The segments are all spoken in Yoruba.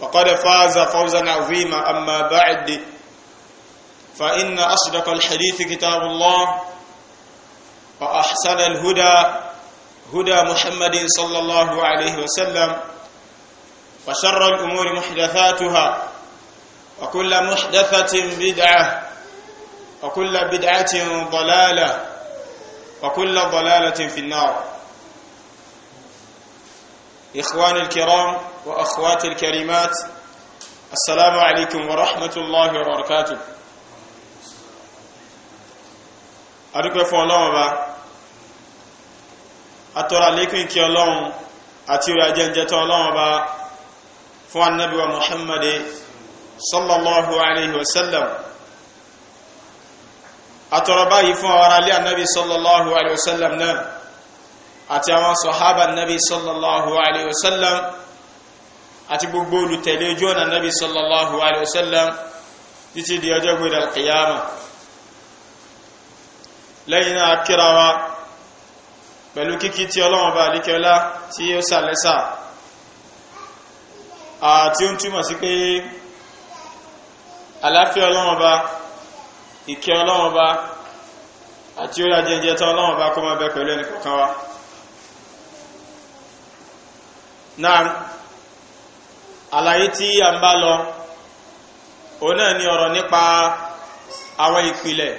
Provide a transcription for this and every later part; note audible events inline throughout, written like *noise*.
فقد فاز فوزا عظيما أما بعد فإن أصدق الحديث كتاب الله وأحسن الهدى هدى محمد صلى الله عليه وسلم فشر الأمور محدثاتها وكل محدثة بدعة وكل بدعة ضلالة وكل ضلالة في النار إخواني الكرام وأخواتي الكريمات السلام عليكم ورحمة الله وبركاته adúpẹ́ fún ọlọ́run ọba atọ́rọ àlékún ìkẹ́ ọlọ́run àti orí ajẹ́jẹ́tọ́ ọlọ́run ọba fún annabiwa muhammad sallallahu alaihi wasallam atọ́rọ báyìí fún ọ̀rọ̀ alẹ́ annabi sallallahu alaihi wasallam náà àti àwọn sọ̀hábà nabi sallallahu alayhi wa sallam àti gbogbo olùtẹ̀lé ojú ọ̀nà nabi sallallahu alayhi wa sallam títí di ọjọ́ gbèrè alkiyama lẹ́yìn náà kíra wa pẹ̀lú kíkí tí ọlọ́wọ́n bá alikẹ́lá tí ó sàlẹ́sà àti ó ń túmọ̀ sí pé àláfíà ọlọ́wọ́n bá ìkẹ́ ọlọ́wọ́n bá àti ó yà jẹ́jẹ́ tán ọlọ́wọ́n bá kó máa bẹ pẹ̀lú ẹnì kọ̀ọ̀kan wa. náà àlàyé tí a ń bá lọ òun náà ni ọ̀rọ̀ nípa àwọn ìpìlẹ̀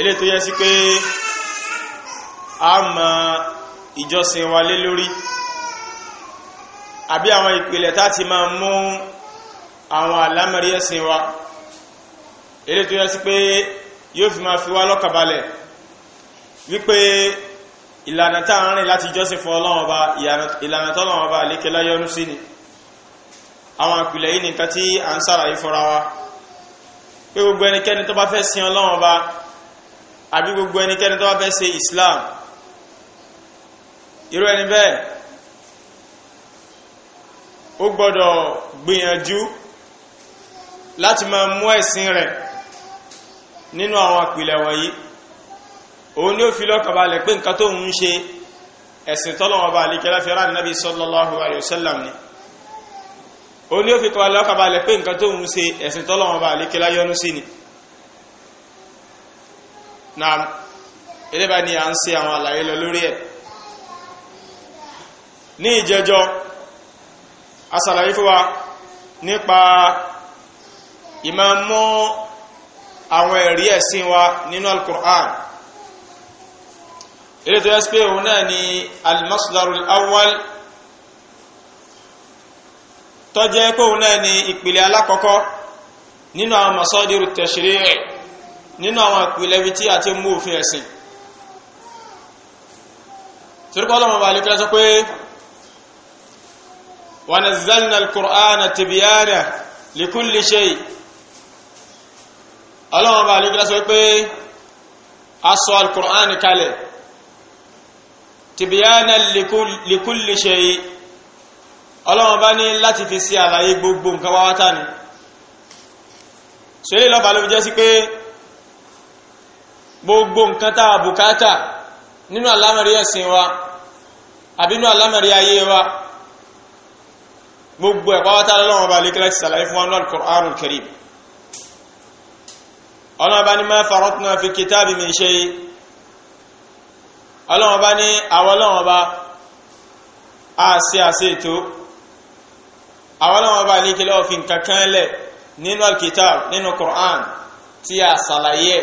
ilé tó yẹ sí pé a mọ ìjọsìn wa lé lórí àbí àwọn ìpìlẹ̀ tá ti máa mú àwọn àlámẹ̀rí ẹ̀sìn wa ilé tó yẹ sí pé yóò fi máa fi wá lọ́kàbalẹ̀ wípé ìlànà tá à ń rìn láti jọ́sìn fún ọlọ́run ọba ìlànà tọ́lọ́run ọba àlékelá yọ́nú sí ni àwọn àpìlẹ̀ yìí nìkan tí à ń sàlàyé fúnra wa pé gbogbo ẹnikẹ́ni tó bá fẹ́ sin Islam irú ẹni bẹ́ẹ̀ ó gbọ́dọ̀ gbìyànjú láti máa mú ẹ̀sìn rẹ̀ nínú àwọn àpìlẹ̀ wọ̀nyí òun ni ó fi lọ́kàn balẹ̀ pé nǹkan tó ń ṣe ẹ̀sìn tọ́lọ́wọ́ bá àlíkẹ́ láfi rán nábi sallallahu alayhi wa sallam ni òun ni ó fi kọ́ lọ́kàn balẹ̀ pé nǹkan tó ń ṣe ẹ̀sìn tọ́lọ́wọ́ bá àlíkẹ́ láyọ́nú sí ni na ẹlẹ́bàá ni à ń ṣe àwọn àlàyé lọ lórí ẹ̀ ní ìjẹjọ́ asàlàyé fún wa nípa ìmọ̀ mú àwọn ẹ̀rí ẹ̀sìn wa nínú al ilé tó yẹ sí pé òun náà ni almasdarul awwal tó jẹ́ pé òun náà ni ìpìlẹ̀ alákọ̀ọ́kọ́ nínú àwọn masadiru tashri' nínú àwọn ìpìlẹ̀ ibi tí a ti mú òfin ẹ̀sìn turkọ́ lọ́mọ bá lẹ́kẹ́ sọ pé wa nazzalna al-Qur'ana tibyana likulli shay ọlọ́mọ bá lẹ́kẹ́ sọ pé a sọ al-Qur'an tìbíyánà lèkúlè ṣe yìí ọlọ́run bá ní láti fi sí àlàyé gbogbo nǹkan wáwátá ni ṣeré lọ́bàá ló fi jẹ́ sí pé gbogbo nǹkan tá a bùkátà nínú àlámọ̀rí ẹ̀sìn wa àbí nínú àlámọ̀rí ayé wa gbogbo ẹ̀ pàwátá lọ́wọ́n bá lékẹ́lẹ́ ti sàlàyé fún ọ́nà al-Qur'anul Karim bá ní ma faratna fi kitabi min shay ọlọ́wọ́n bá ní àwọn ọlọ́wọ́n bá a ṣe àṣe ètò àwọn ọlọ́wọ́n bá ní kílọ̀ fi nǹkan lẹ̀ nínú alkitab nínú Qur'an tí a ṣàlàyé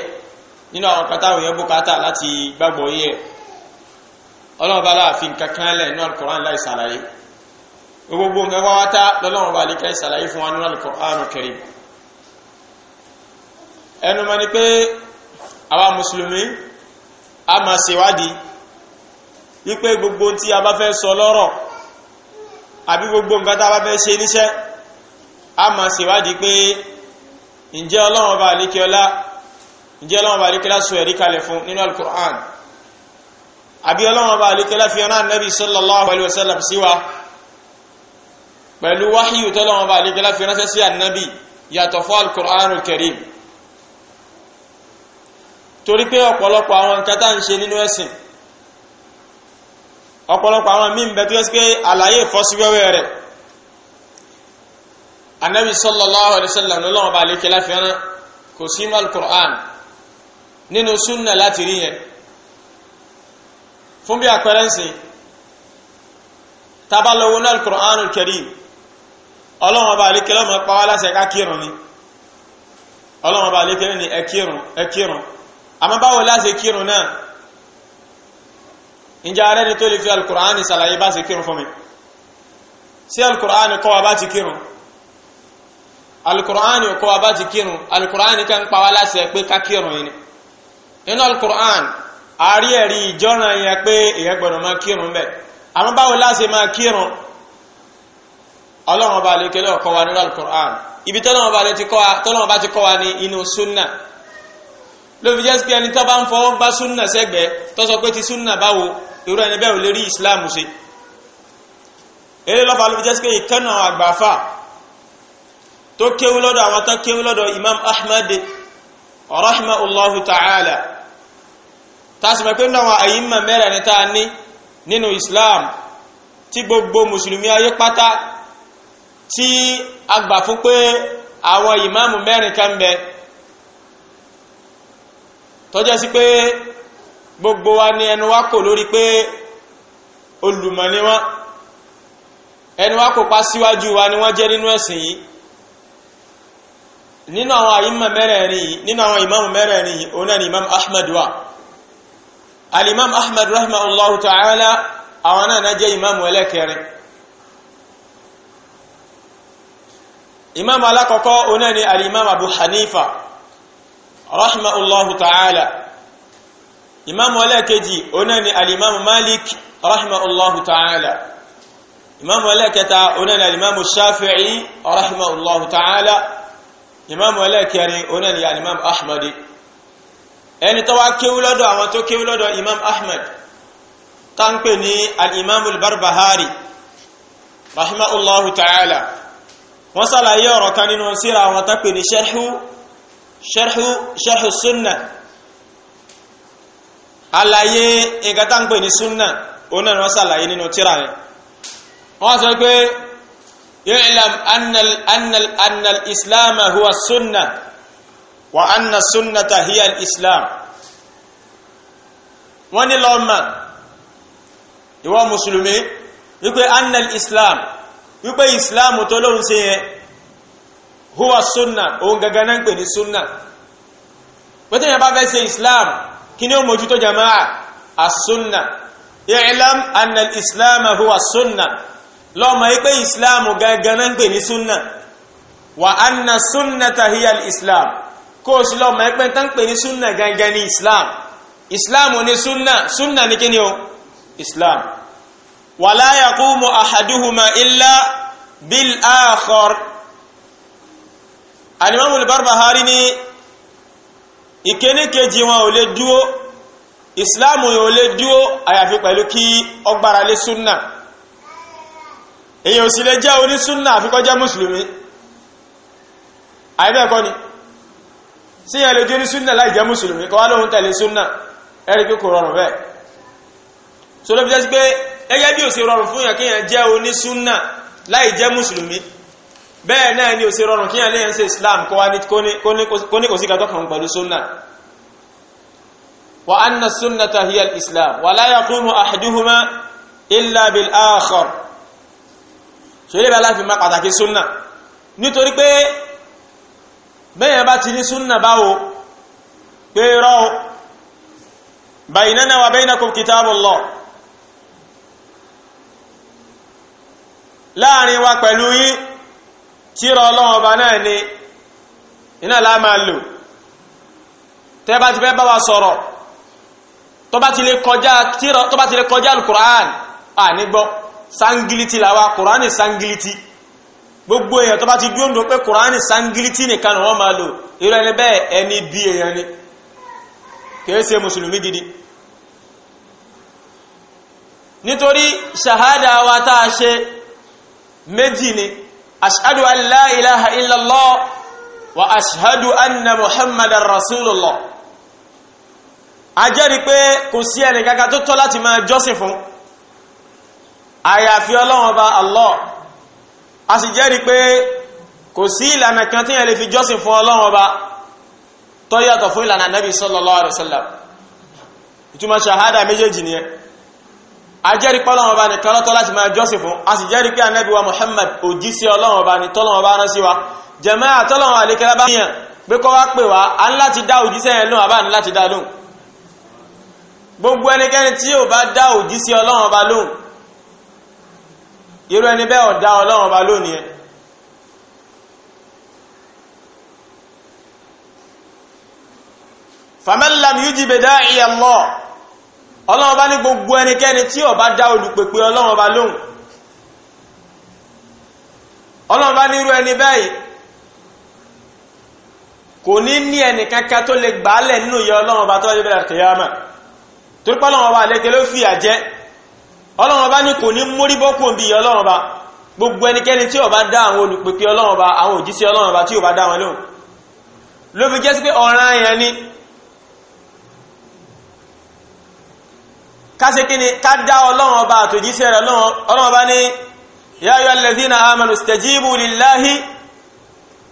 nínú àwọn kan táwọn èèyàn bùkátà láti gbàgbọ́ yẹ ọlọ́wọ́n bá láàfin nǹkan lẹ̀ nínú Qur'an láì ṣàlàyé gbogbo nǹkan wáwátá lọ́lọ́wọ́n bá ní kẹ́ ṣàlàyé fún wa nínú Qur'an Karim ẹnu mọ́ ni pé àwa mùsùlùmí a máa ṣèwádìí wípé gbogbo tí a bá fẹ́ sọ lọ́rọ̀ àbí gbogbo nǹkan tá a bá fẹ́ ṣe níṣẹ́ a máa ṣèwádìí pé ǹjẹ́ ọlọ́run ọba àlékiọlá ǹjẹ́ ọlọ́run ọba àlékiọlá sọ ẹ̀rí kalẹ̀ fún nínú alukur'an àbí ọlọ́run ọba àlékiọlá fi ọ̀nà ànábì sallallahu alaihi wasallam sí wa pẹ̀lú wáhíyù tọ́lọ́run ọba àlékiọlá fi ránṣẹ́ sí ànábì yàtọ̀ fún alukur'anul karim torí pé ọ̀pọ̀lọpọ̀ àwọn nǹkan tá à ń ṣe nínú ẹ̀sìn ọ̀pọ̀lọpọ̀ àwọn míì bẹ tó yẹ sí pé àlàyé ìfọ́síwẹ́wẹ́ rẹ̀ anabi sallallahu alayhi wa sallam lọ́wọ́ bá lè kí láfi hàn kò sí mọ́ alukur'an nínú sunna láti rí yẹn fún bí àpẹẹrẹ ń sìn tabalawo náà alukur'an karim ọlọ́wọ́ bá lè kí lọ́mọ pàwọ́ láti ni ọlọ́wọ́ bá lè kí lọ́mọ ẹ̀kírun ẹ̀kírun báwo láti kírun náà ǹjẹ́ ààrẹ ni tó lè fi alukur'ani ṣàlàyé bá ṣe kírun fún mi sí alukur'ani kọ́ wa bá ti kírun alukur'ani kọ́ wa bá ti kírun alukur'ani kan pa wá láṣẹ pé ká kírun yìí ni nínú alukur'ani àárí ẹ̀rí ìjọ́ràn yẹn pé èèyàn gbọ́dọ̀ máa kírun bẹ́ẹ̀ àmọ́ báwo láṣẹ máa kírun ọlọ́run ọba àlékelé ọ̀kọ́ wa nínú alukur'an ibi tọ́lọ́run ọba ti kọ́ wa ní inú sunna ló fi jẹ́ sí pé ẹni tó bá ń fọwọ́ bá sunna sẹ́gbẹ̀ẹ́ tó sọ pé ti sunna báwo irú ẹni bẹ́ẹ̀ ò lè rí islam ṣe eré lọ́fà ló fi jẹ́ sí pé ìkànnà àgbàfà tó kéwú lọ́dọ̀ àwọn tó kéwú lọ́dọ̀ imam ahmad rahimahullahu ta'ala tásì mọ̀ pé náà àyímọ̀ mẹ́rẹ̀ ní tá a ní nínú islam tí gbogbo mùsùlùmí ayé pátá tí a fún pé àwọn ìmáàmù mẹ́rin kan bẹ tọ́jọ́ sí pé gbogbo wa ní ẹnu wa kò lórí pé olùmọ̀ ni wọ́n ẹnu wa kò pa síwájú wa ni wọ́n jẹ́ nínú ẹ̀sìn yìí nínú àwọn àyímọ̀ mẹ́rẹ̀ẹ̀rin yìí nínú àwọn ìmáàmù mẹ́rẹ̀ẹ̀rin yìí òun náà ni imam ahmed wa alimam ahmed rahimahullahu ta'ala àwọn náà jẹ́ ìmáàmù ẹlẹ́kẹrin ìmáàmù alákọ̀ọ́kọ́ òun náà ni alimam abu hanifa rahimahullahu ta'ala ìmáàmù ọlẹ́ẹ̀kejì oná ni alimamu malik rahimahullahu ta'ala ìmáàmù ọlẹ́ẹ̀kẹta oná ni alimamu shafi'i rahimahullahu ta'ala ìmáàmù ọlẹ́ẹ̀kẹrin oná ni alimamu ahmadi ẹni tó wá kéwú lọ́dọ̀ àwọn tó kéwú lọ́dọ̀ imam ahmad tá ń pè ní alimamu barbahari rahimahullahu ta'ala wọ́n sàlàyé ọ̀rọ̀ kan nínú síra àwọn tó pè ní sharhu sharhu àlàyé nǹkan tá ń pè ní súnà òun náà ni wọ́n ṣàlàyé nínú tíra rẹ̀ wọ́n sọ pé ya'lam annal annal annal islam huwa súnà wa anna súnàtà hiya islam wọ́n ní lọ́ọ̀mà ìwọ mùsùlùmí wípé annal islam wípé islam tó lóun ṣe yẹn huwa súnà òun gangan ń pè ní súnà pé tí yẹn bá fẹ́ ṣe islam kí ni ó mójútó jama'a as-sunna i'lam anna al-islam huwa as-sunna lọ́mọ ipé islam gangan náà ń pè ní sunna wa anna sunnata hiya al-islam kó o sì lọ́mọ ipé tán pè ní sunna gangan islam islam ní sunna sunna ní kí ni ó islam wa la yaqumu ahaduhuma illa bil akhar al-imam al-barbahari ni ìkíní kejì wọn ò lè dúó ìsìláàmù yìí ò lè dúó àyàfi pẹ̀lú kí ó gbára lé súnà èyàn ò sì lè jẹ́ onísúnà àfi kó jẹ́ mùsùlùmí àìbẹ́ẹ̀kọ́ ni sí ìyàn lè jẹ́ onísúnà láì jẹ́ mùsùlùmí kó wá lóhun tẹ̀lé súnà ẹ̀rí pé rọrùn bẹ́ẹ̀ so jẹ́ sí pé ẹgẹ́ bí ò sí rọrùn fún yàn kí yàn jẹ́ onísúnà láì jẹ́ mùsùlùmí bẹ́ẹ̀ náà ni ò sí rọrùn kíyàn léyàn sí islam kó ní kò sí kàtọ́kàn pẹ̀lú súnnà wa anna sunnata hiya al-islam wa la yaqumu ahaduhuma illa bil akhar so ile bá ti láàrin wa pẹ̀lú yín tíra ọlọ́run ọba náà ni iná láà máa lò tẹ́ bá ti fẹ́ bá wa sọ̀rọ̀ tó bá ti lè kọjá tíra tó bá ti lè kọjá alukur'an à nígbọ́ sangiliti làwa kur'ani sangiliti gbogbo èèyàn tó bá ti dúró pé kur'ani sangiliti nìkan ni wọ́n máa lò irú ẹni bẹ́ẹ̀ ẹni bí èèyàn ni kìí ṣe mùsùlùmí gidi nítorí ṣàhádà wa tá a ṣe méjì ni أشهد أن لا إله إلا الله وأشهد أن محمد رسول الله ajẹ́rìí pé kò sí ẹni kankan tó tọ́ láti máa jọ́sìn fún àyàfi Ọlọ́run Ọba Allah a sì jẹ́rìí pé kò sí ìlànà kan tí yẹn lè fi jọ́sìn fún Ọlọ́run Ọba tó fún ìlànà Nabi sallallahu alaihi wasallam ìtumọ̀ ṣàhádà méjèèjì nìyẹn ajẹ́rí pọ́lọ́run ọba nìkan lọ́tọ́ láti máa jọ́sìn fún a sì jẹ́rí pé ànábì wa Muhammad òjíṣẹ́ Ọlọ́run ọba ni tọ́lọ́run ọba rán sí wa jẹ̀mọ́ àtọ́lọ́run àlékẹ́lá bá yàn pé kọ́ wá pè wá a ń láti dá òjíṣẹ́ yẹn lóhùn àbá ní láti dá bá dá òjíṣẹ́ Ọlọ́run ọba lóhùn irú ọlọ́run bá ní gbogbo ẹnikẹ́ni tí ó bá dá olùpèpè ọlọ́run bá lóhùn ọlọ́run bá nírú ẹni báyìí kò ní ní ẹnìkankan tó lè gbàálẹ̀ nínú ìyà ọlọ́run bá tọ́jú bẹ̀rẹ̀ kìyàmà torípọ́ ọlọ́run bá lẹ́kẹ́ ló fìyà jẹ ọlọ́run bá ní kò ní mórí bọ́kù bí ìyà ọlọ́run bá gbogbo ẹnikẹ́ni tí ó dá àwọn olùpèpè ọlọ́run bá àwọn òjíṣẹ́ ọlọ́run bá tí ó dá wọn lóhùn ló fi jẹ́ sí pé ọ̀ràn ayẹni kásì kí ni ká dá ọlọ́run ọba àtòjíṣẹ́ rẹ̀ ọlọ́run ọba ní ya ayyuhal ladhina amanu istajibu lillahi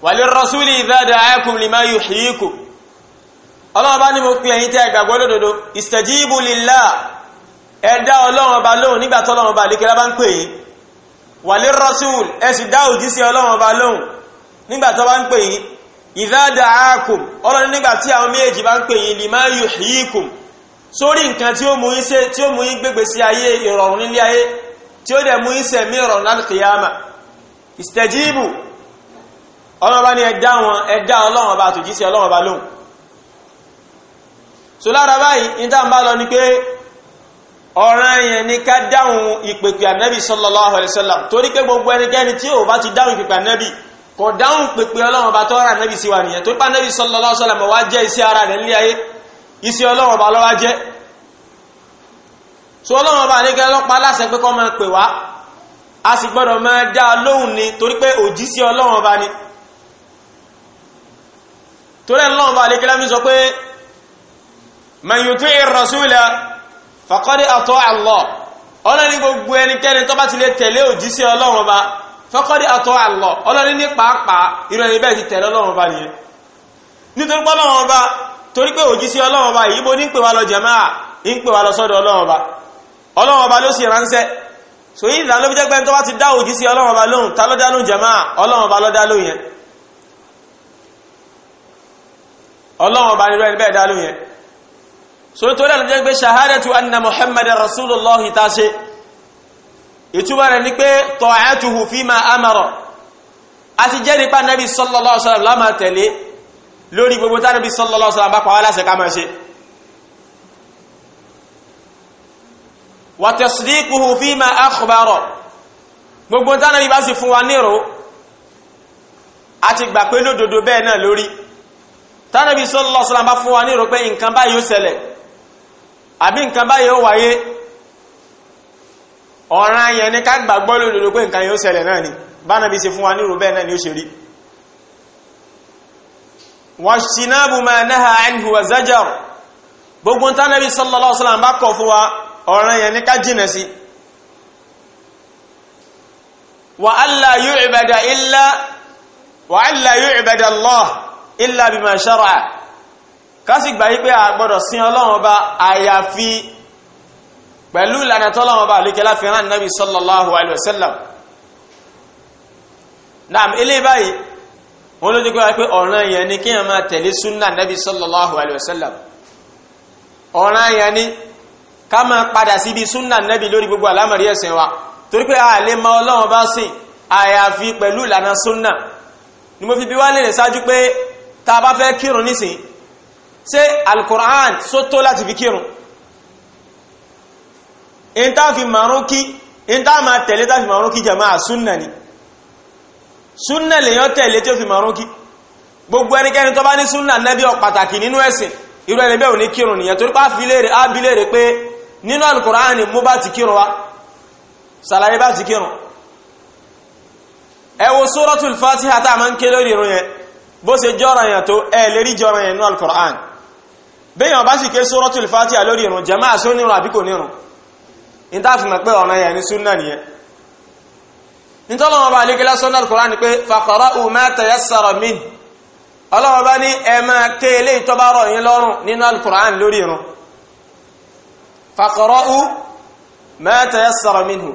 walirrasuli idha da'akum lima yuhyikum ọlọ́run ọba ní mo pè ẹ̀yin tẹ́ gbàgbọ́ lódodo istajibu lillahi ẹ dá ọlọ́run ọba lóhùn nígbà pè yín walirrasul ẹ sì dá òjíṣẹ́ ọlọ́run sórí nǹkan tí ó mú yín ṣe tí ó mú yín gbégbé sí ayé ìrọ̀rùn nílé ayé tí ó dẹ̀ mú yín sẹ̀mí ìrọ̀rùn lálùkìyàmà ìsìtẹ̀jíìbù ọlọ́ba ni ẹ̀dá wọn ẹ̀dá ọlọ́wọ́n bá tòjíṣẹ́ ọlọ́wọ́n bá sallallahu alaihi wasallam torí pé gbogbo ẹnikẹ́ni tí ò bá ti dáhùn ìpèpè ànábì kò dáhùn pèpè ọlọ́wọ́n bá tọ́ra ànábì sí nìyẹn torí pé ànábì sallallahu alaihi wasallam wá jẹ́ iṣẹ́ ara rẹ̀ nílé ayé iṣẹ́ ọlọ́wọ́n ọba lọ́wọ́ jẹ́ so ọlọ́wọ́n ọba ní kẹ́lọ́pàá láṣẹ pé kọ́ máa pè wá a sì gbọ́dọ̀ máa dá lóhùn ni torí pé òjíṣẹ́ ọlọ́wọ́n ọba ni torí ọlọ́wọ́n ọba àlékẹ́lá mi sọ pé man yuti'ir rasula faqad ata'a ọlọ́ni gbogbo ẹnikẹ́ni tó bá ti lè tẹ̀lé òjíṣẹ́ ọlọ́wọ́n ọba faqad ata'a Allah ọlọ́ni ní pàápàá irú ẹni bẹ́ẹ̀ ti tẹ̀lé ọlọ́wọ́n ọba nìyẹn nítorí pé ọba torí pé òjísí ọlọ́run ọba yìí bó ní pè wá lọ jàmáà ní pè wá lọ sọ́dọ̀ ọlọ́run ọba ọlọ́run ọba ló sì ránṣẹ́ so yìí ìdáná ló fi jẹ́ pé tó bá ti dá òjísí ọlọ́run ọba lóhùn ta ló dá lóhùn jàmáà ọlọ́run ọba ló dá lóhùn yẹn ọlọ́run ọba nírú ẹni bẹ́ẹ̀ dá lóhùn yẹn so nítorí àlọ́ jẹ́ pé shahadatu anna muhammad rasulullah ta ṣe ìtumọ̀ rẹ̀ ni pé ta'atuhu fima amara a ti jẹ́rìí pa nabi sallallahu alaihi wasallam lámà tẹ̀lé lórí gbogbo tánàbí sallallahu alaihi wasallam bá pàwọ́ láṣẹ ká máa ṣe wa tasdiquhu fima akhbara gbogbo tánàbí bá sì fún wa nírò a ti gbà pé lódodo bẹ́ẹ̀ náà lórí tánàbí sallallahu alaihi wasallam bá fún wa nírò pé nǹkan báyìí ó ṣẹlẹ̀ àbí nǹkan báyìí ó wáyé ọ̀ràn yẹn ni ká gbàgbọ́ lódodo pé nǹkan yóò ṣẹlẹ̀ náà ni bánàbí sì fún wa nírò bẹ́ẹ̀ náà ni ó ṣe rí wàṣínábù ma náà àìhù wa zajar gbogbo tánàbí sallallahu alaihi wasallam bá kọ̀ fún wa ọ̀ràn yẹn ní ká jìnà sí wa alla yu'bada illa wa alla yu'bada Allah illa bima shar'a kásì gbà yípe sí ọlọ́run ọba àyàfi pẹ̀lú ìlànà tọ́lọ́run ọba àlúkẹ́ láfihàn náà nabi wọn ló jẹ́ kó pé ọ̀ràn yẹn ni kéèyàn máa tẹ̀lé súnà nàbí sallallahu alayhi wa sallam ọ̀ràn yẹn ni ká máa padà síbi súnà nàbí lórí gbogbo àlámọ̀rí ẹ̀sìn wa torí pé a lè mọ Ọlọ́run bá sìn àyàfi pẹ̀lú ìlànà súnà ni mo fi bí wá lè rìn ṣáájú pé tá a bá fẹ́ kírun nísìn ṣé alukur'an sótó láti fi kírun ìntàfi màrún kí ìntà màrún kí jàmáà súnà ni súnà lèyàn tẹ̀lé tí ó fi mọ̀rún kí gbogbo ẹnikẹ́ni tó bá ní súnà nẹ́bí ọ pàtàkì nínú ẹ̀sìn irú ẹni bẹ́ẹ̀ ò ní kírun nìyẹn torí pá bí léèrè pé nínú alukùránì mú bá ti kírun wa sàlàyé bá ti kírun ẹ wo suratul fatiha a máa ń ké lórí irun yẹn bó ṣe jọ́ra yẹn tó ẹ lérí jọ́ra yẹn nínú alukùránì bẹ́yàn bá sì ké suratul fatiha lórí irun jàmáà sónírun àbí nírun ní tá a fi pé ọ̀nà yẹn ní súnà nìyẹn nítorí wọn bá alékè lásán náà kúránì pé faqara'u ma tayassara min ọlọ́wọ́n bá ní ẹ máa ké ilé ìtọ́bá rọ̀ yín lọ́rùn nínú alkùránì lórí irun faqara'u ma tayassara minhu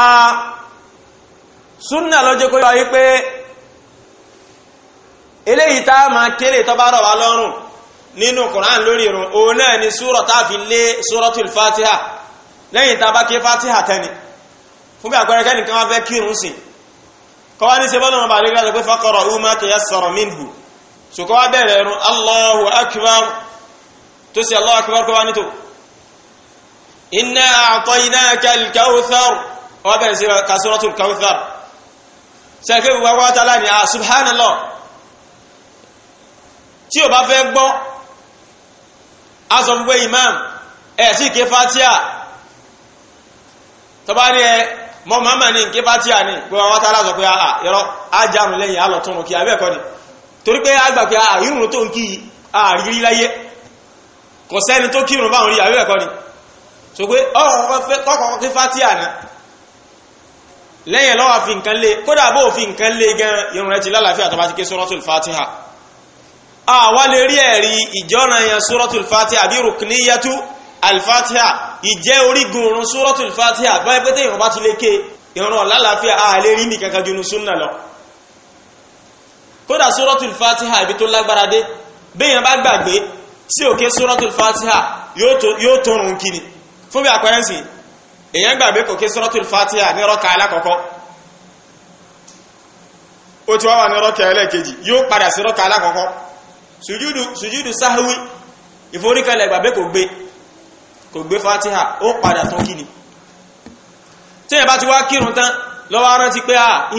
a súnà lọ́jọ́ kó yọ wípé eléyìí tá a máa kéré tọ́bá rọ̀ wá lọ́rùn nínú Qur'an lórí irun òun náà ni súrọ̀ tá a fi lé súratul Fatiha lẹ́yìn tá a bá ké Fatiha tẹ́ni fún bí àpẹẹrẹ kẹ́nìkan wá fẹ́ kírun sí kọ́ wá ní ṣe bọ́lọ́mọ bàálẹ́ gbàdọ̀ pé faqra'u ma tayassara minhu sùkọ́ wá bẹ̀rẹ̀ irun Allahu akbar tó sì Allahu ah, tí o bá fẹ́ gbọ́ a imam ẹ̀ sì ké fatia tọ́ba ni ẹ mọ màmá ni ké fatia ni pé wọn wá tá a lásọ pé àà yọrọ ajánu lẹ́yìn àlọ́ tún abẹ́ ẹ̀kọ́ ni torí pé a gbà pé àà ah, irun tó ń kí àrírí láyé kò sẹ́ni tó kírun báwọn rí abẹ́ ẹ̀kọ́ ni so pé ọkọ̀ ké fatia ni lẹ́yìn lọ́wọ́ fi nǹkan lé kódà bó fi nǹkan lé gan irun rẹ ti lálàáfíà tó ti ké suratul fatiha àwa ah, lè rí ẹ̀rí ìjọ́ran yẹn suratul fatiha àbí rukniyatu al-fatiha ìjẹ́ orígun irun suratul fatiha báyìí pété ìrun bá ti lè ké ìrun ọ̀làlàáfíà àlè rí ní kankan junu súnà lọ kódà suratul fatiha ibi tó lágbára dé béèyàn bá gbàgbé sí òkè suratul fatiha yóò tó rùn kiri fún bí àpẹẹrẹsì èèyàn gbàgbé kò ké suratul fatiha ní rọ́ka alákọ̀ọ́kọ́ ó ti wá wà ní rọ́ka alákọ̀ọ́kọ́ sùjúdù sùjúdù sáhúwí ìforíkalẹ̀ ìgbàgbé kò gbé kò gbé fatiha ó padà tán kí ni tí ẹ̀bá ti wá kírun tán lọ́wọ́ arán ti pé à ah,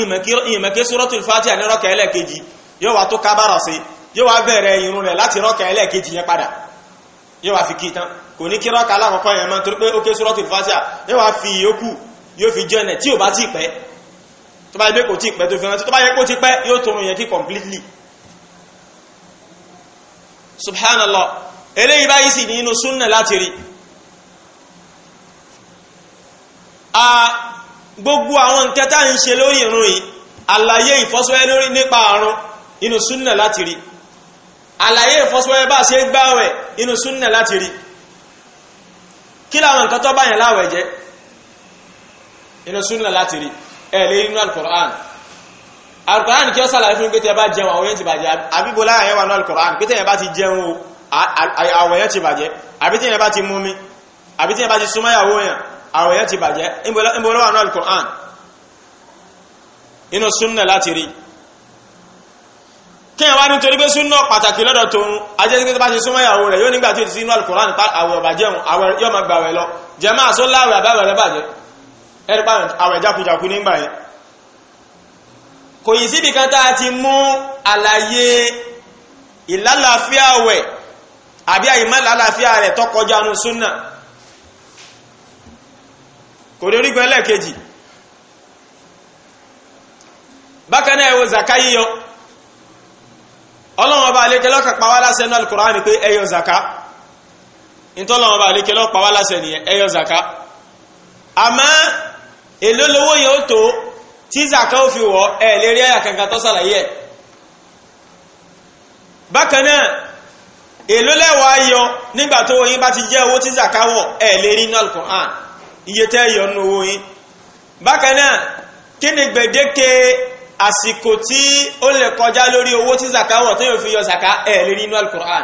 ìmẹ̀kẹ́ suratul fatiha ní rọ́kẹ̀ ẹlẹ́kejì yóò wá tó kábàrọ̀ sí yóò wá bẹ̀rẹ̀ irun rẹ̀ láti rọ́kẹ̀ ẹlẹ́kejì yẹn padà yóò wá fi kí tán kò ní kí rọ́kà aláwọ̀kọ́ yẹn mọ́ torí pé ó ké suratul fatiha yóò wá fi yókù yóò fi jẹ́ ẹ̀nẹ̀ tí ò bá ti pẹ́ tó bá yẹ pé kò ti pẹ́ tó fi rántí tó bá yẹ kó ti pẹ́ yóò tó run yẹn kí completely subhanallah eléyìí báyìí sì nínú súnnà láti rí a gbogbo àwọn nǹkan tá ń ṣe lórí ìrun yìí àlàyé ìfọ́sọ́wẹ́ lórí nípa àrùn inú súnnà láti rí àlàyé ìfọ́sọ́wẹ́ bá ṣe gbáwẹ̀ inú súnnà láti rí kí láwọn nǹkan tó báyàn láwẹ̀ jẹ́ inú súnnà láti rí ẹ̀ inú al alukoran kí ó sàlàyé fún pé tẹ́ bá jẹun àwọn yẹn ti bàjẹ́ àbíbo láàrin wà ní alukoran pé tẹ́yẹn bá ti jẹun o àwọn yẹn ti bàjẹ́ àbí tẹ́yẹn bá ti mú mi àbí tẹ́yẹn bá ti súnmọ́ ìyàwó yẹn àwọn yẹn ti bàjẹ́ ìbò lọ́wọ́ ní alukoran inú súnnà láti rí kí ẹ̀wá nítorí pé súnnà pàtàkì lọ́dọ̀ tóun ajẹ́ pé tó bá ti súnmọ́ ìyàwó rẹ̀ yóò nígbà tí ó ti sínú alukoran àwọ̀ ọ̀bàjẹ́un yóò kò yìí síbi kan tá a ti mú àlàyé ìlàlàáfíà wẹ̀ àbí àyìnmá làlàáfíà rẹ̀ tọkọjá nu súnà kò ní orígun ẹlẹ́ẹ̀kejì bákan náà ẹ wo zaka yíyọ ọlọ́run ọba àlékè lọ́kàn pa wá láṣẹ náà Al-Qur'ani pé ẹ zaka ìtọ́lọ́run ọba àlékè lọ́kàn pa wá láṣẹ nìyẹn zaka àmọ́ èlò lówó yẹn tó tí zaka ó fi wọ́ ẹ̀ lè rí ẹ̀yà kankan tó sàlàyé ẹ̀ bákan náà èló lẹ́wàá nígbà tó yín bá ti jẹ́ owó tí zaka wọ̀ ẹ̀ lè rí nínú Al-Qur'an iye tẹ́ yọ nínú owó yín bákan náà kí ni gbèdéke àsìkò tí ó lè kọjá lórí owó tí zaka wọ̀ tó yóò fi yọ zaka ẹ̀ lè rí nínú Al-Qur'an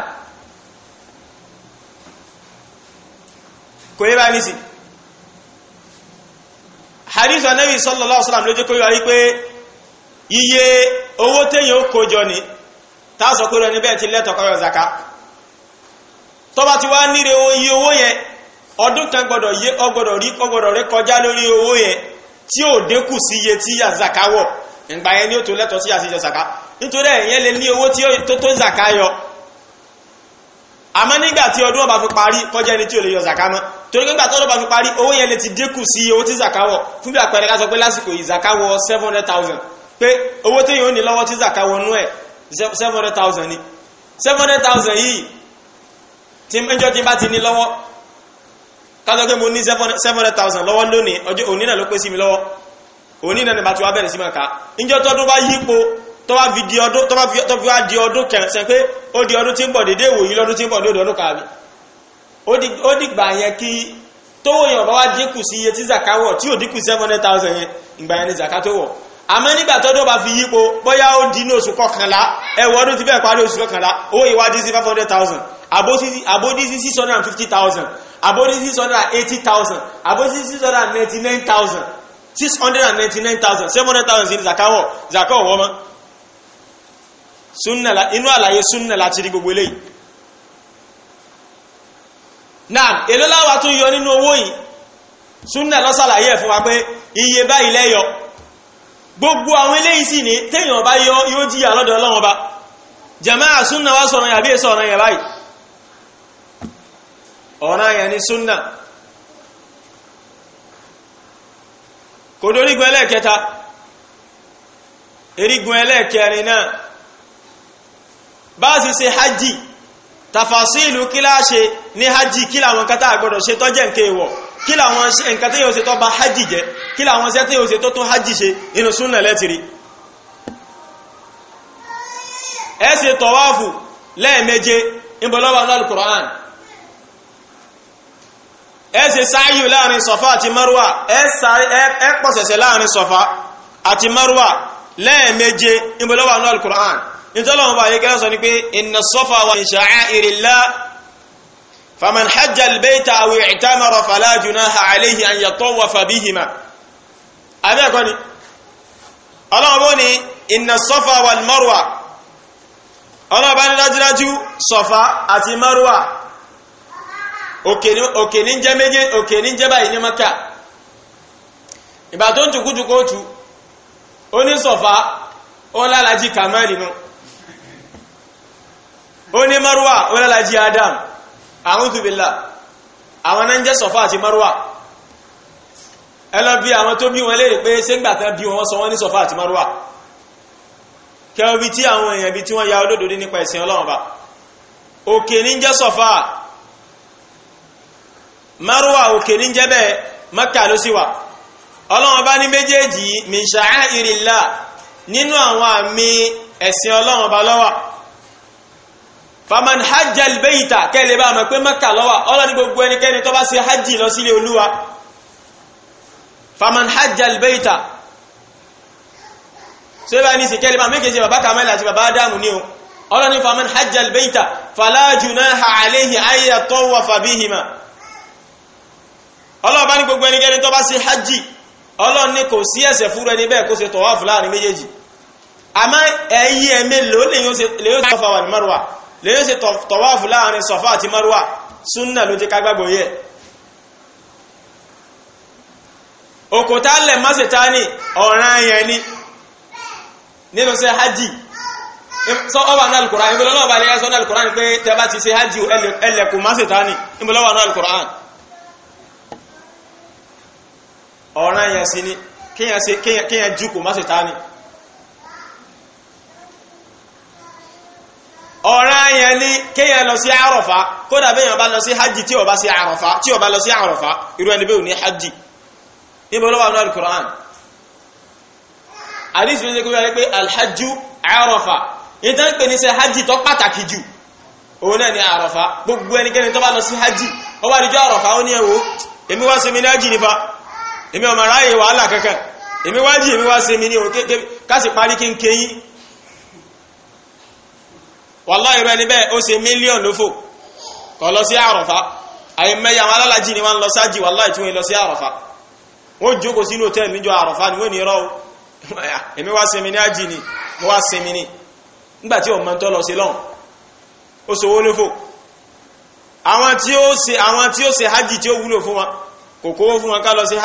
kò yẹ bá mi sìn hadith anabi sallallahu alaihi wasallam ló jẹ́ kó yọ wípé iye owó téèyàn ó kójọ ni táàsọ̀ kó rẹ̀ níbẹ̀ ti lẹ́tọ̀ọ́ kọ́yọ̀ zaka tó bá ti wá níre iye owó yẹn ọdún kan gbọ́dọ̀ yé ọgbọ́dọ̀ rí ọgbọ́dọ̀ rẹ kọjá lórí owó yẹn tí ò dínkù sí iye tí yà zaka wọ̀ ìgbà yẹn ni ó tó lẹ́tọ̀ọ́ sí àṣìjọ zaka nítorí ẹ̀yẹn lè ní owó tó tó zaka yọ àmọ́ nígbà tí ọdún ọba fi parí kọjá ẹni tí ò lè yọ zaka mọ́ torí nígbà tí ọdún ọba fi parí owó yẹn lè ti dínkù sí owó tí zaka wọ̀ fún bí àpẹẹrẹ ká sọ pé lásìkò yìí zaka seven hundred thousand pé owó tí yóò ní lọ́wọ́ tí zaka wọ̀ nú ẹ̀ seven hundred thousand ni seven hundred thousand yìí tí ẹjọ́ tí bá ti ní lọ́wọ́ ká sọ pé mo ní seven hundred thousand lọ́wọ́ lónìí ọjọ́ òní náà ló pé sí mi lọ́wọ́ òní náà ni bàtí wàá tó bá fi di ọdún tó bá fi wá di ọdún kẹrin sẹ pé ó di ọdún tí ń bọ̀ dédé ìwòyí lọ́dún tí ń bọ̀ dédé ọdún kàbí ó dìgbà yẹn kí tówó yẹn bá wá dínkù sí iye tí zaka wọ̀ tí ò dínkù seven hundred thousand yẹn ìgbà yẹn ni zaka tó wọ̀ àmọ́ nígbà tọ́dún bá fi yípo bóyá ó di ní oṣù kọkànlá ẹwọ ọdún ti fẹ́ parí oṣù kọkànlá owó yìí wá dín sí five hundred thousand àbódí sí six hundred and fifty thousand àbódí sí six hundred and eighty thousand àbódí sí six hundred and ninety nine thousand six hundred and ninety nine thousand seven hundred thousand sí ni zaka wọ̀ zaka wọ̀ mọ́ súnnà inú àlàyé súnnà láti rí gbogbo eléyìí náà èló láwà tún yọ nínú owó yìí súnnà ló ṣàlàyé ẹ̀ fún wa pé iye báyìí lẹ́yọ gbogbo àwọn eléyìí sì ní téèyàn bá yọ yóò jíyà lọ́dọ̀ Ọlọ́run bá jàmáà súnnà wá sọ̀rọ̀ yàbí èso ọ̀ràn yà báyìí ọ̀ràn bá sì ṣe hajji tafasilu kí la ṣe ní hajji kí làwọn nǹkan tá a gbọ́dọ̀ ṣe tó jẹ́ nǹkan èèwọ̀ kí làwọn nǹkan tí yóò ṣe tó bà hajji jẹ́ kí làwọn ṣe tí yóò ṣe tó tún hajji ṣe nínú súnà lẹ́tìrí ẹ ṣe tọ̀wáfù lẹ́ẹ̀méje ìbọ̀lọ́wà lọ́lù Qur'an ẹ ṣe sáyù láàrin Qur'an nítọ́lọ́wọ́n bá alékẹ́lá sọ ní pé inna safa wa min sha'airillah faman hajja albayta aw i'tamara fala junaha alayhi an yatawafa bihima abẹ́ẹ̀kọ́ ni ọlọ́wọ́n bó ni inna safa wal marwa ọlọ́wọ́n bá ní dájúdájú safa àti marwa òkè ní jẹ́ méje òkè ní jẹ́ báyìí ní maka ìbà tó ń tukútukú ó ó ní safa ó lálàájì kàmẹ́rì náà ó ní marwa wọ́n lálàájí adam a'udhu billah àwọn náà ń jẹ́ sọ̀fà àti marwa ẹ lọ bí àwọn tó bí wọn léèrè pé ṣé ńgbà tán bí wọn sọ wọn ní sọ̀fà àti marwa kẹwọ́n bí tí àwọn èèyàn bí tí wọ́n ya olódodo nípa ẹ̀sìn ọlọ́run bá òkè ní jẹ́ sọ̀fà marwa òkè ní jẹ́ bẹ́ẹ̀ mẹ́kà ló sì wà ọlọ́run bá ní méjèèjì min sha'a'irillah nínú àwọn àmì ẹ̀sìn ọlọ́run lọ́wọ́ faman hajjal bayta kẹ́lẹ̀ bá mọ̀ pé maka lọ́wà ọlọ́ni gbogbo ẹnikẹ́ni tó bá ṣe hajji lọ sílé olúwa faman hajjal bayta so bá ní sí kẹ́lẹ̀ bá mẹ́kẹ́ sí bàbá kamẹ́lá àti bàbá dáàmù ní o ọlọ́ni faman hajjal bayta fala junaha alayhi ayya tawwafa bihima ọlọ́ọ̀bá ní gbogbo ẹnikẹ́ni tó bá ṣe hajji ọlọ́ni kò sí ẹ̀ṣẹ̀ fúru ẹni bẹ́ẹ̀ kó ṣe tọ̀wáfù láàrin méjèèjì àmọ́ ẹ̀yí ẹ̀mẹ́ lò lè yóò ṣe tọ́fà wà ní márùwà lèyàn ṣe tọ̀wáàfù láàrin sọ̀fà àti márùwà súnà ló jẹ́ ká gbàgbọ́ yẹ òkúta lẹ̀ mọ́sẹ̀tání ọ̀ràn yẹn ni nínú ṣe hajj sọ ọba náà lùkùrán ìbí lọ́wọ́ bá lẹ́yà sọ náà lùkùrán pé tẹ́bá ti ṣe hajj ẹlẹ́kùn mọ́sẹ̀tání ìbí lọ́wọ́ náà lùkùrán ọ̀ràn yẹn sí ni kíyàn jùkù mọ́sẹ̀tání ọ̀ràn yẹn ni kéèyàn lọ sí àrọ̀fà kódà béèyàn bá lọ sí hajj tí ó bá sí àrọ̀fà tí ó bá lọ sí àrọ̀fà irú ẹni bẹ́ẹ̀ ò ní hajj níbo ló wà ní alukur'an hadith mi ní kó wíwáyé pé alhajju àrọ̀fà ìtàn pé ní sẹ́ hajj tó pàtàkì jù òun náà ní àrọ̀fà gbogbo ẹnikẹ́ni tó bá lọ sí hajj ó bá dijọ́ àrọ̀fà ó ní ẹ̀wò èmi wá sinmi ní hajj nípa èmi ọmọ ráàyè wàhálà kankan èmi wájì èmi wá sinmi ní òkè kásì parí wàláhì rẹ ẹni bẹ́ẹ̀ ó se mílíọ̀nù lófò kò lọ sí àrọ̀fà àìmẹ́yà àwọn alálàjì ni wọ́n lọ sájì wàláhì tí wọ́n lọ sí àrọ̀fà wọ́n jókòó sínú hòtẹ́ẹ̀lì níjọ àrọ̀fà ni wọ́n ní rọ́ *laughs* èmi wá sinmi ní ájì ni mo wá sinmi ni nígbà tí ọmọ lọ sí lọ́hùn ó sọ owó àwọn tí ó àwọn tí ó ó wúlò fún wọn kò kówó fún wọn ká lọ sí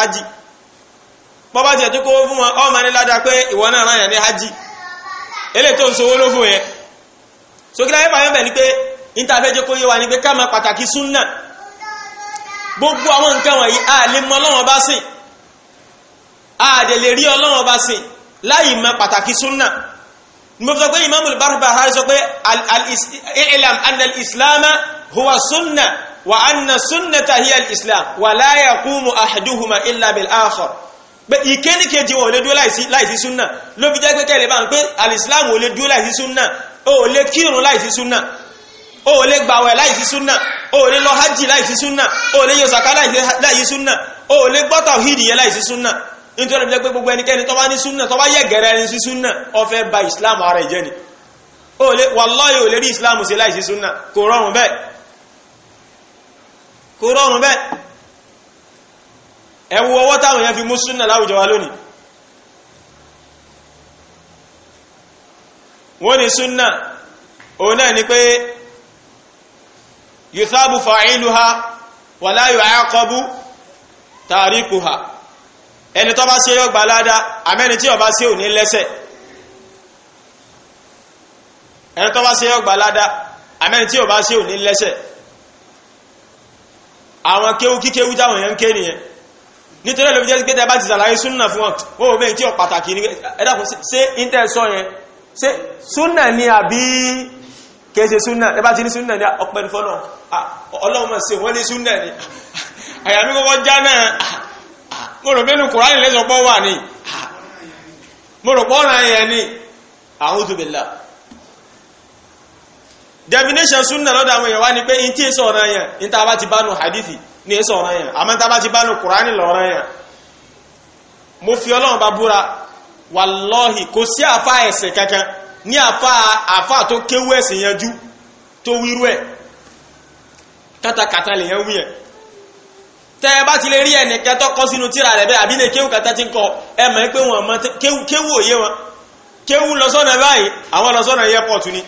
tiẹ̀ sókílá yẹ́ fàyọ́ bẹ̀ ni pé ìntàfẹ́jẹ́ kó yé wa ni pé ká máa pàtàkì súnà gbogbo àwọn nǹkan wọ̀nyí a lè mọ Ọlọ́run bá sìn a dẹ̀ lè rí Ọlọ́run bá sìn láì mọ pàtàkì súnà mo sọ pé Imamul Barbahari sọ pé ilam anna islam huwa súnà wa anna súnàtà hiya islam wa la yaqumu ahaduhuma illa bil-akhar pé ìkéníkejì wọn ò lè dúró láìsí súnà ló jẹ́ pé kẹ́lẹ̀ bá ń pé al ò lè dúró láìsí súnà o ò lè kírun láì fi súnà o ò lè gbàwẹ̀ láì fi súnà o ò lè lọ hajj láì fi súnà o ò lè yọ zaka láì fi súnà o ò lè gbọ́ tawhid yẹn láì fi súnà nítorí bí pé gbogbo ẹnikẹ́ni tó ní súnà tó yẹ gẹ̀rẹ́ ní súnà ó fẹ́ islam ara ìjẹ́ ni o ò rí islam ṣe láì súnà kò rọrùn bẹ́ẹ̀ kò rọrùn bẹ́ẹ̀ ẹ ọwọ́ táwọn yẹn fi mú súnà láwùjọ wa lónìí wọ́n ni súnnà òun náà ni pé yùthábù fa'iluha wà la yu'aqabu tarikuha ẹni tó bá ṣe yóò gbà ládá àmẹ́ni tí ó bá ṣe ò ní lẹ́sẹ̀ ẹni tó bá ṣe yóò gbà ládá àmẹ́ni tí ó bá ṣe ò lẹ́sẹ̀ àwọn kéwú kíkéwú táwọn èèyàn ń ké nìyẹn nítorí ẹlòmíjẹ́ sí tẹ́ bá ti ṣàlàyé súnnà fún wọn wọ́n bẹ́ẹ̀ tí ó pàtàkì ní ẹ̀dàkùn sí íńtẹ́ sọ ṣe súnà ni àbí kéèṣe súnà ẹbá ti ní súnà ní ọpẹni fọ́nà ọlọ́run sí wọ́n ní súnà ni *laughs* àyàmí kọ́kọ́ já náà mọ̀rọ̀bẹ́nu kùránì lẹ́sọpọ̀ wà ní mọ̀rọ̀pọ̀ ọ̀nà ẹ̀yẹ ni a'udhu billah definition súnà lọ́dọ̀ àwọn èèyàn wá ní pé in tí èso ọ̀nà yẹn in tá a bá ti hadithi ní èso ọ̀nà yẹn àmọ́ tá a bá ti bánu mo fi ọlọ́run bá búra wàlọ́hì kò sí àfa ẹ̀sẹ̀ kankan ní àfa àfa tó kéwú ẹ̀sìn yanjú tó wíru ẹ̀ kátàkátà lèyàn wí ẹ̀ tẹ́ ẹ bá ti lè rí ẹnìkan tó kọ́ sínú tíra rẹ̀ bẹ́ẹ̀ àbí ní kéwú kátà ti ń kọ ẹ mọ̀ pé wọn mọ kéwú òye wọn kéwú lọ́sọ́nà báyìí àwọn lọ́sọ́nà airport ni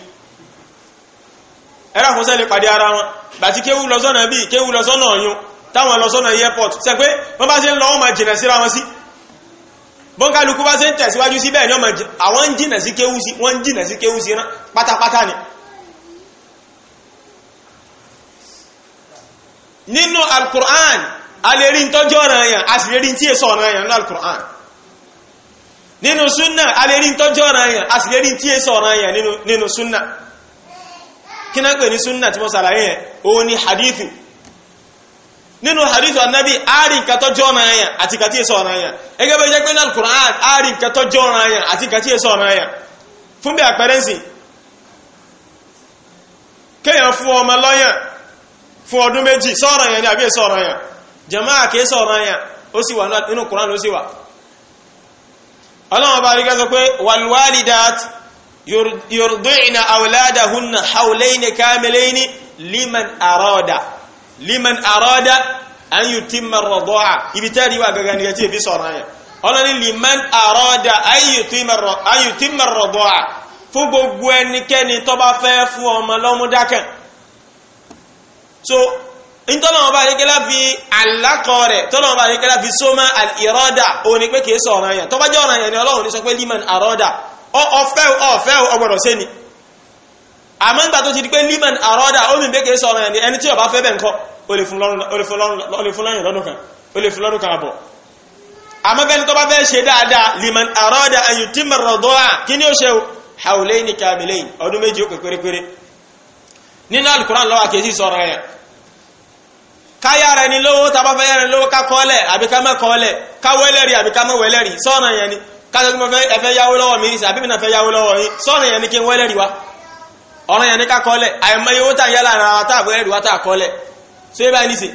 ẹ̀rọ àkọsẹ́ lè pàdé ara wọn bàtí kéwú lọ́sọ́nà bíi kéwú lọ́sọ́nà ọ̀yun táwọn lọ́sọ́nà airport sẹ́ pé wọ́n bá ṣe ń lọ wọ́n máa jìnà síra wọn sí bọ́n kálukú bá ṣe ń tẹ̀síwájú sí bẹ́ẹ̀ ni àwọn ń jìnà sí kéwú sí wọ́n ń jìnà sí kéwú sí rán pátápátá ni nínú al-Qur'an a lè rí tọ́jú ọ̀ràn èèyàn tí èso ọ̀ràn èèyàn nínú al-Qur'an nínú súnà a lè rí tọ́jú ọ̀ràn èèyàn a sì lè rí tí èso ọ̀ràn èèyàn nínú súnà hadithu nínú hadithu annabi ari nǹkan tó jọ ọ̀nà yẹn àti nǹkan tí èso ọ̀nà yẹn ẹgbẹ́ bẹ́ẹ̀ jẹ́ pé náà Qur'an ari nǹkan tó jọ ọ̀nà yẹn àti nǹkan tí èso ọ̀nà yẹn fún bí àpẹẹrẹ kéèyàn fún ọmọ lọ́yàn fún ọdún méjì sọ̀rọ̀ yẹn ni àbí èso ọ̀nà yẹn jàmáà kìí sọ̀rọ̀ yẹn ó sì wà nínú Qur'an ló sì wà ọlọ́run bá rí ká sọ pé walwalidat yurdi'na awladahunna hawlayni kamilayni liman arada liman arada an yutimma ar-rida'a ibi tẹ́rì wà gangan nígbà tí èfi sọ̀rọ̀ yẹn ọlọ́ni liman arada an yutimma ar-rida'a fún gbogbo ẹnikẹ́ni tó bá fẹ́ fún ọmọ lọ́mú dákẹ́ so ntọ́lọ́wọ́n bá yẹkẹ́lá fi alákọ̀ rẹ̀ tọ́lọ́wọ́n bá yẹkẹ́lá fi sọ́mọ́ al-irada òní pé kìí sọ̀rọ̀ yẹn tó bá jẹ́ ọ̀rọ̀ yẹn ni ọlọ́run ní sọ pé liman arada ọ̀fẹ́ ọ̀fẹ́ ọgbọ̀dọ̀ sẹ́ni àmọ́ nígbà tó ti di pé liman àrọ́dà ó mìí békè sọ̀rọ̀ ẹni ẹni tí ó bá fẹ́ bẹ́ẹ̀ ńkọ́ ó lè fún lọ́yìn lọ́dún kan ó lè fún lọ́dún kan àbọ̀ àmọ́ fẹ́ni tó bá fẹ́ ṣe dáadáa liman àrọ́dà ayù tí mọ̀rọ̀ kí ni ó ṣe hàwùlẹ́yìn ní kàmìlẹ́yìn ọdún méjì ó pè pérépéré nínú alukuran lọ́wọ́ àkejì sọ̀rọ̀ ẹ̀ káyàrá ẹni lówó tàbá fẹ́ yára ẹni lówó ká wa ọ̀rọ̀ yẹn ní ká kọ́lẹ̀ àìmọye owó tàyẹ́ láàrin ara tá àbúrẹ́ ìrìwá tá àkọ́lẹ̀ ṣé báyìí nìsí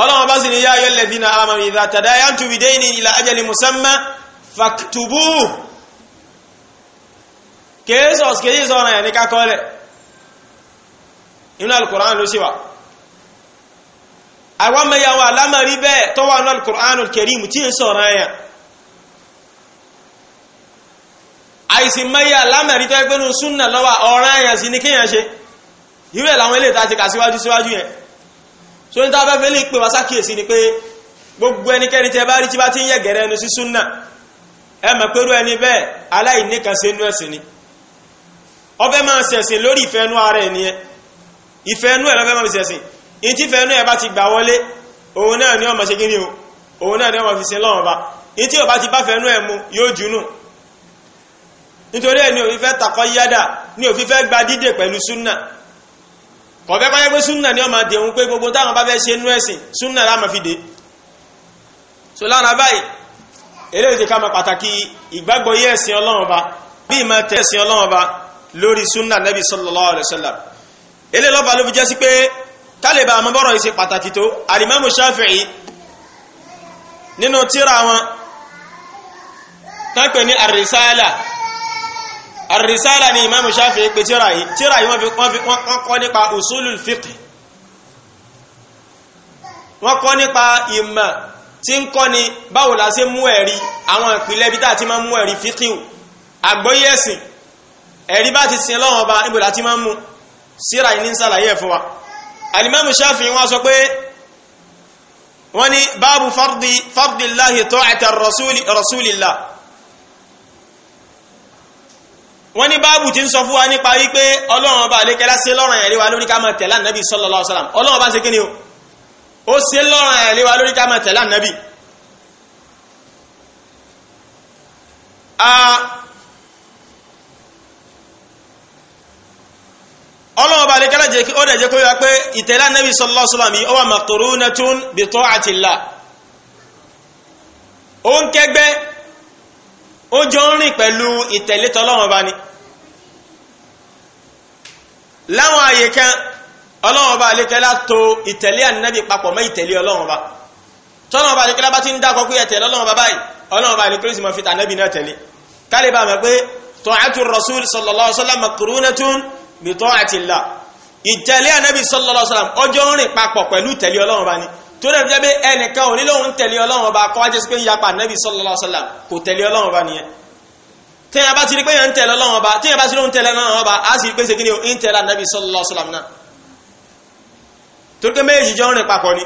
ọlọ́run bá sì ní yá ayọ́ lẹ́bí na amam idha tadayantum bidaynin ila ajali musamma faktubu kéésọ̀s kéésọ̀s ọ̀rọ̀ yẹn ní ká kọ́lẹ̀ inú alukur'an ló ṣe wa àwọn mẹ́yàwó alámọ̀rí bẹ́ẹ̀ tó wà nínú alukur'anul karim tí ń sọ̀rọ̀ yẹn àìsìn mẹ́yà lámẹ̀rí tó ẹgbẹ́nu súnà lọ́wà ọ̀ràn àyàn sí ní kíyàn ṣe irú ẹ̀ láwọn ilé ìta ti kà síwájú síwájú yẹn so ní tábẹ́ fẹ́ lè pè wá sákìyèsí ni pé gbogbo ẹnikẹ́ni tẹ bá rí tí bá ti ń yẹ̀ gẹ̀rẹ́ ẹnu sí súnà ẹ mọ̀ pé ẹni bẹ́ẹ̀ aláìníkànṣe inú ẹ̀sìn ni ọfẹ́ máa ṣẹ̀sìn lórí ìfẹ́ inú ara ẹ̀ nìyẹn ìfẹ́ inú ẹ̀ lọ́fẹ́ máa ṣẹ̀sìn ìyí tí ìfẹ́ inú ẹ̀ bá ti gbà wọlé òun náà ni ọmọ ṣe kí ni o òun náà ni ọmọ fi sin lọ́wọ́ ba ìyí tí ò bá ti bá fẹ́ inú ẹ̀ mu yóò jùnú nítorí ẹ̀ ní òfin fẹ́ takọ́ yádà ní òfin fẹ́ gba dídè pẹ̀lú súnà kọ̀ọ̀fẹ́ kọ́ pé súnà ni ọmọ àdéhùn pé gbogbo táwọn bá fẹ́ ṣe nú ẹ̀sìn súnà láàmà fi dé so lánà báyìí eléyìí ti ká mọ pàtàkì ìgbàgbọ́ yẹ ẹ̀sìn ọlọ́run ba bí ìmọ̀ tẹ̀ ẹ̀sìn ọlọ́run ba lórí súnà nẹ́bí sallallahu alaihi wasallam eléyìí lọ́ba ló fi jẹ́ sí pé tálíbà àmọ́ alimamu Shafi'i nínú tíra wọn tán pè ní ar àrísàlà ni imam shafi pé tíra yìí tíra yìí wọ́n kọ́ nípa usulul fiqh wọ́n kọ́ nípa ìmọ̀ tí ń kọ́ ni báwo la ṣe mú ẹ̀rí àwọn ìpìlẹ̀ bí táà ti máa mú ẹ̀rí fíkíù àgbọ́yé ẹ̀sìn ẹ̀rí bá ti sin lọ́wọ́ ọba ibùdó àti máa mú síra yìí ní sàlàyé ẹ̀ fún wa alimami shafi wọ́n sọ pé wọ́n ní báàbù fardillahi ta'ata rasulillah wọ́n ní báàbù tí ń sọ fún wa nípa wípé ọlọ́run ọba àlékẹ́lá ṣe lọ́rùn ẹ̀rí wa lórí ká máa tẹ̀lé ànábì sallallahu alaihi wasallam ọlọ́run ọba ṣe kí ni o ó ṣe lọ́rùn ẹ̀rí wa lórí ká máa tẹ̀lé ọlọ́run ọba àlékẹ́lá jẹ́ ó dẹ̀ jẹ́ kó yọ pé ìtẹ̀lé ànábì sallallahu alaihi yìí ó wà maqrunatun bi ta'atillah ó ń kẹ́gbẹ́ ó jọ ń rìn pẹ̀lú ìtẹ̀lé tọ́lọ́wọ́n bá ní láwọn àyè kan ọlọ́wọ́n bá lè kẹ́lá to ìtẹ̀lé ànábì papọ̀ mọ́ ìtẹ̀lé ọlọ́wọ́n bá tọ́lọ́wọ́n bá lè kẹ́lá bá ti ń dákọ̀ pé ẹ̀tẹ̀ lọ́lọ́wọ́n bá báyìí ọlọ́wọ́n bá lè kérésì mọ́ fi tànábì náà tẹ̀lé kálí bá mọ̀ pé tọ́hátù rasul sallallahu alaihi wasallam makrunatun bi ta'atillah ìtẹ̀lé ànábì sallallahu alaihi ọjọ́ ń rìn papọ̀ pẹ̀lú ìtẹ̀lé ọlọ́wọ́n bá ní tó dẹ̀ jẹ́ pé ẹnìkan ò ní lóun tẹ̀lé ọlọ́run ọba kọ́ wájú sí pé yapa nẹ́bí sallallahu alaihi wasallam kò tẹ̀lé ọlọ́run ọba nìyẹn téèyàn bá ti rí pé yẹn ń tẹ̀lé ọlọ́run ọba téèyàn bá ti lóun tẹ̀lé ọlọ́run ọba á sì rí pé ṣe ń tẹ̀lé nẹ́bí sallallahu náà torí pé méjì jọ ń rìn papọ̀ ni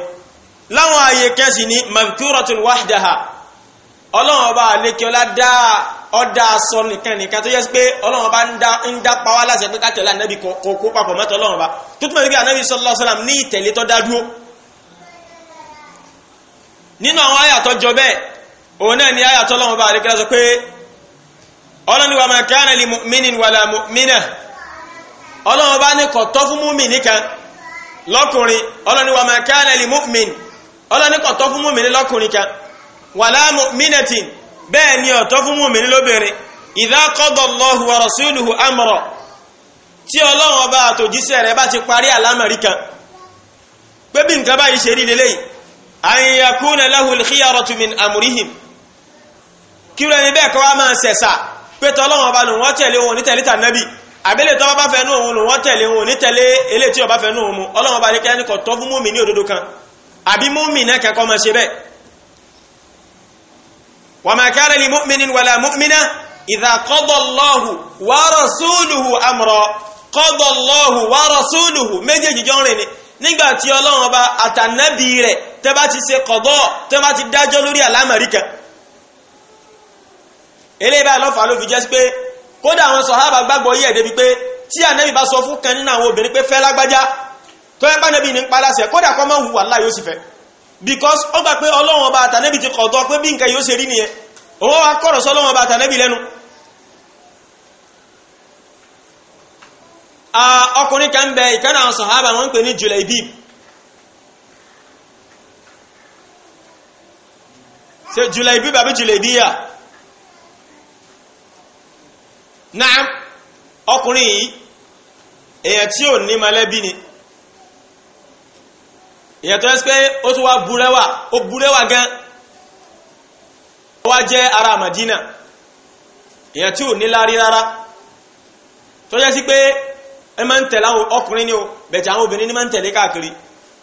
láwọn ààyè kẹsì ni mankuratun wahdaha ọlọ́run ọba nínú àwọn àyàtọ̀ jọ bẹ́ẹ̀ òun náà ni àyàtọ̀ lọ́wọ́ bá àdékẹ́lá sọ pé ọlọ́ni wa máa kana li mu'minin wala mu'minah ọlọ́wọ́ bá ní kò tọ́ fún múmi nìkan lọ́kùnrin ọlọ́ni wa máa kana li mu'min ọlọ́ni kò tọ́ fún múmi ní lọ́kùnrin kan wala mu'minatin bẹ́ẹ̀ ni ọ̀tọ́ fún múmi ní lóbìnrin idha qada Allahu an yakuna lahu al-khiyaratu min amrihim kí ló ẹni bẹ́ẹ̀ kọ́ wá máa ṣẹ̀ṣà pé tọ́lọ́wọ́n bá lòun wọ́n tẹ̀lé wọn ní tẹ̀lé tànábì àbílẹ̀ tọ́wọ́ bá fẹ́ nú òun lòun wọ́n tẹ̀lé wọn ní tẹ̀lé eléyìí tí ó bá fẹ́ nú òun mu ọlọ́wọ́n bá ní kí ẹnìkan tọ́ fún mùmí ní òdodo kan àbí mùmí náà kẹ́kọ́ máa ṣe bẹ́ẹ̀. wa ma kana li mu'minin wala mu'mina idha qada Allahu wa rasuluhu amra qada Allahu wa rasuluhu méjèèjì jọ ń rìn ní nígbà tí ọlọ́wọ́n bá tẹ́ bá ti ṣe kọ̀gọ́ tẹ́ bá ti dájọ́ lórí àlámẹ̀ríkà eléyìí báyìí lọ́fà ló fi jẹ́ sí pé kódà àwọn sọ̀hábà gbàgbọ́ yí ẹ̀dẹ́bi pé tí ànábì bá sọ fún kan nínú àwọn obìnrin pé fẹ́ lágbájá tó ẹ bá nẹ́bì ní paláṣẹ kódà kọ́ máa ń hùwà láì yóò sì fẹ́ because ó gbà pé ọlọ́run ọba àtànẹ́bì ti kọ̀tọ́ pé bí nǹkan yóò ṣe rí nìyẹn òun wá kọ̀rọ̀ sọ ọlọ́run ọba àtànẹ́bì lẹ́nu ọkùnrin kan bẹ ìkànnà àwọn sọ̀hábà wọn ń pè ní Julaybib ṣe Julaybi bàbí Julaydiya náà ọkùnrin yìí èyàn tí ò ní mọ̀lẹ́bí ni èyàn tó ẹ́ pé ó tún wá burẹ́wà ó burẹ́wà gan ó wá jẹ́ ara Madina èyàn tí ò ní lárí rárá tó jẹ́ sí pé ẹ máa ń tẹ̀lé àwọn ọkùnrin ni o bẹ̀tẹ̀ àwọn obìnrin ni máa ń tẹ̀lé káàkiri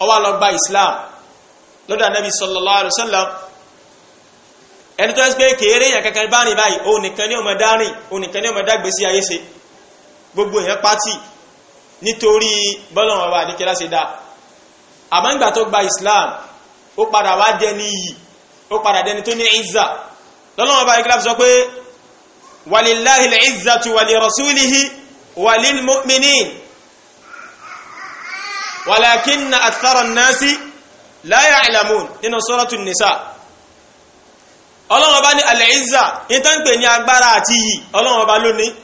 ó wá lọ gba islam lọ́dọ̀ anabi sallallahu alayhi wa sallam ẹni tó ẹ́ pé kéré yẹn kankan bá rìn báyìí òun nìkan ní ọmọ dárìn òun nìkan ní ọmọ dágbé sí ayé ṣe gbogbo èèyàn pátì nítorí bọ́lọ̀wọ̀n wà ní kílá ṣe dá àmọ́ ìgbà tó ولكن akthara الناس لا يعلمون ya'lamun nínú النساء. an-nisa ọlọ́run ọba ní al-izza ní tó ń pè ní agbára àti yìí ọlọ́run ọba lónìí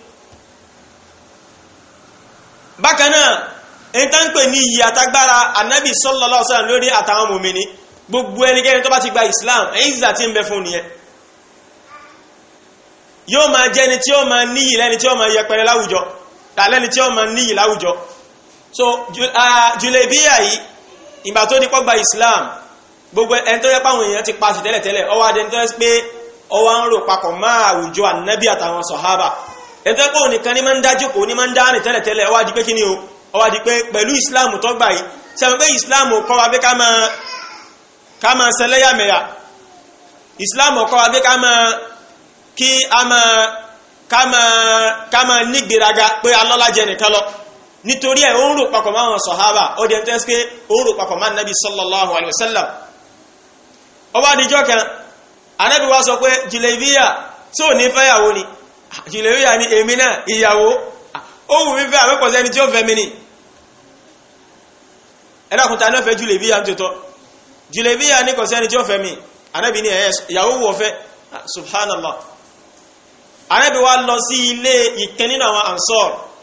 bákan náà ní tó ń pè ní yìí àtagbára anabi sallallahu alaihi wasallam lórí àtàwọn mòmìnì gbogbo ẹnikẹ́ni tó bá ti gba islam izza ti ń bẹ fún nìyẹn yóò máa jẹ́ ẹni tí ó máa níyì lẹ́ni tí ó máa yẹpẹrẹ láwùjọ so ah, Julebiya yìí ìgbà tó ní kó Islam gbogbo ẹni tó yẹ páwọn èèyàn ti paṣẹ tẹ́lẹ̀tẹ́lẹ̀ ọwọ́ adé tó yẹ pé ọwọ́ ń rò papọ̀ mọ́ àwùjọ ànábì àtàwọn sọ̀hábà ẹni tó yẹ pé òun nìkan ní máa ń dájú kò ní máa ń dá rìn tẹ́lẹ̀tẹ́lẹ̀ ọwọ́ adé pé kí ni o ọwọ́ adé pé pẹ̀lú Islam tó gbà yìí sẹ́wọ́n pé Islam kọ́ wa pé ká máa ká nítorí ẹ̀ ó ń rò papọ̀ máa wọn sọ̀hábà ó di ẹ̀ntẹ́ pé ó papọ̀ máa nàbí sallallahu alaihi wasallam ọba àdìjọ́ kan anábì wá sọ pé jìlẹ̀bíyà tí ò ní fẹ́yàwó ni jìlẹ̀bíyà ni èmi náà ìyàwó ó wù mí fẹ́ àmẹ́pọ̀ sẹ́ni tí ó fẹ́ mi ni ẹ̀dàkùnta náà fẹ́ jìlẹ̀bíyà ń tòótọ́ jìlẹ̀bíyà ní kò sẹ́ni tí ó fẹ́ mi ah, subhanallah anábì wá lọ sí ilé ìkẹ́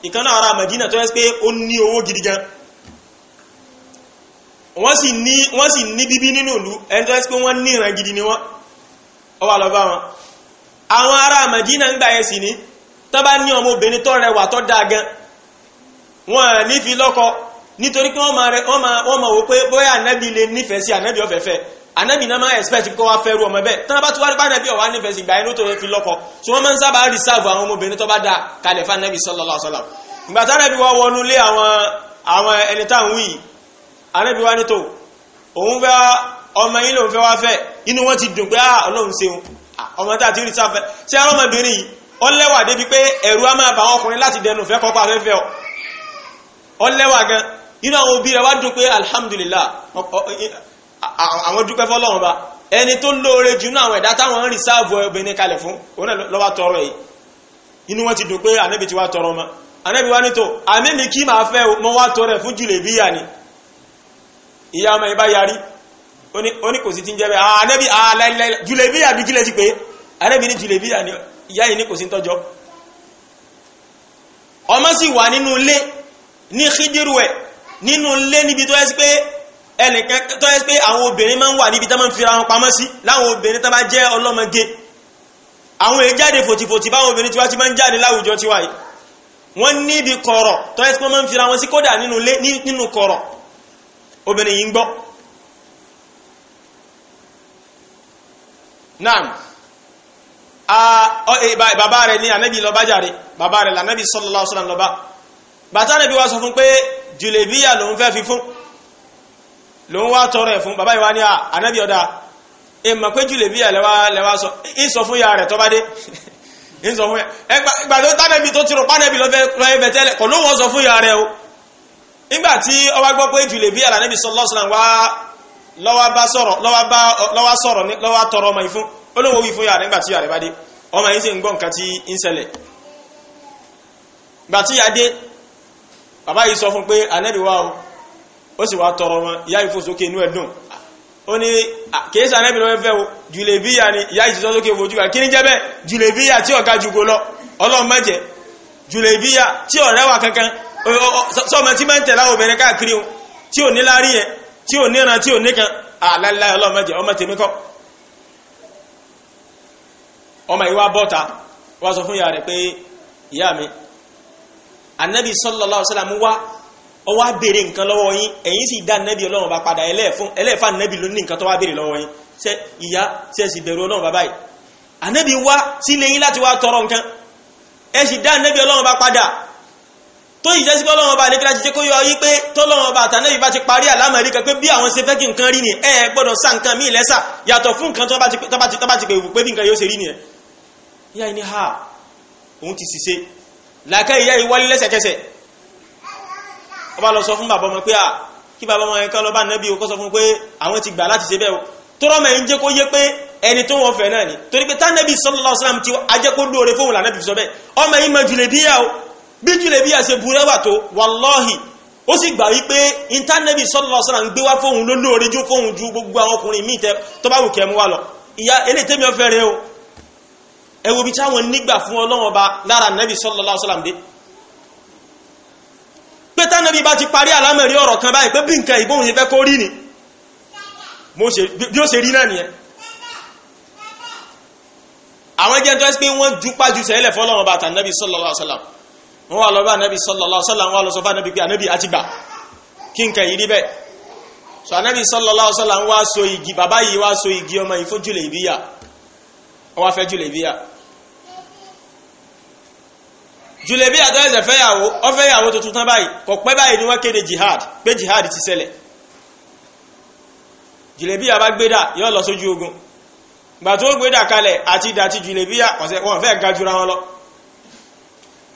ìkan náà ará Medina tó yẹ pé ó ní owó gidi gan wọ́n sì ní bíbí nínú ìlú ẹni tó yẹ pé wọ́n ní gidi ni wọ́n ó wà wọn àwọn ará Medina ń gbà yẹn sì ní tó bá ní rẹwà dáa gan wọ́n lọ́kọ nítorí pé wọ́n máa pé bóyá lè nífẹ̀ẹ́ anabi náà máa expect kó wá fẹ́rù ọmọ bẹ́ẹ̀ tí wọ́n bá ti wá rí pàdánù bí ọ̀wá nífẹ̀ẹ́ sí ìgbà yẹn ló tó fi lọ́kọ tí wọ́n máa ń sábà reserve àwọn ọmọbìnrin tó bá da kalẹ̀ fún anabi sallallahu alaihi wasallam ìgbà tí anabi wá wọnú lé àwọn àwọn ẹni táwọn wí anabi wá to òun fẹ́ ọmọ yín lòun fẹ́ wá fẹ́ inú wọn ti dùn pé ah ọlọ́run ṣeun ah, ọmọ tá a ti reserve ṣé àwọn ọmọbìnrin yìí ó lẹ́wà débi pé ẹ̀rù á máa bà wọn ọkùnrin láti dẹnu fẹ́ kọ́kọ́ afẹ́fẹ́ ọ ó lẹ́wà gan inú àwọn òbí rẹ̀ wá dùn pé alhamdulillah àwọn dúpẹ́ fọ́lọ́run bá ẹni tó lóore jù náà àwọn ẹ̀dá táwọn ń rìsáàbù obìnrin kalẹ̀ fún òun lọ́wọ́ tọrọ yìí inú wọn ti dùn pé ànábì ti wá tọrọ ọmọ ànábì wá nítò àmẹ́mi kí máa fẹ́ mọ́ wá tọrọ ẹ̀ fún jùlẹ̀bíyà ni ìyá ọmọ ìbá yarí ó ní kò sí ti ń jẹ́ bẹ́ẹ̀ ah, ànábì àlẹ́lẹ́ ah, jùlẹ̀bíyà bí kílẹ̀ sí pé ànábì ní jùlẹ̀bíyà ni ìyá yìí ní kò sí ń tọ́jọ́ ọmọ sì wà nínú ilé ní kídírù ẹ̀ nínú ilé níbi tó yẹ sí pé ẹnìkan tó yẹ pé àwọn obìnrin máa ń wà níbi tó máa ń fira wọn pamọ́ sí láwọn obìnrin tó bá jẹ́ ọlọ́mọge àwọn èyí jáde fòtìfòtì báwọn obìnrin tí wá ti máa ń jáde láwùjọ ti wáyé wọ́n níbi kọ̀rọ̀ tó yẹ pé wọ́n máa ń fira wọn sí kódà nínú ilé nínú kọ̀rọ̀ obìnrin yìí ń gbọ́ naam e, bàbá rẹ̀ ní ànábì lọ bá jàre bàbá rẹ̀ lànábì sallallahu alaihi wasallam lọ bá bàtà ànábì wá sọ fún pé jùlẹ̀bíyà lòun fẹ́ fi fún ló ń wá tọrọ ẹ̀ fún bàbá ìwá ní ànábì ọ̀dá ìmọ̀ pé jùlẹ̀ bí ẹ̀lẹ́wà sọ ìsọ fún ya rẹ̀ tọ́ bá dé ìsọ *laughs* fún ya ẹgbà tó tánẹ́bí tó tìrò pánẹ́bí fún ya rẹ̀ o nígbà tí ó gbọ́ pé jùlẹ̀ bí ẹ̀lẹ́bí sọ lọ́sàn wá lọ́wọ́ tọrọ ọmọ ìfún olówó wí fún ya rẹ̀ nígbà tí ya rẹ̀ ya sọ fún ó sì wá tọrọ wọn ìyá yìí fò sókè inú ẹ̀ dùn ó ní kìí sànẹ́bì lọ́wọ́ fẹ́ o jùlẹ̀bíyà ni ìyá yìí ti sọ sókè fojú kan kí ní jẹ́ bẹ́ẹ̀ jùlẹ̀bíyà tí ọ̀gá jugo lọ ọlọ́run mẹ́jẹ̀ jùlẹ̀bíyà tí ọ̀rẹ́ wà kankan sọmọ tí máa ń tẹ̀lá obìnrin káàkiri o tí ò ní lárí yẹn tí ò ní ran tí ò ní kan àlálá ọlọ́run mẹ́jẹ̀ ọmọ tèmi kọ́ ọmọ ìwà bọ́ta wá sọ fún ìyá rẹ̀ pé ìyá mi Ànábì sallallahu alaihi wasallam wá ó wá béèrè nǹkan lọ́wọ́ yín ẹ̀yin sì dá nẹ́bí ọlọ́run bá padà ẹlẹ́ẹ̀fà nẹ́bí ló ní nǹkan tó wá béèrè lọ́wọ́ yín ṣe ìyá ṣe sì bẹ̀rù ọlọ́run bàbá yìí ànẹ́bí wá sílé yín láti wá tọrọ nǹkan ẹ sì dá nẹ́bí ọlọ́run bá padà tó yìí jẹ́sí bọ́lọ́wọ́n bá lè kíláṣí jẹ́ kó yọ yí pé tọ́lọ́wọ́n bá àtànẹ́bí bá ti parí àlámọ̀rí ni ẹ gbọ́dọ̀ sá nǹkan míì lẹ́sà yàtọ̀ fún nǹkan tó bá ti pè wù pé bí nǹkan yóò ṣe rí nìyẹn ọba lọ sọ fún bàbá ọmọ pé à kí bàbá ọmọ yẹn kọ́ lọ bá nẹ́bí o sọ fún pé àwọn ti gbà láti ṣe bẹ́ẹ̀ o tọ́rọ mẹ́rin jẹ́ kó yé pé ẹni tó wọ́n fẹ́ náà ni torí pé tá nẹ́bí sallallahu alaihi wasallam ti ajẹ́ kó lóore fóun là nẹ́bí sọ bẹ́ẹ̀ ọmọ yìí mọ Julebiya o bí Julebiya ṣe burẹ́ wà tó wallahi ó sì gbà wípé intanẹ́bì sallallahu alaihi wasallam gbé wá fóun ló lóore ju fóun ju gbogbo àwọn ọkùnrin táwọn nígbà fún Ọlọ́run lára nẹ́bí sallallahu alaihi tánàbí bá ti parí àlámẹ̀rí ọ̀rọ̀ kan báyìí pé bí nǹkan ìbóhun ṣe fẹ́ kó rí ni bí ó ṣe rí náà nìyẹn àwọn jẹ́ tó ẹ́ pé wọ́n ju pájú sẹ́lẹ̀ fọ́lọ́wọ́n bá ta nẹ́bí sallallahu alaihi wasallam wọ́n wà lọ bá nẹ́bí sallallahu alaihi wasallam wọ́n lọ sọ bá nẹ́bí pé ànẹ́bí àti gbà kí nǹkan yìí rí bẹ́ẹ̀ so ànẹ́bí sallallahu alaihi wasallam wá so igi bàbá yìí wá so igi ọmọ ìfójúlẹ̀ ìbíyà wọ́n wá fẹ́ jùlẹ̀ ìbíyà jùlẹ̀bí àtọ́ ẹ̀sẹ̀ fẹ́yàwó ọfẹ́yàwó tuntun tán báyìí kò pẹ́ báyìí ni wọ́n kéde jihad pé jihad ti ṣẹlẹ̀ jùlẹ̀bí àbá gbédà yóò lọ sójú ogun gbà tó gbédà kalẹ̀ àti ìdà àti jùlẹ̀bí àkọsẹ̀ wọn fẹ́ ga jura wọn lọ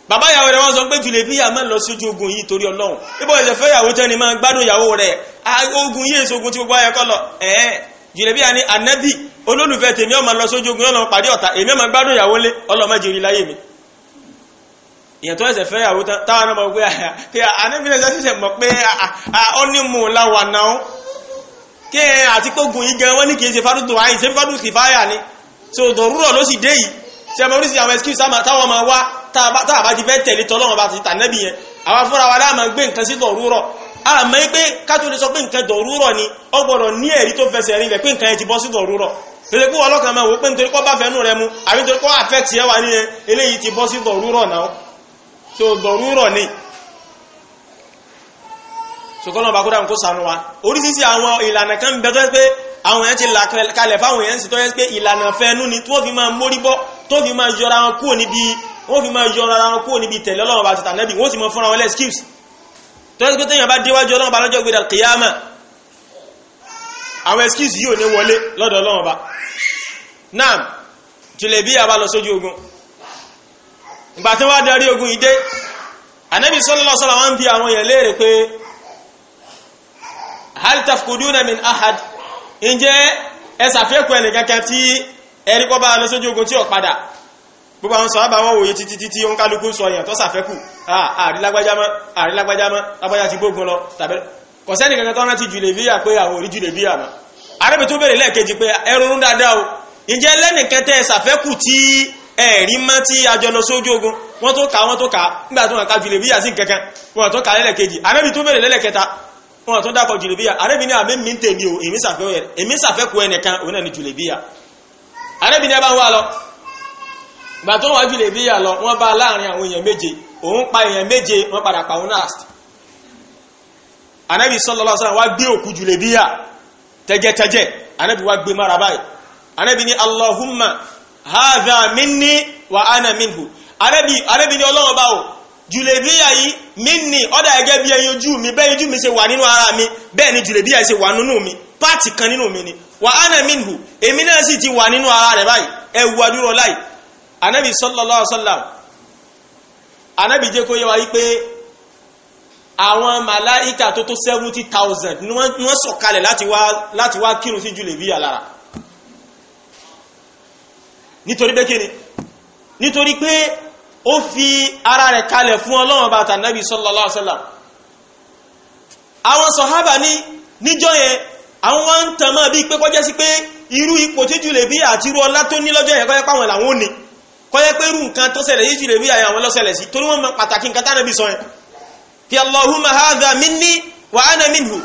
bàbá ìyàwó rẹ̀ wọ́n sọ pé jùlẹ̀bí àmọ́ lọ sójú ogun yìí torí ọlọ́run ibò ẹ̀sẹ̀ fẹ́yàwó tán ni máa gbádùn ìyàwó rẹ̀ ogun yìí èso ogun tí gbogbo ayẹkọ lọ ẹ̀ẹ́ jùlẹ̀bí àní ànẹ́bì olólùfẹ́ tèmi ọmọ lọ sójú ogun ọlọ́run pàdé ọ̀tá èmi ọmọ gbádùn ìyàwó lé ọlọ́mọ jèrè láyé mi ìyàn tó ẹsẹ̀ fẹ́yàwó táwọn náà mọ̀ pé pé anẹ́bìnrin ẹsẹ̀ ṣẹ̀ṣẹ̀ mọ̀ pé ó ní mú láwà náà kí ẹ àti kógun yìí gan wọ́n ní kì í ṣe fádùtò àyìn ṣe fádùtò sì fáyà ni so dòrúrọ̀ ló sì dé yìí ṣe mọ̀ oríṣi àwọn excuse táwọn máa wá tá a bá ti fẹ́ tẹ̀lé tọ́lọ́wọ́n bá ti tà nẹ́bì yẹn àwọn fúnra wa láàmà gbé nǹkan sí dòrúrọ̀ àmọ́ pé kátó lè sọ pé nǹkan dòrúrọ̀ ni ó gbọ́dọ̀ ní ẹ̀rí tó fẹsẹ̀ rinlẹ̀ pé nǹkan yẹn ti bọ́ sí dòrúrọ̀ tẹ́lẹ̀ pé ọlọ́kan máa wò pé nítorí kọ́ bá fẹ́nu rẹ mu àbí nítorí kọ́ àfẹ́ tiẹ̀ wá ní eléyìí ti bọ́ sí dòrúrọ̀ náà so dọ̀rúrọ̀ ni ṣùgbọ́n ọba kúrò kó sànú wa oríṣiríṣi àwọn ìlànà kan bẹ̀rẹ̀ pé àwọn èèyàn ti là kalẹ̀ fáwọn èèyàn sì tọ́ pé ìlànà fẹ́nu ni tó fi máa mórí bọ́ tó fi máa yọra wọn kúrò níbi wọ́n fi máa yọra wọn kúrò níbi tẹ̀lé Ọlọ́run bá ti tànẹ́bì wọ́n sì mọ fúnra wọn lẹ́ skips tó yẹ pé téèyàn bá déwájú Ọlọ́run bá lọ́jọ́ gbé dàkíyàmà àwọn excuse yìí ò ní wọlé lọ́dọ̀ Ọlọ́run bá náà jùlẹ̀ bí a bá lọ sójú ogun ìgbà tí wọ́n darí ogun ìdé Ànábì sallallahu alaihi wasallam àwọn èèyàn léèrè pé hal tafquduna min ahad ǹjẹ́ ẹ ṣàfẹ́kù ẹnì kankan tí ẹ̀rí kọ́ bá lọ sójú ogun tí ò padà gbogbo àwọn sọ̀rọ̀ bá wọ́n wòye títí títí ó ń kálukú sọ èèyàn tó ṣàfẹ́kù àrílágbájámọ́ àrílágbájámọ́ lágbájá ti gbógun lọ tàbí kọ̀sẹ́nì kankan tó rántí jùlẹ̀bíyà pé àwọn orí jùlẹ̀bíyà mọ́ arábì tó bèèrè lẹ́ẹ̀kejì ẹ̀rí mọ́ tí ajọ lọ sójú ogun wọ́n tó kà wọ́n tó kà nígbà tó wọ́n ká jùlẹ̀bíyà sí kankan wọ́n tó kà lẹ́lẹ̀kejì anábì tó bẹ̀rẹ̀ lẹ́lẹ̀kẹta wọ́n tó dákọ̀ jùlẹ̀bíyà anábì ní àmì mi ń tèmi o èmi sàfẹ́kù ẹnìkan òun náà ni jùlẹ̀bíyà anábì ní ẹ bá ń wá lọ gbà tó wọ́n jùlẹ̀bíyà lọ wọ́n bá láàrin àwọn èèyàn méje òun pa èèyàn méje wọ́n padà pa òun náà anábì sallallahu alaihi wasallam wá gbé òkú jùlẹ̀bíyà tẹ́jẹ́tẹ́jẹ́ anábì wá gbé mára báyìí anábì ní allahumma hadha minni wa ana minhu arabi arabi ni Ọlọ́run bá o julebiya yìí minni ọ̀dà ẹ̀gẹ́ bí ẹyin ojú mi bẹ́ẹ̀ ojú mi ṣe wà nínú ara mi bẹ́ẹ̀ ni julebiya ṣe wà nínú mi páàtì kan nínú mi ni wa ana minhu èmi náà sì ti wà nínú ara rẹ̀ báyìí ẹ wù adúrò láì anabi sallallahu alaihi wasallam anabi jẹ́ kó yẹ wa wípé àwọn màláìka tó tó seventy thousand ni wọ́n sọ̀kalẹ̀ láti wá kírun sí julebiya lára nítorí pé kíni nítorí pé ó fi ara rẹ̀ kalẹ̀ fún ọlọ́run bá tànàbí sallallahu alaihi wasallam àwọn sọ̀hábà ní níjọ́ yẹn àwọn wá ń tàn mọ́ bíi pé kọjá sí pé irú ipò tí Julebi àti irú ọlá tó ní lọ́jọ́ yẹn kọ́yẹ́ pàwọn làwọn ò ní kọ́yẹ́ pé irú nǹkan tó ṣẹlẹ̀ sí minni wa ana minhu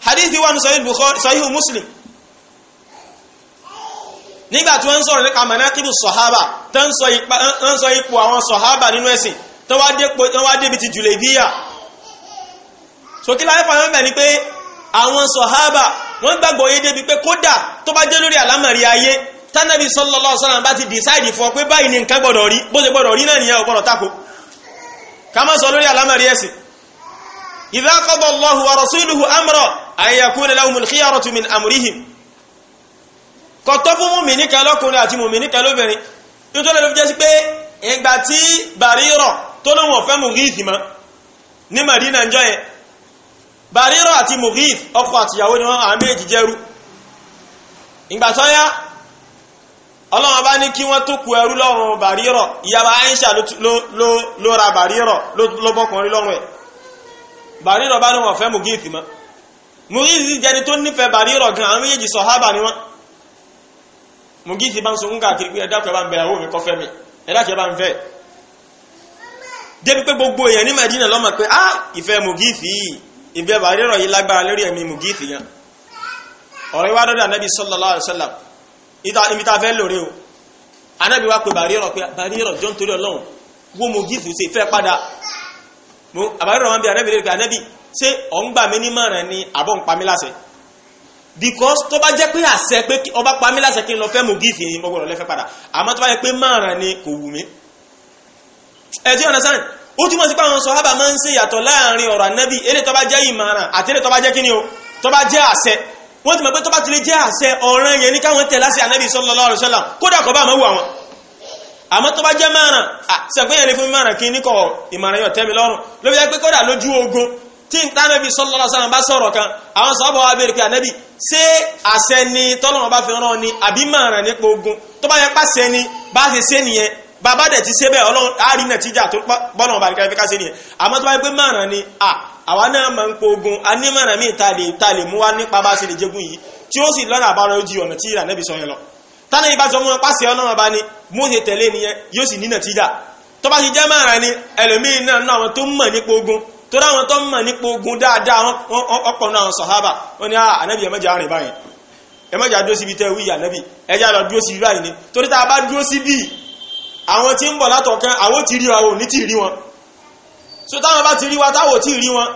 hadithi wa nu sahih Bukhari Muslim nígbà tí wọ́n ń sọ̀rọ̀ nípa manakibu sọ̀hábà tó ń sọ ipò àwọn sọ̀hábà nínú ẹ̀sìn tó wá débi ti jùlẹ̀bíyà sókílá ẹ̀fà yọ́n bẹ̀ ni pé àwọn sọ̀hábà wọ́n gbàgbọ́ yé débi pé kódà tó bá jẹ́ lórí àlámọ̀rí ayé tánàbí sallallahu alaihi wasallam bá ti dìsáìdì fún ọ pé báyìí ni nǹkan gbọ́dọ̀ rí bó ṣe kọ̀tọ́ fún mùmìnì kan lọ́kùnrin àti mùmìnì kan lóbìnrin nítorí ló fi jẹ́ sí pé ìgbà tí bàrírọ̀ tó lóun ọ̀fẹ́ mùgíìfì mọ́ ní Madina ń yẹn bàrírọ̀ àti mùgíìfì ọkọ àtìyàwó ni wọ́n àmì èjì jẹ́rú ìgbà tó yá ọlọ́run bá ní kí wọ́n tó ku ẹrú lọ́rùn bàrírọ̀ ìyàwó ra bàrírọ̀ ló bọ́kùnrin lọ́rùn ẹ̀ bàrírọ̀ bá ní wọn ọ̀fẹ́ mùgíìfì mọ́ mùgíìfì jẹni tó nífẹ̀ẹ́ bàrírọ̀ gan àwọn ni wọ́n Mugisi bá ń sunkún káàkiri pé ẹ̀dá kẹba ń bẹ̀rẹ̀ àwọn òmìnkọ́ fẹ́ mi ẹ̀dá kẹba ń fẹ́ débi pé gbogbo èèyàn ní Madina lọ́mọ pé ah ìfẹ́ Mugisi yìí ìfẹ́ bàrírọ̀ yìí lágbára lórí ẹ̀mí Mugisi yẹn ọ̀rọ̀ ìwà dọ́dọ̀ anábì sallallahu alaihi wasallam ibi tá a fẹ́ lórí o anábì wá pé bàrírọ̀ pé bàrírọ̀ jọ́ nítorí ọlọ́run wo Mugisi ṣe fẹ́ padà bàrírọ̀ wọn bí anábì lè pé anábì ṣé ọ̀ ń gbà mí nímọ̀ràn ni àbọ̀ ń pa mí láṣẹ because tó bá jẹ́ pé àṣẹ pé ọba pa mí láṣẹ kí n lọ fẹ́ mú gíìfì yìí mo gbọ́dọ̀ lẹ́fẹ́ padà àmọ́ tó bá jẹ́ pé márùn ni kò wù mí. ẹ jẹ́ ọ̀nà sáyẹn ó túmọ̀ sí pé àwọn sọ̀hábà máa ń ṣe ìyàtọ̀ láàrin ọ̀rọ̀ ànábì eré tó bá jẹ́ ìmọ̀ràn àti eré tó bá jẹ́ kíni o tó bá jẹ́ àṣẹ wọ́n ti mọ̀ pé tó bá ti lè jẹ́ àṣẹ ọ̀ràn yẹn ní káwọn tẹ̀ láṣẹ ànábì sallallahu alaihi wasallam kódà kọ́ bá àmọ́ wù àwọn àmọ́ tó bá jẹ́ márùn sẹ́gbẹ́yẹn lè fún mi márùn kí n níkọ̀ ìmọ̀ràn yọ̀ tẹ́mi lọ́rùn ló fi jẹ́ tí n tánàbì sallallahu sọ̀rọ̀ kan àwọn sọ́bọ̀ wa bèèrè pé ànábì ṣé àṣẹ ni tọ́lọ́wọ́n bá fi rán ni àbí màrán nípa ogun tó bá yẹ pàṣẹ ni bá ṣe ṣe nìyẹn bàbá dẹ̀ ti ṣe bẹ́ẹ̀ ọlọ́run àárín náà ti jà tó bọ́lọ́wọ́n bá fi ká ṣe nìyẹn àmọ́ tó bá yẹ pé màrán ni à àwa náà máa ń po ogun a ní màrán míì ta lè ta lè mú wá nípa bá ṣe lè jẹ́gun yìí tí ó sì lọ́nà àbárọ̀ ojú ọ̀nà tí ìlànà ibi sọ yẹn lọ tánà ìbá sọ mọ́ pàṣẹ ọlọ́run bá ní mú ṣe tẹ̀lé nìyẹn yóò sì ní nàtíjà tó bá ti jẹ́ màrán ni ẹlòmíín náà náà àwọn tó mọ̀ nípa ogun torí àwọn tó mọ̀ nípa ogun dáadáa ọ̀pọ̀ náà àwọn sọ̀hábà wọ́n ní ànábì ẹ má jà rìn báyìí ẹ má jà dúró síbi tẹ́ wí ànábì ẹ jà lọ dúró síbi báyìí ni torí tá a bá dúró síbi àwọn tí ń bọ̀ látọ̀kan àwọn ti rí wa ò ní ti rí wọn so táwọn bá ti rí wa táwọn ò ti rí wọn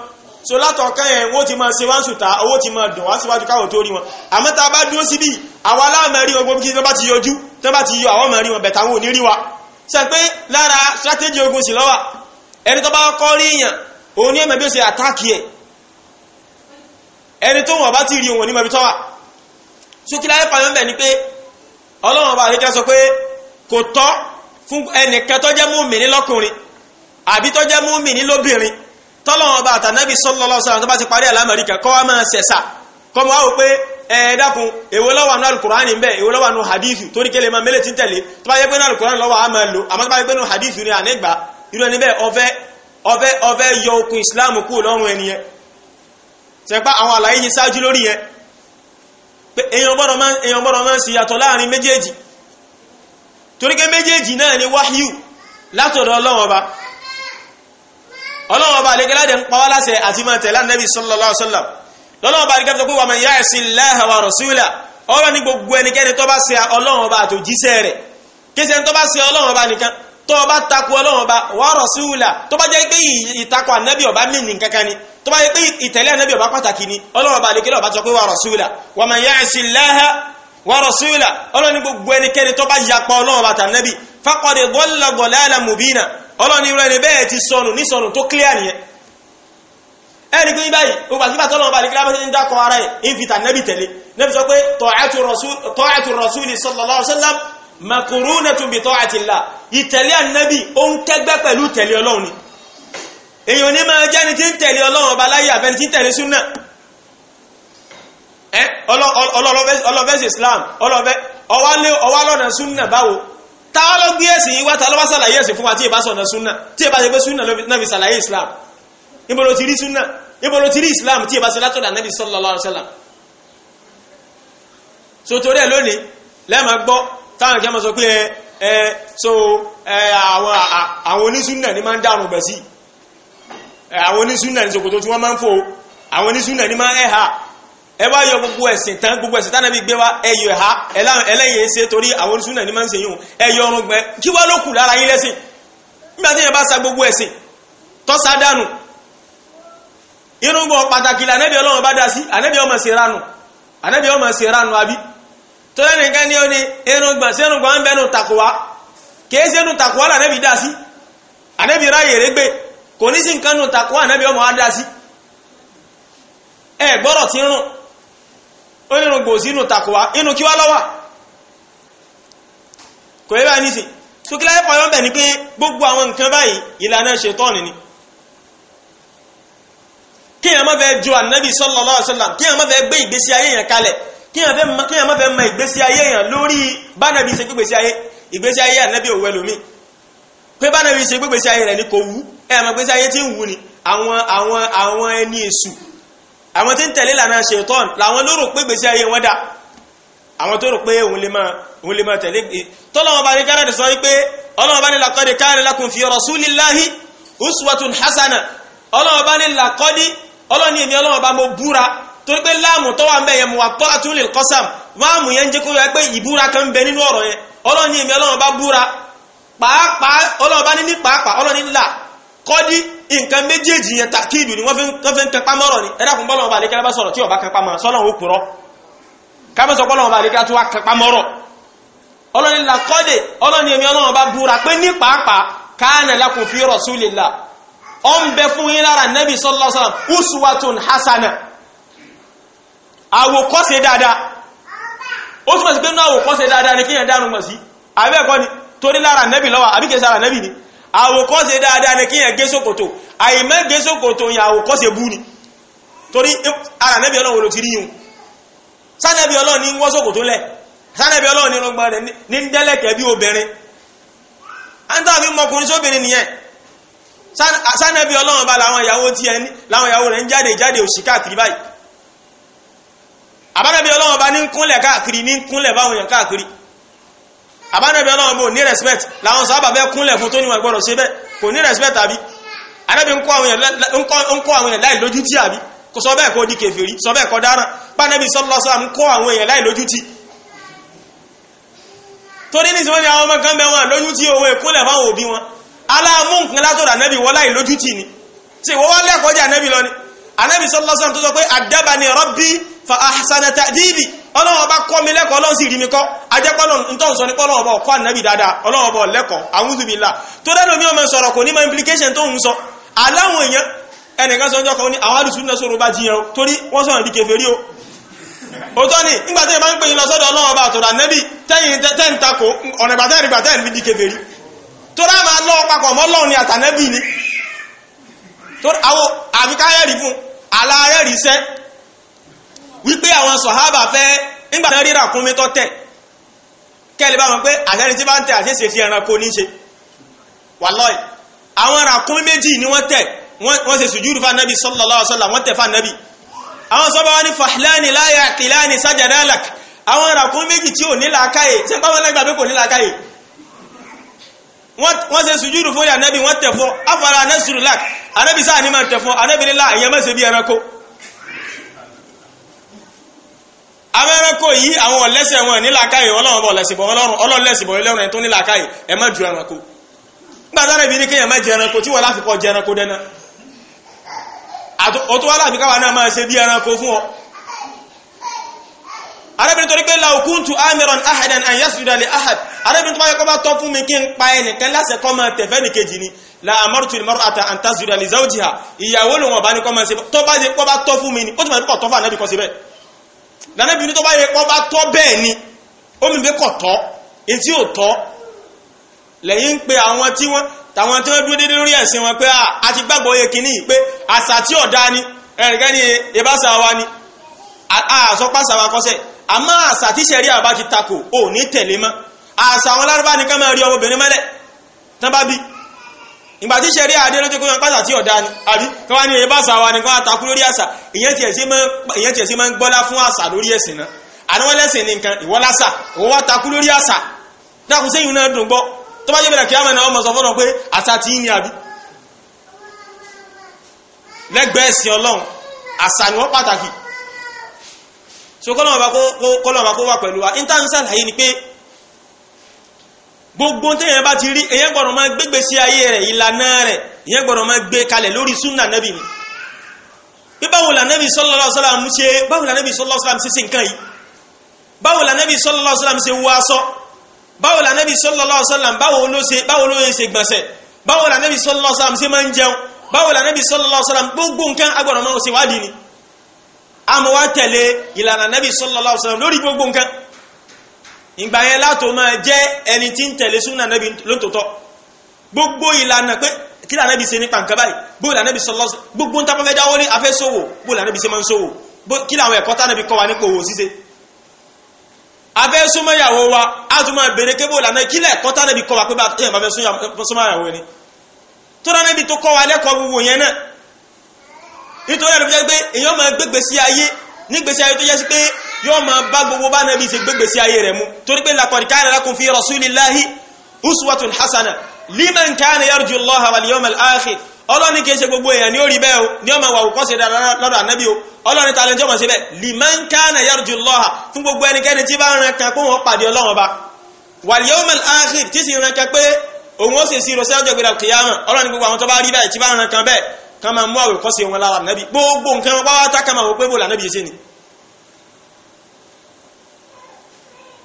so látọ̀kan yẹn wọ́n ti máa ṣe wá sùtà owó ti máa dùn wá síwájú káwọn tó rí wọn àmọ́ tá a bá dúró síbi àwọn aláàmẹ́rí wọn gbogbo kí wọ́n bá ti yọjú tí wọ́n bá ti yọ àwọn mẹ́rí wọn bẹ̀tà wọn ò ní rí wa sọ pé lára strategy ogun sì lọ́wà ẹni tó bá kọ́ rí yàn òun ní ẹ̀mẹ́ bí ó ṣe àtàkì ẹ̀ ẹni tó wọ́n bá ti rí òun ní mẹ́bí tọ́wà ṣókílá ẹ̀fà yọ́n bẹ̀ ni pé ọlọ́run bá àríkẹ́ sọ pé kò tọ́ fún ẹnìkan tó jẹ́ múmìnì lọ́kùnrin àbí tó jẹ́ múmìnì lóbìnrin tọ́lọ́run bá àtànẹ́bí sallallahu alaihi wasallam tó bá ti parí àlámọ̀rí kan kọ́ wá máa ṣẹ̀ṣà kọ́ mọ́ wá wò pé ẹ dákun èwo ló wà nínú alukurani bẹ́ẹ̀ èwo ló wà nínú hadithu torí kele ma mélòó ti ń ni ànígbà irú ẹni bẹ́ẹ̀ ọ̀fẹ́ ọfẹ́ ọfẹ́ yọ okùn islam kú lọ́rùn ẹniyẹn tẹpá àwọn àlàyé yìí sáájú lórí yẹn pé èyàn gbọ́dọ̀ máa ń sí yàtọ̀ láàrin méjèèjì toríké méjèèjì náà ni wáhíù látọ̀dọ̀ ọlọ́wọ́n ọba ọlọ́wọ́n ọba àlékeládẹ̀ ń pawá láṣẹ àti máa tẹ̀lá wa tó o bá takò ọlọ́run ọba wà á rọ̀súùlà tó bá jẹ́ pé ìtakò ànábì ọba mí ní kankan ni tó bá jẹ́ pé ìtẹ̀lé ànábì ọba pàtàkì ni ọlọ́run ọba àlekele ọba sọ pé wà á rọ̀súùlà wà máa yá ẹ̀sìn láhà wà á rọ̀súùlà ọlọ́run ní gbogbo ẹnikẹ́ni tó bá yapa ọlọ́run ọba tànábì faqad dalla dalalan mubina ọlọ́run irú ẹni bẹ́ẹ̀ ti sọnù ní sọnù tó clear nìyẹn ẹni pé báyìí ògbà tí bàtọ́ lọ́wọ́ bá nìkílá bá ń dákọ̀ ara ẹ̀ ń fi tànábì tẹ̀lé nẹ́bi sọ pé ta'atu makurunatun bi ta'atillah ìtẹ̀lé ànábì ó ń kẹ́gbẹ́ pẹ̀lú tẹ̀lé ọlọ́run ni èèyàn ní máa jẹ́ ni tí ń tẹ̀lé ọlọ́run ọba láyé àbẹ́ni tí ń tẹ̀lé súnà ẹ ọlọ́fẹ́sì islam ọlọ́fẹ́ ọwá lọ́nà súnà báwo ta ló gbé ẹ̀sìn yìí wá ta ló bá ṣàlàyé ẹ̀sìn fún wa tí ì bá sọ̀nà súnà tí ì bá ṣe pé súnà náà fi ṣàlàyé islam ibo ló ti rí súnà ibo ló ti rí islam tí ì bá ṣe látọ̀dà nábì sallallahu alaihi wasallam so torí ẹ lónìí lẹ́ẹ̀ma gbọ́ táwọn kí a sọ pé ẹ so àwọn onísúnnà ní máa ń dárùn bẹ̀ sí àwọn onísúnnà ní ṣòkòtò tí wọ́n máa ń fò àwọn onísúnnà ní máa ń ẹ̀hà ẹ wá yọ gbogbo ẹ̀sìn tán gbogbo ẹ̀sìn tánàbí gbé wá ẹyọ ẹ̀há ẹlẹ́yìn ṣe torí àwọn onísúnnà ní máa ń ṣe yíò ẹyọ ọrùn gbẹ kí wá ló kù lára yín lẹ́sìn nígbà tí yẹn bá ọlọ́run bá dá sí ànẹ́bí ọmọ sí ránù ànẹ́bí ọmọ sí ránù àbí tọ́lá nìkan ní ó ní ẹnugbà sẹ́nugbà ń bẹnu takuwa kìí sẹ́nu takuwa là nẹ́bi dá sí ànẹ́bi ráyè régbè kò ní sí nǹkan nù takuwa ànẹ́bi ọmọ á dá sí ẹ gbọ́rọ̀ tí ń rùn ó nínú gbòsí nù takuwa inú kí wá lọ́wà kò yẹ báyìí nísìn sókílá ẹ̀fọ́ yọ́ bẹ̀ ni pé gbogbo àwọn nǹkan báyìí ìlànà ṣètọ́ọ̀nì ni kí èèyàn má fẹ́ ju ànẹ́bi sallallahu alaihi wasallam kí èèyàn má fẹ́ gbé ìgbésí kíyàn má fẹ́ mọ ìgbésí ayé èèyàn lórí bánàbí ṣe gbégbèsí ayé ìgbésí ayé ànábì òwú ẹlòmí pé bánàbí ṣe gbégbèsí ayé rẹ̀ ní kò wú ẹ̀mọ̀ gbésí ayé tí ń wú ni àwọn àwọn àwọn ẹni èṣù àwọn tí ń tẹ̀lé lànà ṣètọ́n làwọn ló pé gbèsè ayé wọn dà àwọn tó rò pé òun lè máa tẹ̀lé tọ́lọ́wọ́n bá ní torí pé láàmù tó wà ń bẹ yẹn mu wà tọ́ àtúnlẹ̀ kọ́sàm láàmù yẹn ń jẹ́ kó yẹ pé ìbúra kan ń bẹ nínú ọ̀rọ̀ yẹn ọlọ́ni èmi ọlọ́run bá búra pàápàá ọlọ́run bá ní ní pàápàá ọlọ́ni ńlá kọ́dí nǹkan méjèèjì yẹn tàkìdù ni wọ́n fi ń kẹpa mọ́rọ̀ ni ẹ̀dá fún bọ́lọ́run bá lè kẹ́lá bá sọ̀rọ̀ tí ọba kẹpa mọ́ sọ́lọ́run ó kúrọ́ kámẹ́sọ̀ bọ́lọ́run bá lè kẹ́lá tó wá kẹpa mọ́rọ̀ ọlọ́ni ńlá kọ́dé ọlọ́ni èmi ọlọ́run bá búra pé ní pàápàá káànà lakum fi rasulillah ó ń bẹ fún yín lára nabi sallallahu alaihi hasana àwòkọ́ṣe dáadáa ó túnmọ̀ sí pé náà àwòkọ́ṣe dáadáa ni kíyàn dánú mọ̀ sí àbẹ́ẹ̀kọ́ ni torí lára nẹ́bì lọ́wà àbí kèsà lára nẹ́bì ni àwòkọ́ṣe dáadáa ni kíyàn gé sókòtò àìmọ́ gé sókòtò yàn àwòkọ́ṣe bú ni torí ara nẹ́bì ọlọ́run ló ti rí yun sánẹ́bì ọlọ́run ní wọ́n sókòtò lẹ̀ sánẹ́bì ọlọ́run ní rọgbọ́n rẹ̀ ní dẹ́lẹ̀kẹ́ bí obìnrin àǹtà fi mọkùnrin sóbìnrin nìyẹn sánẹ́bì ọlọ́run bá làwọn ìyàwó rẹ̀ ń jáde jáde òṣìkà kiri báyìí àbánàbí ọlọ́wọ́n bá ní ń kúnlẹ̀ káàkiri ní ń kúnlẹ̀ báwọn èèyàn káàkiri àbánàbí ọlọ́wọ́n bó ní respect làwọn sábà fẹ́ kúnlẹ̀ fún tó níwọ̀n gbọ́dọ̀ ṣe bẹ́ẹ̀ kò ní respect àbí anábì ń kọ́ àwọn èèyàn láì lójútì àbí kò sọ bẹ́ẹ̀ kó di kèfèrí sọ bẹ́ẹ̀ kó dáràn pánẹ́bí sọ́lọ́sà ń kọ́ àwọn èèyàn láì lójútì torí ní ìsinmi àwọn ọmọ kan bẹ wọn lójútì owó ìkúnlẹ̀ fáwọn òbí wọn aláàmú nǹkan látọ̀dọ̀ ànábì wọ́n láì lójútì ni tí ìwọ́wọ́ fa ahsana ta'dibi ọlọ́wọ́ bá kọ́ mi lẹ́kọ̀ọ́ ọlọ́run sì rí mi kọ́ ajẹ́pọ́lọ́ ntọ́n ní pọ́lọ́ ọba ọ̀kọ́ ànábì dáadáa ọlọ́wọ́ tó mi ò mẹ́ sọ̀rọ̀ kò ní implication tó ń sọ aláwọn èèyàn ẹnìkan sọ ọjọ́ kan ní àwọn alùsùn náà sọ̀rọ̀ bá o torí wọ́n ni bá ń pè yín lọ sọ́dọ̀ ọlọ́wọ́ wípé àwọn sọ̀hábà fẹ́ nígbà tán rí ràkúnmí tó tẹ̀ kẹ́lẹ̀ bá wọn pé àtẹ́ni tí bá ń tẹ̀ àṣeṣe fi ẹranko ní ṣe wàlọ́ọ̀ì àwọn ràkúnmí méjì ni wọ́n tẹ̀ wọ́n ṣe sùjúrù fanabi sallallahu alaihi wasallam wọ́n tẹ̀ fanabi àwọn sọ́ba wọn ní fahlani láyà kìláni sajadalak àwọn ràkúnmí méjì tí ò ní làákàyè ṣé báwọn lẹ́gbàá pé kò ní làákàyè wọ́n ṣe sùjúrù fún yà nẹ́bí wọ́n tẹ̀ fún afárá anẹ́sùrù lák anẹ́bí sáà ní máa tẹ̀ fún anẹ́bí amẹ́rẹ́kọ̀ yìí àwọn ọ̀lẹ́sẹ̀ wọn nílàkàyè ọlọ́run bọ̀ lẹ́sìn bọ̀ ọlọ́run ọlọ́run lẹ́sìn bọ̀ ọlọ́run tó nílàkàyè ẹ má ju ẹranko gbàdá rẹ̀ bí ní kéèyàn má jẹ ẹranko tí wọ́n láfi kọ́ jẹ ẹranko dẹ́nà òtún wá láfi káwa náà máa ṣe bí ẹranko fún ọ. arábìnrin torí pé law kuntu amiran ahadan an yasjuda li ahad arábìnrin tó bá yẹ kó bá tọ́ fún mi kí n pa ẹnìkan láṣẹ kọ́ máa tẹ̀fẹ́ nìkejì ni la amartu al-mar'ata an tasjuda li zawjiha ìyàwó lòun ọ̀bá ni kọ́ máa ṣe tó bá yẹ kó bá tọ́ fún mi ni ó ti máa dúpọ̀ tọ́ fún ànábì kọ́ síbẹ̀ lànàbí ní tó bá yẹ pọ́ bá tọ́ bẹ́ẹ̀ ni omi bẹ́ẹ̀ kọ̀ tọ́ etí ò tọ́ lẹ́yìn ń pe àwọn tí wọ́n tàwọn tí wọ́n dúró dédé lórí ẹ̀sìn wọn pé a ti gbàgbọ́ yẹ kínní pé àṣà tí ọ̀dá ni ẹ̀rìnkẹ́ ni ìbáṣà wa ni àṣọpàṣà wa kọ́sẹ̀ àmọ́ àṣà tí sẹ̀rí àbá ti takò ò ní tẹ̀lé mọ́ àṣà àwọn lárúbá nìkan máa rí ọmọbìnrin mọ́lẹ̀ tán bá bí ìgbà tí ṣẹ̀rí àdé lọ́jọ́ pé wọ́n pàṣà tí ọ̀dá ni àbí kí wọ́n ní ẹ̀yẹ bá sà wa nìkan àtakú lórí àṣà ìyẹn tiẹ̀ sí máa ń gbọ́lá fún àṣà lórí ẹ̀sìn náà àníwọ́n lẹ́sìn ní nǹkan ìwọ́ lásà òun wá takú lórí àṣà dákun sẹ́yìn náà dùn gbọ́ tó bá jẹ́ bẹ̀rẹ̀ kí á ọmọ sọ fọ́nà pé àṣà tí ní àbí lẹ́gbẹ̀ẹ́ ẹ̀sìn ọlọ́run àṣà ni wọ́n pàtàkì kó wà pẹ̀lú wa ni pé gbogbo téèyàn bá ti rí èyàn gbọ́dọ̀ máa gbégbé sí ayé rẹ̀ ìlànà rẹ̀ èyàn gbọ́dọ̀ máa gbé kalẹ̀ lórí súnà nẹ́bì ni pé báwo la nẹ́bì sallallahu alaihi wasallam ṣe báwo la nẹ́bì sallallahu alaihi ṣe ṣe nǹkan yìí báwo la nẹ́bì sallallahu alaihi ṣe wọ aṣọ báwo la nẹ́bì sallallahu alaihi báwo ló ṣe báwo ló ṣe gbọ̀nsẹ̀ báwo la nẹ́bì sallallahu alaihi ṣe máa ń jẹun báwo la nẹ́bì sallallahu alaihi gbogbo nǹkan ìgbà yẹn látò máa jẹ́ ẹni tí ń tẹ̀lé súnà nẹ́bí lótòótọ́ gbogbo ìlànà pé kí lànà bí ṣe nípa nǹkan báyìí bóòlù ànẹ́bí sọlọ́ gbogbo ń tapọ́fẹ́ dáwọ́ lé afẹ́ sòwò bóòlù ànẹ́bí ṣe máa ń sòwò kí làwọn ẹ̀kọ́ tánàbí kọ́ wa nípa òwò ṣíṣe afẹ́ súnmọ́yàwó wa á tún máa bèrè ké bóòlù ànẹ́bí kílẹ̀ ẹ̀kọ́ tánàbí kọ́ wa pé báyìí afẹ́ súnmọ́yàwó ni tó ránẹ́bí tó kọ́ wa lẹ́kọ̀ọ́ gbogbo yẹn náà nítorí ẹ̀rọ yóò máa bá gbogbo bá nàbí ṣe gbégbé sí ayé rẹ̀ mu torí pé laqad kana lakum fi rasulillahi uswatun hasana liman kana yarju allaha wal yawmal akhir ọlọ́ni kìí ṣe gbogbo èèyàn ní orí bẹ́ẹ̀ o ní ọmọ àwòrán kan ṣe dára lọ́dọ̀ ànábì o ọlọ́ni ta lẹ́jọ́ mọ̀ ṣe bẹ́ẹ̀ liman kana yarju allaha fún gbogbo ẹnikẹ́ni tí bá ń rankan kó wọn pàdé ọlọ́run ba wal yawmal akhir tí sì rankan pé òun ó sì sí ìrọsẹ́ ọjọ́ gbéra kìyàmọ̀ ọlọ́ni gbogbo àwọn tó bá rí bẹ́ẹ̀ tí bá ń rankan bẹ́ẹ̀ kan máa mú àwòrán wọn lára ànábì gbogbo nǹkan wọn pátá kan máa wọ pé bò lànábì ṣe ni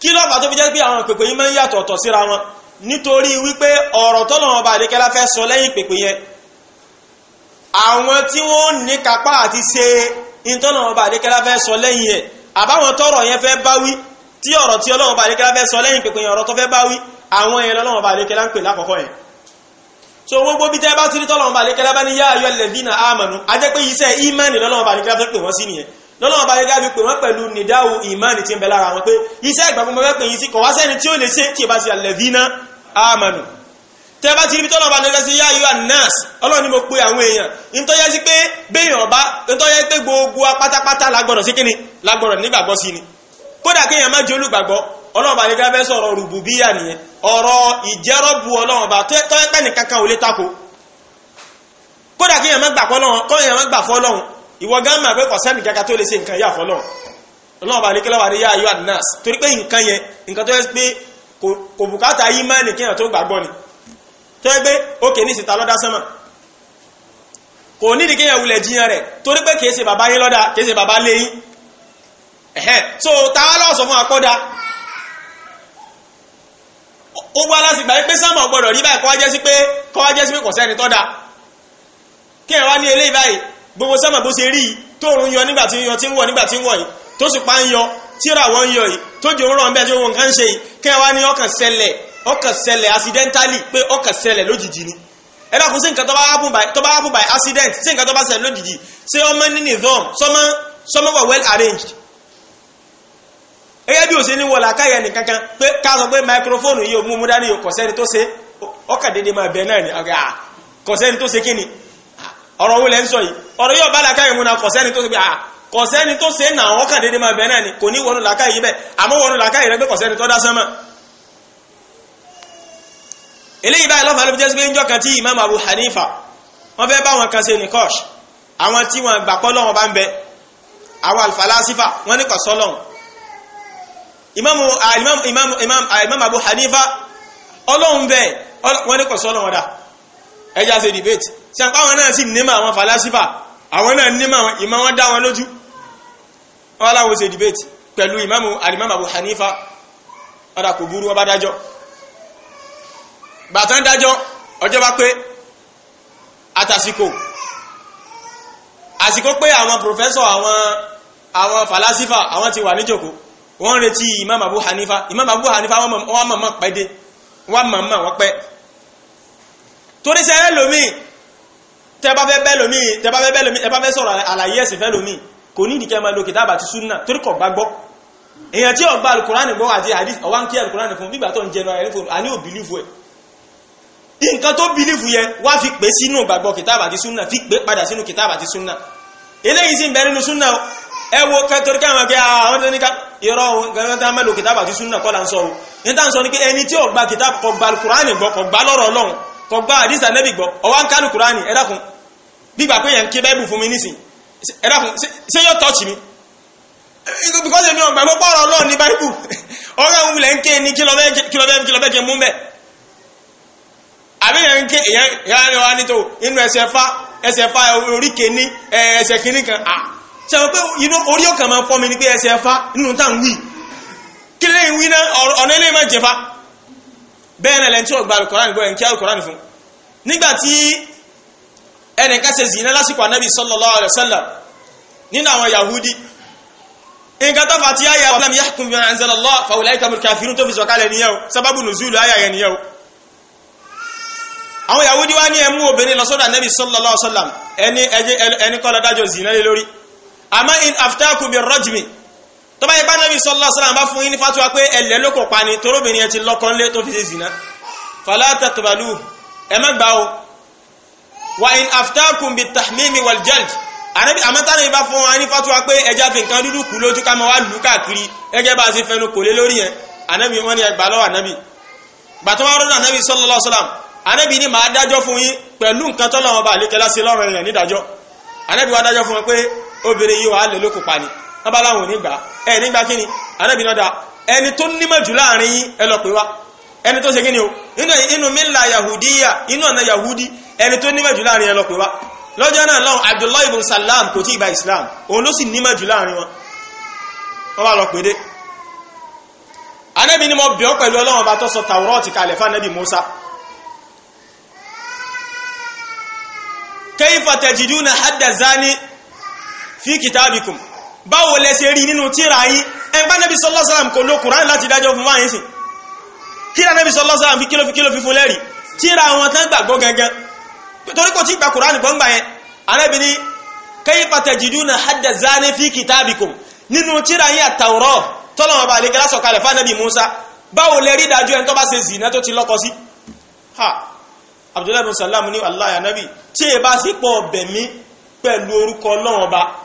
kí ló fà tó fi jẹ́ pé àwọn pèpè yìí máa ń yàtọ̀ ọ̀tọ̀ síra wọn nítorí wípé ọ̀rọ̀ tọ́lọ̀wọ̀n bá àdékẹ́lá fẹ́ sọ lẹ́yìn pèpè yẹn àwọn tí wọ́n ní kápá àti ṣe ìtọ́lọ̀wọ̀n bá àdékẹ́lá fẹ́ sọ lẹ́yìn ẹ̀ àbáwọn tọ́rọ̀ yẹn fẹ́ bá wí tí ọ̀rọ̀ tí ọlọ́wọ̀n bá àdékẹ́lá fẹ́ sọ lẹ́yìn pèpè yẹn ọ̀rọ̀ tó fẹ́ bá wí àwọn yẹn lọ́wọ́n bá àdékẹ́lá ń pè lákọ̀ọ́kọ́ yẹn so gbogbo bí tẹ́ bá ti rí tọ́lọ̀wọ̀n bá àdékẹ́lá bá ní yá ayọ́ lẹ́bí na ámànú a jẹ́ pé iṣẹ́ ímánì lọ́wọ́n bá àdékẹ́lá fẹ́ pè wọ́n sí nìyẹn lọ́nà ọba gẹ́gẹ́ bí pé wọ́n pẹ̀lú nìdáwò ìmáàni tí ń bẹ lára wọn pé iṣẹ́ ìgbàgbọ́ mọ́ pẹ̀lú yìí sí kọ̀ wá sẹ́ni tí ó lè ṣe tí ẹ bá ṣe alladhina amanu tẹ́ bá ti rí tọ́lọ́ ọba nílẹ̀ sí yá yóò nas ni mo pe àwọn èèyàn nítorí sí pé béèyàn ọba nítorí pé gbogbo apátápátá lágbọ́dọ̀ sí kíni lágbọ́dọ̀ nígbàgbọ́ sí ni kódà kéèyàn má jẹ́ olùgbàgbọ́ ọlọ́run ọba gẹ́gẹ́ fẹ́ sọ̀rọ̀ rùbùbíyà nìyẹn ọ̀rọ̀ ìjẹ́rọ̀bù ọlọ́run ọba tọ́yẹ́pẹ́ nìkan kan ò lè tako kódà kéèyàn má gbà fọ́lọ́run ìwọ gánmà pé kọ̀sẹ́nì kẹ́kẹ́ tó lè ṣe nǹkan yà fọ́lọ́n ọlọ́run bá lékelé wà ní yá ayọ́ àdínàs torí pé nǹkan yẹn nǹkan tó yẹ pé kò bùkátà yí máa nì kíyàn tó gbàgbọ́ ni tó yẹ pé òkè ní ìsìta lọ́dá sánmà kò nídìí kíyàn wulẹ̀ jiyàn rẹ̀ torí pé kìí bàbá yín lọ́dá kìí bàbá léyìn ẹ̀hẹ́n so ta wá lọ́sọ̀ fún akọ́dá ó wá láti gbà pé sánmà gbọ́dọ̀ rí báyìí kọ́ wá jẹ́ sí gbogbo sánmà bó ṣe rí tóòrùn yọ nígbà tí ń yọ tí ń wọ̀ nígbà tí ń wọ̀ yìí tó sì pa ń yọ tíra wọn yọ yìí tó jòun rọ̀ bẹ́ẹ̀ tí wọn kàn ń ṣe yìí kẹ́ wá ọkàn ṣẹlẹ̀ ọkàn ṣẹlẹ̀ accidentally pé ọkàn ṣẹlẹ̀ lójijì ni ẹ dákun sí nǹkan tó bá happen by accident sí nǹkan tó bá ṣẹlẹ̀ lójijì ṣé ọmọ ní nìdọ́m sọmọ sọmọ wà well arranged gẹ́gẹ́ bí o ṣe ní wọlé akáyẹ nìkan kan pé ká sọ pé microphone yìí o mú mú dání o kọ̀sẹ́ni tó ṣe ọkàn déédéé máa bẹ̀ náà ni kọ̀sẹ́ni tó ṣe kí ni ọ̀rọ̀ wo lẹ́ ń sọ yìí ọ̀rọ̀ yóò bá làákàyè mu na kò sẹ́ni tó ṣe pé à kò sẹ́ni tó ṣe nà wọ́n kàn déédéé máa bẹ̀ náà ni kò ní wọnú làákàyè yìí bẹ́ẹ̀ àmọ́ wọnú làákàyè rẹ pé kò tó dá sánmà. eléyìí báyìí lọ́fà ló jẹ́ sí ńjọ́ kan tí Imam Abu Hanifa wọ́n fẹ́ bá wọn kan ṣe ní kọ́ọ̀ṣ àwọn tí wọ́n gbà pọ́ lọ́wọ́ bá ń bẹ àwọn alfalasifa wọ́n ní kò Imam Imam Imam Imam Abu Hanifa ọlọ́hun bẹ́ẹ̀ wọ́n ní kò sọ́lọ́hun ẹjá ṣe debate ṣe àpá àwọn náà sì nímọ̀ àwọn falasifa àwọn náà nímọ̀ àwọn ìmọ̀ wọn dá wọn lójú wọn láwọn ṣe debate pẹ̀lú ìmáàmù alimam Abu Hanifa ọ̀dà kò burú ọba dájọ́ bàtán dájọ́ ọjọ́ bá pé àtàsìkò àsìkò pé àwọn professor àwọn àwọn falasifa àwọn ti wà níjòkó wọ́n retí ìmáàmù Abu Hanifa ìmáàmù Abu Hanifa wọ́n mọ̀ mọ̀ pẹ́ torí sẹ́rẹ́ lómi tẹ́bá fẹ́ bẹ́ lómi tẹ́bá fẹ́ bẹ́ lómi ẹbá fẹ́ sọ̀rọ̀ àlàyé ẹ̀sìn fẹ́ lómi kò ní ìdíkẹ́ máa lo kìtàbà ti súnà torí kọ̀ gbàgbọ́ èèyàn tí ọgbà alukùránì gbọ́ àti hadith ọwá ń kí alukùránì fún bígbà tó ń jẹnu ayẹyẹ fún àní ò bìlífù ẹ̀ nǹkan tó bìlífù yẹ wá fi pè sínú gbàgbọ́ kìtàbà ti súnà fi pè padà sínú kìtàbà ti súnà eléyìí sì ń bẹ nínú súnà ẹ wo kẹtọrí káwọn kẹ ah, àwọn tó ní ká irọ́ gẹ́gẹ́ tá máa lo kìtàbà ti súnà kọ́ là ń sọ o ní tá ń sọ ni pé ẹni tí ọgbà kìtàbà kọ gbà alukùránì gbọ́ kọ gbà lọ́rọ̀ ọlọ́run tọgbà àdísì ànẹ́bì gbọ́ ọwá ń kánú kùránì ẹ̀dàkùn gbígbà pé yẹn ń bẹ́ẹ̀bù fún mi nísìn ẹ̀dàkùn ṣé yóò tọ́ọ̀chì mi eh, because èmi ọ̀gbà gbogbo ọ̀rọ̀ ọlọ́ọ̀ ní báíbù *laughs* ọ̀rẹ́ òun lẹ́ ń ké ní mú àbí yẹn ń ké ni wọ́n á inú ẹsẹ̀ fa ẹsẹ̀ fa orí kéní ẹsẹ̀ kíní kan à ṣe wọ́n pé orí ori máa fọ́ mi ní pé ẹsẹ̀ fa nínú táwọn wí kí lè na náà ọ̀nà ilé máa bẹ́ẹ̀ náà lẹ́ni tí ó gba alukọ́ránì gbọ́ ẹ̀ ń kí alukọ́ránì fún nígbà tí ẹnìkan ṣe zìnà lásìkò anábì sallallahu alaihi wasallam nínú àwọn yahudi nǹkan tó fà tí ayé àwọn ọlọ́mìyá kún bí wọn anzala Allah fa ulaika humul kafirun tó fi sọ̀kalẹ̀ nìyẹn o sábàbù nùzúlù ayé yẹn nìyẹn àwọn yahudi wá ní ẹmú obìnrin lọ sọ́dọ̀ anábì sallallahu ẹni kọ́ lọ dájọ́ zìnà lé lórí àmọ́ in aftaku bir tọ́ba yẹ bánàbí sallallahu alaihi wasallam bá fún yín ní fatuwa pé ẹ̀lẹ́ ló kò pa ni torobìnrin ẹ ti lọ́kọ́ ńlé tó fi ṣe zina fala taqbalu ẹ má gbà o wa in aftakum bit tahmimi wal jald àrẹ́bí àmọ́tánà ìbá fún wa ní fatuwa pé ẹja fi nǹkan dúdú kù lójú ká máa wá lù káàkiri ẹgẹ́ bá a ṣe fẹnu kò lé lórí yẹn ànábì wọn ni ẹgbà lọ́wọ́ ànábì bàtọ́ wa rọ́dọ̀ ànábì sallallahu alaihi wasallam ànábì ni màá dájọ́ fún yín pẹ̀lú nǹkan tọ́lọ́wọ́n bá àlékẹ́lá sí lọ́rùn yẹn nídàjọ́ ànábì wa dájọ́ fún wọn pé obìnrin yìí wàá tábàláwọn onígbà ẹ nígbà kíni anábì náà dá ẹni tó nímọ̀ jù láàrin yín ẹ lọ pè wá ẹni tó ṣe kíni o inú mílà yahudiya inú ọ̀nà yahudi ẹni tó nímọ̀ jù láàrin ẹ lọ pè wá lọ́jọ́ náà lọ́hùn abdullahi ibn salam kò tí ì islam òun ló ni mo bẹ̀ ọ́ pẹ̀lú ọlọ́run ọba tó sọ tàwọ́rọ́ọ̀tì kalẹ̀ fún anábì musa kayfa tajiduna hadda zani fi kitabikum báwo lẹ ṣe rí nínú tíra yín ẹgbẹ́ nẹ́bí sallallahu alaihi wasallam kò lo Kùránì láti dájọ́ fún wáyé sí kíra nẹ́bí sallallahu alaihi wasallam fi kílò fi kílò fi fún lẹ́rì tíra wọn tán gbàgbọ́ gangan torí kò tí gba Kùránì gbọ́ngbà yẹn arẹ́bi ni kayfa tajiduna hadda zani fi kitabikum nínú tíra yín àtàwọ̀rọ̀ tọ́lọ́mọ bá lè gẹ́lásọ̀ kalẹ̀ fún nẹ́bí Musa báwo lẹ rí dájọ́ ẹni tó bá ṣe zìnà tó ti lọ́kọ sí ha Abdullahi bin Salam ni Allah ya nabi tí e bá sí pọ̀ bẹ̀mí pẹ̀lú orúkọ Ọlọ́run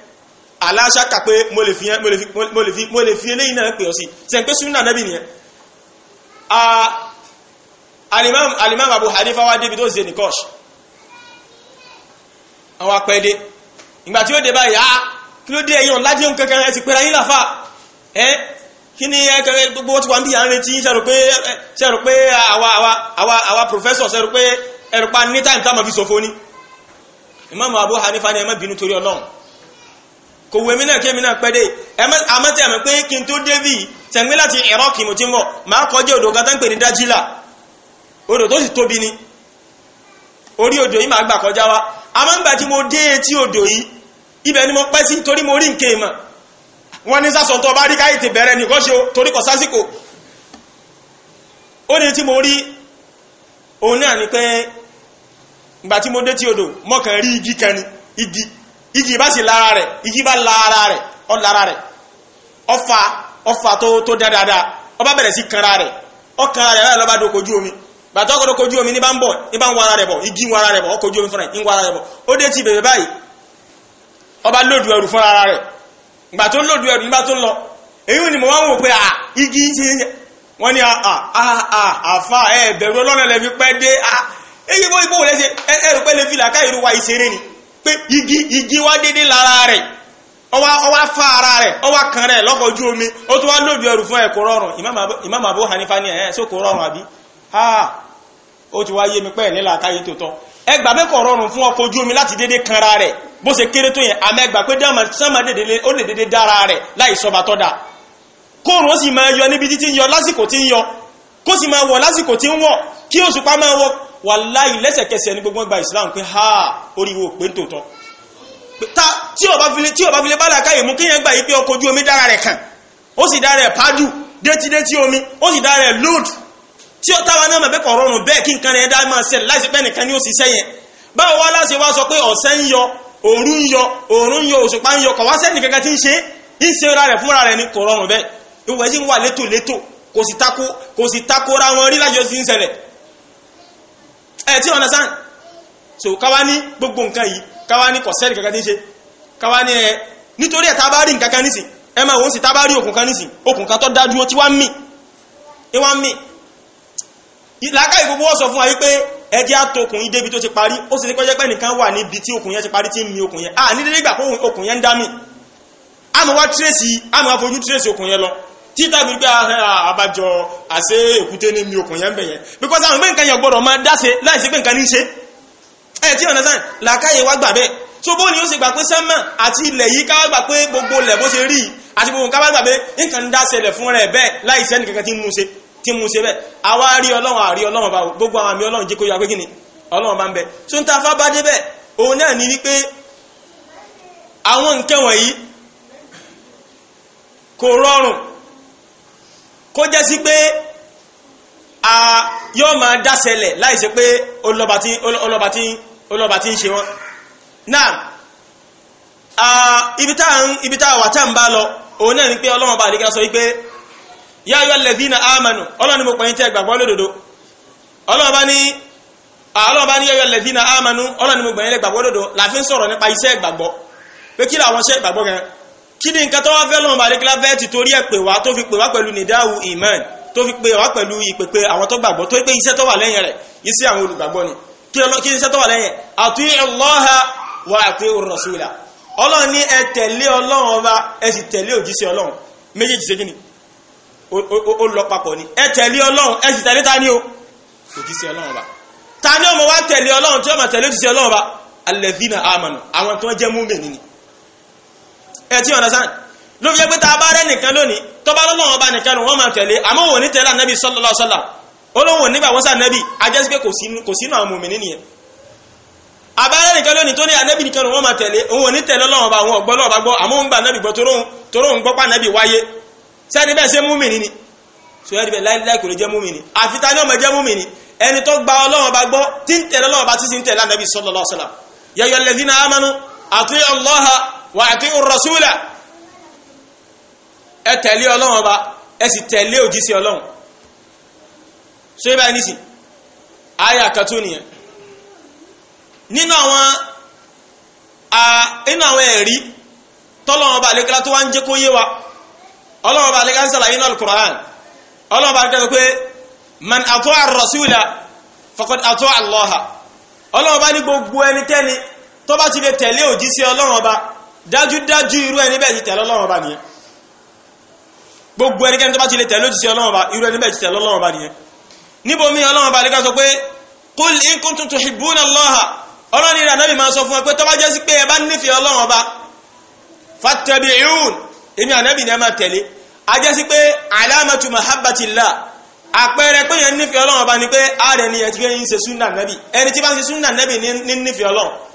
aláṣáka pé mo lè fi eléyìn náà pè ọ sí ṣe ń pé súnà nẹ́bì nìyẹn alimam alimam abu hanifa wá débi tó ṣe ní kọ́ṣ àwọn apẹ́dé ìgbà tí ó dé báyìí ah kí ló dé ẹ̀yàn lájẹ́ òun kankan ẹ̀ ti pẹ́ra yín láfà ẹ́ kí ni ẹ̀kẹ́rẹ́ gbogbo tí wọ́n bí àwọn retí ṣẹ̀rù pé àwa professor ṣẹ̀rù pé ẹ̀rù pa ní time táwọn fi sọ fóní imam abu hanifa ni ẹ torí ọlọ́run kò wé mi náà kí èmi náà pẹ́ dé àmọ́ tí a pé kí n tó dé bí sẹ̀gbẹ́ láti Iraq mo ti ń bọ̀ máa kọjá odò kan tó ń pè ní odò tó sì tóbi ni orí odò yìí máa gbà kọjá wa àmọ́ nígbà tí mo dé etí odò yìí ibẹ̀ ni mo pẹ́ sí torí mo rí nǹkan ìmọ̀ wọ́n ní tó bá rí káyé ti tí odò igi bá sì lára rẹ̀ igi bá lára rẹ̀ ọ lára rẹ̀ ọfà ọfà tó tó dán dáadáa ọba bẹ̀rẹ̀ sí kanra rẹ̀ ọ kanra rẹ̀ láì lọ́ba dòkò ojú omi bàtà ọkọ̀ dòkò ojú omi ní bá ń bọ̀ ní bá ń wara rẹ̀ bọ̀ igi ń wara rẹ̀ bọ̀ ọkọ̀ ojú omi fúnra ń wara rẹ̀ bọ̀ ó dé ti bèbè báyìí ọba lòdù ẹrù fúnra rẹ̀ ìgbà tó lòdù ẹrù nígbà tó lọ èyí ni mo wá ń wò pé à igi ti wọ́n ní àfà ẹ̀ bẹ̀rù ọlọ́run lẹ́fi pẹ́ dé à èyí bó ibò wò lẹ́sẹ̀ ẹ̀rù pẹ́ lè fi làkà ìrù wa ìṣeré ni pé igi igi wá dédé lára rẹ̀ wa fa ara rẹ̀ ọwá kan rẹ̀ lọ́kọ̀ọ́jú omi ó tún wá lòdì ẹrù fún ẹ̀kọ́ rọrùn Imam Abu Hanifa ní ẹ̀ẹ́ sókò rọrùn àbí ha ó ti wá yé mi pẹ́ nílà káyé tó tọ́ ẹgbà mẹ́kọ̀ rọrùn fún ọkọ̀ ojú omi láti dédé kanra rẹ̀ bó ṣe kéré tó yẹn àmẹ́gbà pé sánmà ó lè dédé dára láì kóòrùn ó sì máa yọ kó sì máa wọ̀ lásìkò tí ń wọ̀ kí òṣùpá máa wọ̀ wàláhì lẹ́sẹ̀kẹsẹ̀ ní gbogbo gba islam pé ha oríwo pé ń tòótọ́ tí ọba file bá làkàyè mú kíyàn gbà yí pé ọkọ̀ ojú omi dára rẹ̀ kàn ó sì dára ẹ̀ pádù détídétí omi ó sì dára ẹ̀ lóòd tí ó táwa náà mọ̀ pé kọ̀ rọrùn bẹ́ẹ̀ kí nǹkan rẹ̀ dá máa ṣẹlẹ̀ láìsí pẹ́ nìkan ni ó sì sẹ́yìn báwo wá láti wá sọ pé ọ̀sẹ̀ ń yọ òru ń yọ òòrùn ń yọ òṣùpá ń yọ kọ̀ wá kankan tí ń ṣe ń ṣe ra rẹ̀ fúnra rẹ̀ ni kọ̀ rọrùn bẹ́ẹ̀ ìwẹ̀ yìí wà létòlétò kò sì tako kò sì takora wọn rí lájọ sí ń ṣẹlẹ̀ ẹ̀ tí ọ̀nà sáà so káwá ní gbogbo nǹkan yìí káwá ní kọ̀sẹ́rì kankan tí ń ṣe káwá ní ẹ nítorí ẹ̀ tábá rí nǹkan kan nísìn ẹ máa wọ́n sì tábá rí òkùnkan nísìn òkùnkan tó dájú ó ti wá ń mì ní wá ń mì làákàyè gbogbo wọ́n sọ fún wa yìí pé ẹjẹ́ àtòkùn yìí débi tó ti parí ó sì ti kọ́jẹ́ pé nìkan wà níbi tí òkùn yẹn ti parí tí ń mi òkùn yẹn à ní dédé gbà pé òkùn yẹn ń dá mì àmọ́ wá tírèsì àmọ́ wá fojú tírèsì òkùn yẹn lọ títà bí pé àbájọ àṣẹ èkúté ní mi okùn yẹn bẹ̀yẹn because àwọn nǹkan yẹn gbọ́dọ̀ máa dáṣe láìsí pé nǹkan ní ṣe ẹ̀ tí ọ̀nà sáà làákàyè wá gbà bẹ́ẹ̀ so bóyá ó ṣe gbà pé sẹ́mà àti ilẹ̀ yìí ká gbà pé gbogbo ilẹ̀ bó ṣe rí àti gbogbo nǹkan bá gbà pé nǹkan dáṣẹlẹ̀ fún rẹ̀ bẹ́ẹ̀ láìsẹ́ nìkankan tí mú ṣe tí mú ṣe bẹ́ẹ̀ àwa rí ọlọ́run àrí ọlọ́run bá gbogbo àwọn àmì ọlọ́run jẹ́ kó yọ pé kíni ọlọ́run bá ń bẹ so ń ta afá bá dé bẹ́ẹ̀ òun náà ní wípé àwọn nǹkan wọ̀nyí kò rọrùn kó jẹ́ sí pé a yóò máa dáṣẹlẹ̀ láìsí pé olọba ti ń ṣe náà a ibi tá wà tá ń bá lọ òun náà ni pé ọlọ́wọ́n bá àdíkà sọ wípé lẹ́bí na ámànù ọlọ́ni mo pẹ̀yìn tẹ́ gbàgbọ́ lódodo ọlọ́wọ́n ní ọlọ́wọ́n lẹ́bí na ámànù ọlọ́ni mo pẹ̀yìn gbàgbọ́ sọ̀rọ̀ nípa iṣẹ́ ìgbàgbọ́ pé kí làwọn kí ni nǹkan tó wá fẹ́ lọ́wọ́ bàdékílá fẹ́ ti torí ẹ̀ pè wá tó fi pè wá pẹ̀lú nìdáhù iman tó fi pè wá pẹ̀lú ìpèpè àwọn tó gbàgbọ́ tó pé iṣẹ́ tó wà lẹ́yìn rẹ̀ iṣẹ́ àwọn olùgbàgbọ́ ni kí iṣẹ́ tó wà lẹ́yìn àti Allaha wa àti rasula ọlọ́run ní ẹ tẹ̀lé ọlọ́run ọba ẹ sì tẹ̀lé òjíṣẹ́ ọlọ́run méjèèjì ṣe kíni ó lọ papọ̀ ni ẹ tẹ̀lé ọlọ́run ẹ sì tẹ̀lé ta ni o òjíṣẹ́ ọlọ́run ọba ta ni ọmọ wa tẹ̀lé ọlọ́run tí ọmọ tẹ̀lé òjíṣẹ́ ọlọ́run ọba alladhina amanu àwọn tó jẹ́ múmẹ́ni ni ẹ ti understand ló fi jẹ́ pé tá a bá rẹ́ nìkan lónìí tó bá lọ́nà ọba nìkan lòun wọ́n máa tẹ̀lé àmọ́ wò ní tẹ̀lé ànábì sallallahu alaihi wasallam olóhùn nígbà wọ́n sá ànábì ajẹ́ sí pé kò sínú àwọn mùmí nìyẹn àbárẹ́ nìkan lónìí tó ní ànábì nìkan lòun wọ́n máa tẹ̀lé òun ò ní tẹ̀lé Ọlọ́run ọba àwọn ọ̀gbọ́ lọ́ọ̀bá gbọ́ àmọ́ òun gba ànábì gbọ́ toróhùn gbọ́ pa ànábì wáyé sẹ́ni bẹ́ẹ̀ ṣe múmi nìyí so ẹni bẹ́ẹ̀ láìláì kò lè jẹ́ múmi ni àfi ta ni ọmọ jẹ́ múmi ni ẹni tó gba Ọlọ́run bá gbọ́ tí ń tẹ̀lé Ọlọ́run bá tí sì ń tẹ̀lé ànábì sallallahu alaihi wasallam ya ayyuhallazina amanu ati'u Allaha wà á ti rọ̀súlà ẹ tẹ̀lé ọlọ́run ọba ẹ sì tẹ̀lé òjíṣẹ́ ọlọ́run ṣé báyìí nísìn àyà kan tó nìyẹn nínú àwọn nínú àwọn ẹ̀rí tọ́lọ́run ọba àlékálá tó wá ń jẹ́ kó yé wa ọlọ́run ọba àlékálá ń sàlàyé náà Al-Qur'an ọlọ́run ọba àlékálá pé man atọ́ àrọ̀súlà faqad atọ́ Allah ọlọ́run ọba ní gbogbo ẹnikẹ́ni tó ti lè tẹ̀lé òjíṣẹ́ ọlọ́run ọba dájúdájú irú ẹni bẹ́ẹ̀ ti tẹ̀lé Ọlọ́run ọba nìyẹn gbogbo ẹnikẹ́ni tó bá ti lè tẹ̀lé òjíṣẹ́ Ọlọ́run ọba irú ẹni bẹ́ẹ̀ ti tẹ̀lé Ọlọ́run ọba nìyẹn níbo mi Ọlọ́run ọba lè ká sọ pé qul in kuntum tuhibbuna Allaha Ọlọ́run ní ìrànlọ́bì máa sọ fún ẹ pé tó bá jẹ́ sí pé ẹ bá nífẹ̀ẹ́ Ọlọ́run ọba fattabi'un èmi ànábì ní ẹ máa tẹ̀lé a jẹ́ sí pé alamatu mahabbatillah àpẹẹrẹ pé yẹn nífẹ̀ẹ́ Ọlọ́run ọba ni pé ààrẹ ni ẹ ti fẹ́ ń ṣe súnà nábì ẹni tí bá ń ṣe súnà nábì ní nífẹ̀ẹ́ Ọlọ́run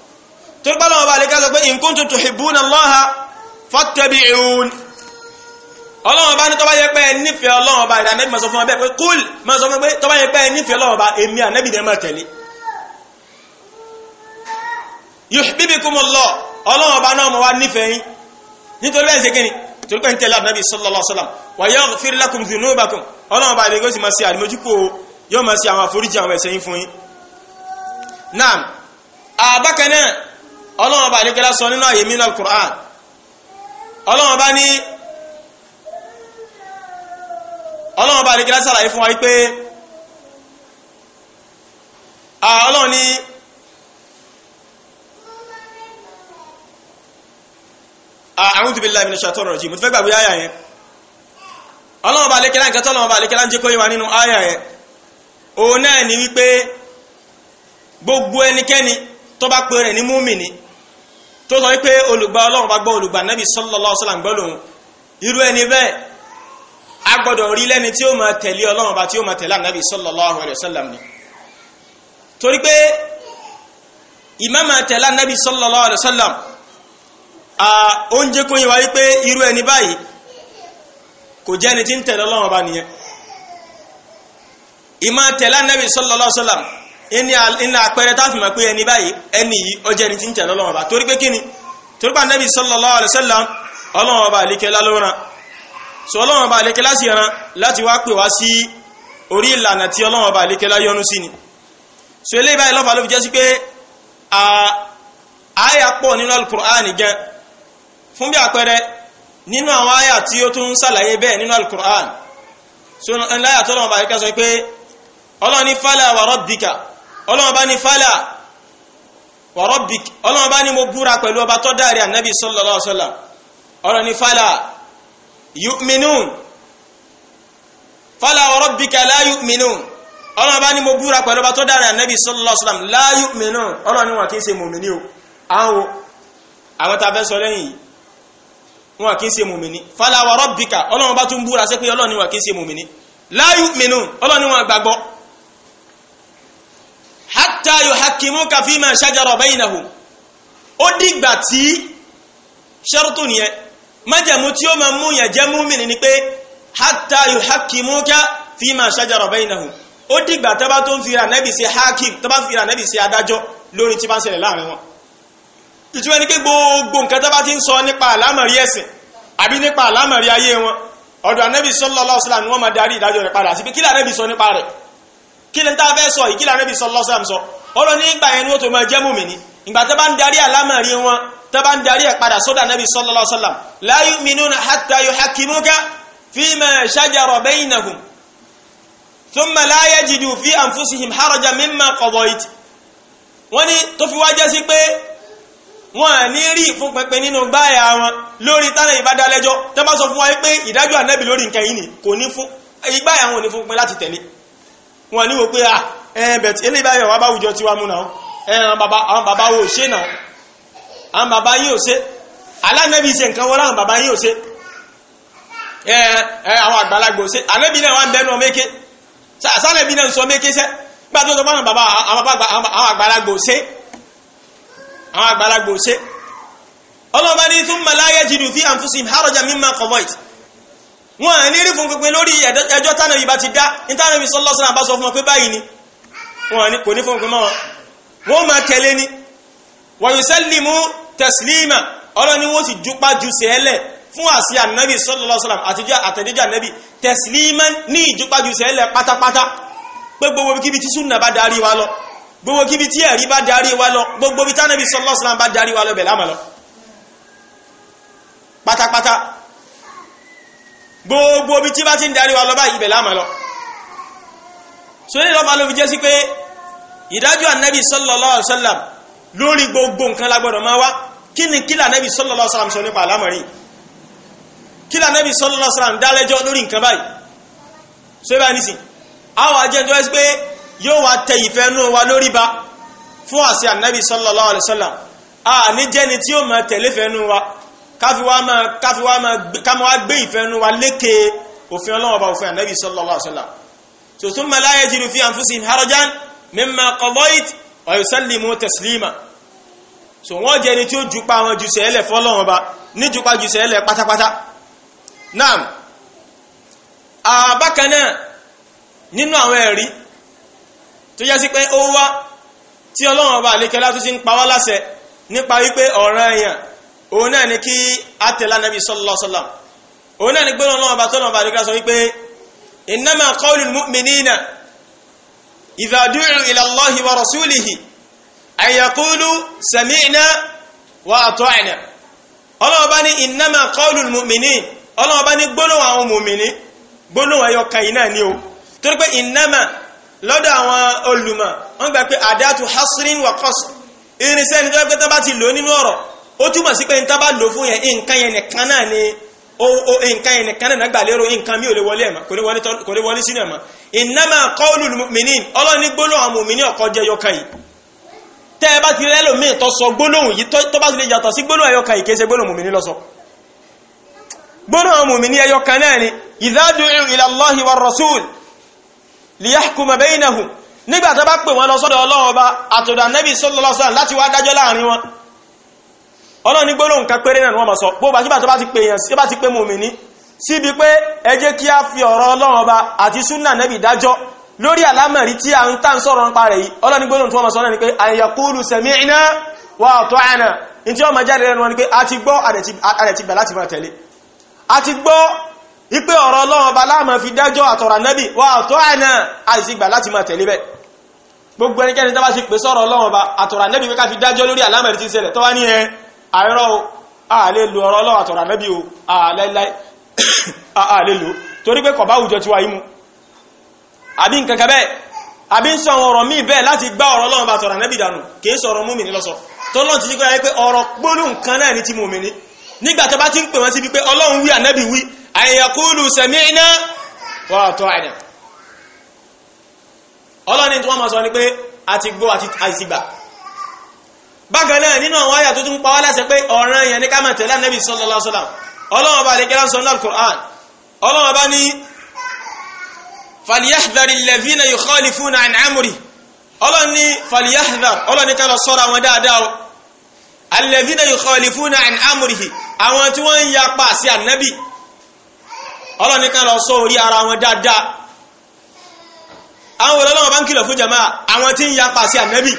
tó gbá lọ́wọ́ bá lè ká sọ pé in kuntum tuhibbuna Allaha fattabi'un ọlọ́wọ́ bá ní tọ́bá yẹ pé nífẹ̀ẹ́ ọlọ́wọ́ bá ìdánẹ́bì ma sọ fún ọbẹ̀ pé kúl ma sọ fún pé tọ́bá yẹ pé nífẹ̀ẹ́ ọlọ́wọ́ bá èmi ànẹ́bì dẹ̀ máa tẹ̀lé yuhbibkumullah ọlọ́wọ́ bá náà mọ̀ wá nífẹ̀ẹ́ yín nítorí bẹ́ẹ̀ ṣe kí ni torí pé ń tẹ̀lé ànábì sallallahu ọlọ́run bá nígbẹ́lá sọ nínú àyè mínú al-Qur'an ọlọ́run bá ní ọlọ́run bá nígbẹ́lá sàlàyé fún wa wípé ọlọ́run ní a'udhu billahi minash shaitonir rajim mo ti fẹ́ gbàgbé àyà yẹn ọlọ́run bá nígbẹ́lá nǹkan tọ́lọ́run bá nígbẹ́lá ń jẹ́ kó yé wa nínú àyà yẹn òun náà ní wípé gbogbo ẹnikẹ́ni tó bá pe rẹ̀ ní múmìnì tó sọ wípé olùgbà ọlọ́run bá gbọ́ olùgbà nẹ́bí sallallahu alaihi wasallam gbọ́ lòun irú ẹni bẹ́ẹ̀ a gbọ́dọ̀ rí lẹ́ni tí ó máa tẹ̀lé ọlọ́run bá tí ó máa tẹ̀lé ànẹ́bí sallallahu alaihi wasallam ni torí pé ìmáàmà tẹ̀lé ànẹ́bí sallallahu alaihi wasallam oúnjẹ kó yẹ wá wípé irú ẹni báyìí kò jẹ́ ẹni tí ń tẹ̀lé ọlọ́run bá nìyẹn ìmáà tẹ̀lé ànẹ́bí sallallahu alaihi iná àpẹẹrẹ táàfì mọ̀ pé ẹni báyìí ẹni yìí ọjẹ́ ẹni tí ń tẹ̀lé ọlọ́run ọba torí pé kí ni torí pé anábì sallallahu alaihi wasallam ọlọ́run ọba àlékẹ́lá ló rán so ọlọ́run ọba àlékẹ́lá sì rán láti wá pè wá sí orí ìlànà tí ọlọ́run ọba àlékẹ́lá yọ́nú sí ni so eléyìí báyìí lọ́fà ló fi jẹ́ sí pé àáyà pọ̀ nínú alukur'ani gan fún bí àpẹẹrẹ nínú àwọn àyà tí ó tún ṣàlàyé bẹ́ẹ̀ nínú alukur'ani so ńláyà tọ́lọ́run ọlọ́run bá ní fálà wa rabbik ọlọ́run bá ní mo búra pẹ̀lú ọba tó dáre ànábì sallallahu alaihi wasallam ọ̀rọ̀ ní fálà yu'minun fálà wa rabbika la yu'minun ọlọ́run bá ní mo búra pẹ̀lú ọba tó dáre ànábì sallallahu alaihi wasallam la yu'minun ọlọ́run ní wọn kì í ṣe mùmíní o àwọn àwọn tá a fẹ́ sọ lẹ́yìn wọn kì í ṣe mùmíní fálà wa hatta yuhakkimuka fima shajara bainahum ó dìgbà tí ṣẹ́rùtù nìyẹn májẹ̀mú tí ó máa mú yẹn jẹ́ múmìnì ni pé hatta yuhakkimuka fima shajara bainahum ó dìgbà tọ́ba tó ń fira nẹ́bì sí hakim tọ́ba fira nẹ́bì sí adájọ́ lórí tí bá ń ṣẹlẹ̀ láàrin wọn ìtumọ̀ ni pé gbogbo nǹkan tọ́ba ti ń sọ nípa àlámọ̀rí ẹ̀sìn àbí nípa àlámọ̀rí ayé wọn ọ̀dọ̀ anẹ́bì sallallahu alaihi ni wọ́n máa darí ìdájọ́ rẹ̀ padà sí pé kí kí lẹ́ni tá a fẹ́ sọ yìí kí lẹ́ni Ànábì sallallahu alaihi wasallam sọ ọlọ́ ní ìgbà yẹn ni wọ́n tó máa jẹ́ mùmí ni ìgbà tó bá ń darí àlámọ̀rí wọn tó bá ń darí ẹ̀ padà sọ́dọ̀ Ànábì sallallahu alaihi wasallam la yu'minuna hatta yuhakkimuka fima shajara bainahum thumma la yajidu fi anfusihim harajan mimma qadayt wọ́n ní tó fi wá jẹ́ sí pé wọn à ní rí fún pẹpẹ nínú gbáyà wọn lórí tánà ìbádálẹ́jọ́ tó bá sọ fún wa pé ìdájọ́ Ànábì lórí nǹkan yìí ni kò ní fún ìgbáyà wọn ò ní fún pẹ láti tẹ̀lé wọn ni wò pé à ẹ̀ẹ́bẹ̀tì ilé ìbáyọ̀ wà bá wùjọ tiwa mú náà ẹ̀ràn eh, bàbá wo ṣe náà àwọn bàbá yìí ò ṣe alánẹ́bí ṣe nǹkan wọ́n láwọn bàbá yìí ò ṣe eh, eh, àwọn àgbàlagbò ṣe alẹ́bí náà wà ń bẹ́nu ọmọ eke sálẹ́bí náà ń sọ ọmọ eke ṣẹ́ nígbà tó sọ fún àwọn bàbá àwọn ṣe àwọn ṣe wọn à ní rí fún pínpín lórí ẹjọ́ tánà yìí bá ti dá nítànà bí sallallahu alaihi wasallam bá sọ fún wọn pé báyìí ni wọn kò ní fún pínpín wọn wọn máa tẹ̀lé ni wa yusallimu taslima ọlọ́ni wọ́n ti jupa ju sẹ́lẹ̀ fún àṣì ànábì sallallahu alaihi wasallam àtijọ́ àtẹ̀dẹ́jọ́ ànábì taslima ní ìjupa ju sẹ́lẹ̀ pátápátá pé gbogbo kíbi tí súnà bá darí wa lọ gbogbo kíbi tí ẹ̀rí bá darí gbogbo bí tí bá ti ń darí wa lọ báyìí ibẹ̀ láàmà lọ so ní lọ́pàá ló jẹ́ sí pé ìdájọ́ ànábì sallallahu alaihi wasallam lórí gbogbo nǹkan lágbọ́dọ̀ máa wá kí ni kí lànábì sallallahu alaihi wasallam sọ nípa àlámọ̀rí kí lànábì sallallahu alaihi wasallam dálẹ́jọ́ lórí nǹkan báyìí so ibà ní sìn àwọn àjẹjọ́ ẹ sí pé yóò wá tẹ ìfẹ́ nú wa lórí ba fún àṣẹ ànábì sallallahu alaihi wasallam à ní jẹ́ni tí yóò máa tẹ̀lé fẹ́ nú wa káfíwá gbé ìfẹ́nu wa lékè òfin ọlọ́wọ́ bá òfin ànábì sallallahu alaihi wasallam so thumma la yajidu harajan mimma qadayt wa yusallimu taslima so wọ́n jẹ́ ni tí ó jupa wọn ju sẹ́ẹ̀lẹ̀ fọ́lọ́wọ́ bá ní jupa ju sẹ́ẹ̀lẹ̀ pátápátá naam bákan náà nínú àwọn ẹ̀rí tó yẹ sí pé ó wá tí ọlọ́wọ́ bá lékẹ́lá tó ti ń pa wá láṣẹ nípa wípé ọ̀ràn èèyàn òun náà ni kí a tẹ̀lé anabi sallallahu alaihi wasallam òun náà ni gbé lọ́wọ́ ọba tó lọ́wọ́ ọba àdúgbò sọ wípé innama qawlul mu'minina idha du'u ila Allahi wa rasulihi an yaqulu sami'na wa ata'na ọlọ́wọ́ bá ní innama qawlul mu'minin ọlọ́wọ́ bá ní gbólóhùn àwọn mu'minin gbólóhùn ẹyọ kan yìí náà ni o torí pé innama lọ́dọ̀ àwọn olùmọ̀ wọ́n gbà pé adatu hasrin wa qasr irinṣẹ́ ni tó yẹ pé tó bá ti lò nínú ọ̀rọ̀ ó túmọ̀ sí pé n tábà lò fún yẹn nǹkan yẹn nìkan náà ni ó nǹkan yẹn nìkan náà gbà lérò nǹkan mi ò lè wọlé ẹ̀ mọ́ kò lè wọlé sínú ẹ̀ mọ́ ìnáma kọ́ọ̀lù mùmínín ọlọ́ni gbólóhùn àwọn mùmíní ọ̀kọ́ jẹ́ yọkan yìí tẹ́ ẹ bá ti rẹ́ lómi tó sọ gbólóhùn yìí tó bá ti lè yàtọ̀ sí gbólóhùn ẹ̀yọkan yìí kì gbólóhùn mùmíní ló ọlọ́ni gbólóhùn kan péré náà ni wọ́n máa sọ bó bá kíbà tó bá ti pè yàn sí bá ti pé mùmìnì síbi pé ẹ jẹ́ kí a fi ọ̀rọ̀ ọlọ́run ọba àti súnà nẹ́bì dájọ́ lórí àlámẹ̀rí tí a ń tàn sọ̀rọ̀ nípa rẹ̀ yìí ọlọ́ni gbólóhùn a ti gbọ́ àrẹ̀ ti gbà láti máa tẹ̀lé a ti gbọ́ ipe ọ̀rọ̀ ọlọ́run ọba láàmà fi dájọ́ àtọ̀rà nẹ́bì wa ata'na àìsí gbà láti máa tẹ̀lé bẹ́ẹ̀ gbogbo ẹnikẹ́ni tó bá ti pè sọ̀rọ̀ ọlọ́run ọba àtọ̀rà nẹ́bì pé ká fi dájọ́ lórí àlámẹ̀rí tí ń ṣẹlẹ̀ ní ẹ àìrọ́ o ààlè lo ọ̀rọ̀ ọlọ́wà tọ̀rọ̀ àmẹ́bí o ààlè *coughs* lo torí pé kọ̀bá àwùjọ ti wà yí mu àbí nǹkan kan bẹ́ẹ̀ àbí ń sọ àwọn ọ̀rọ̀ míì bẹ́ẹ̀ láti gbá ọ̀rọ̀ ọlọ́wà tọ̀rọ̀ àmẹ́bí dànù kì í sọ̀rọ̀ múmi lọ́sọ tó lọ́n ti yíkọ́ pé ọ̀rọ̀ wa ata'na ọlọ́ni tí wọ́n máa sọ ni pé àti bákan náà nínú àwọn àyà tó tún pa wá láṣẹ pé ọ̀ràn yẹn ní ká máa tẹ̀lé ànábì sallallahu alaihi wasallam ọlọ́run ọba àdékẹ́lá ń sọ náà Qur'an ọlọ́run ọba ní falyahdhari sọ orí ara wọn dáadáa àwọn olóòlọ́wọ́ bá ń kìlọ̀ fún jàmáà àwọn tí ń yapa sí ànábì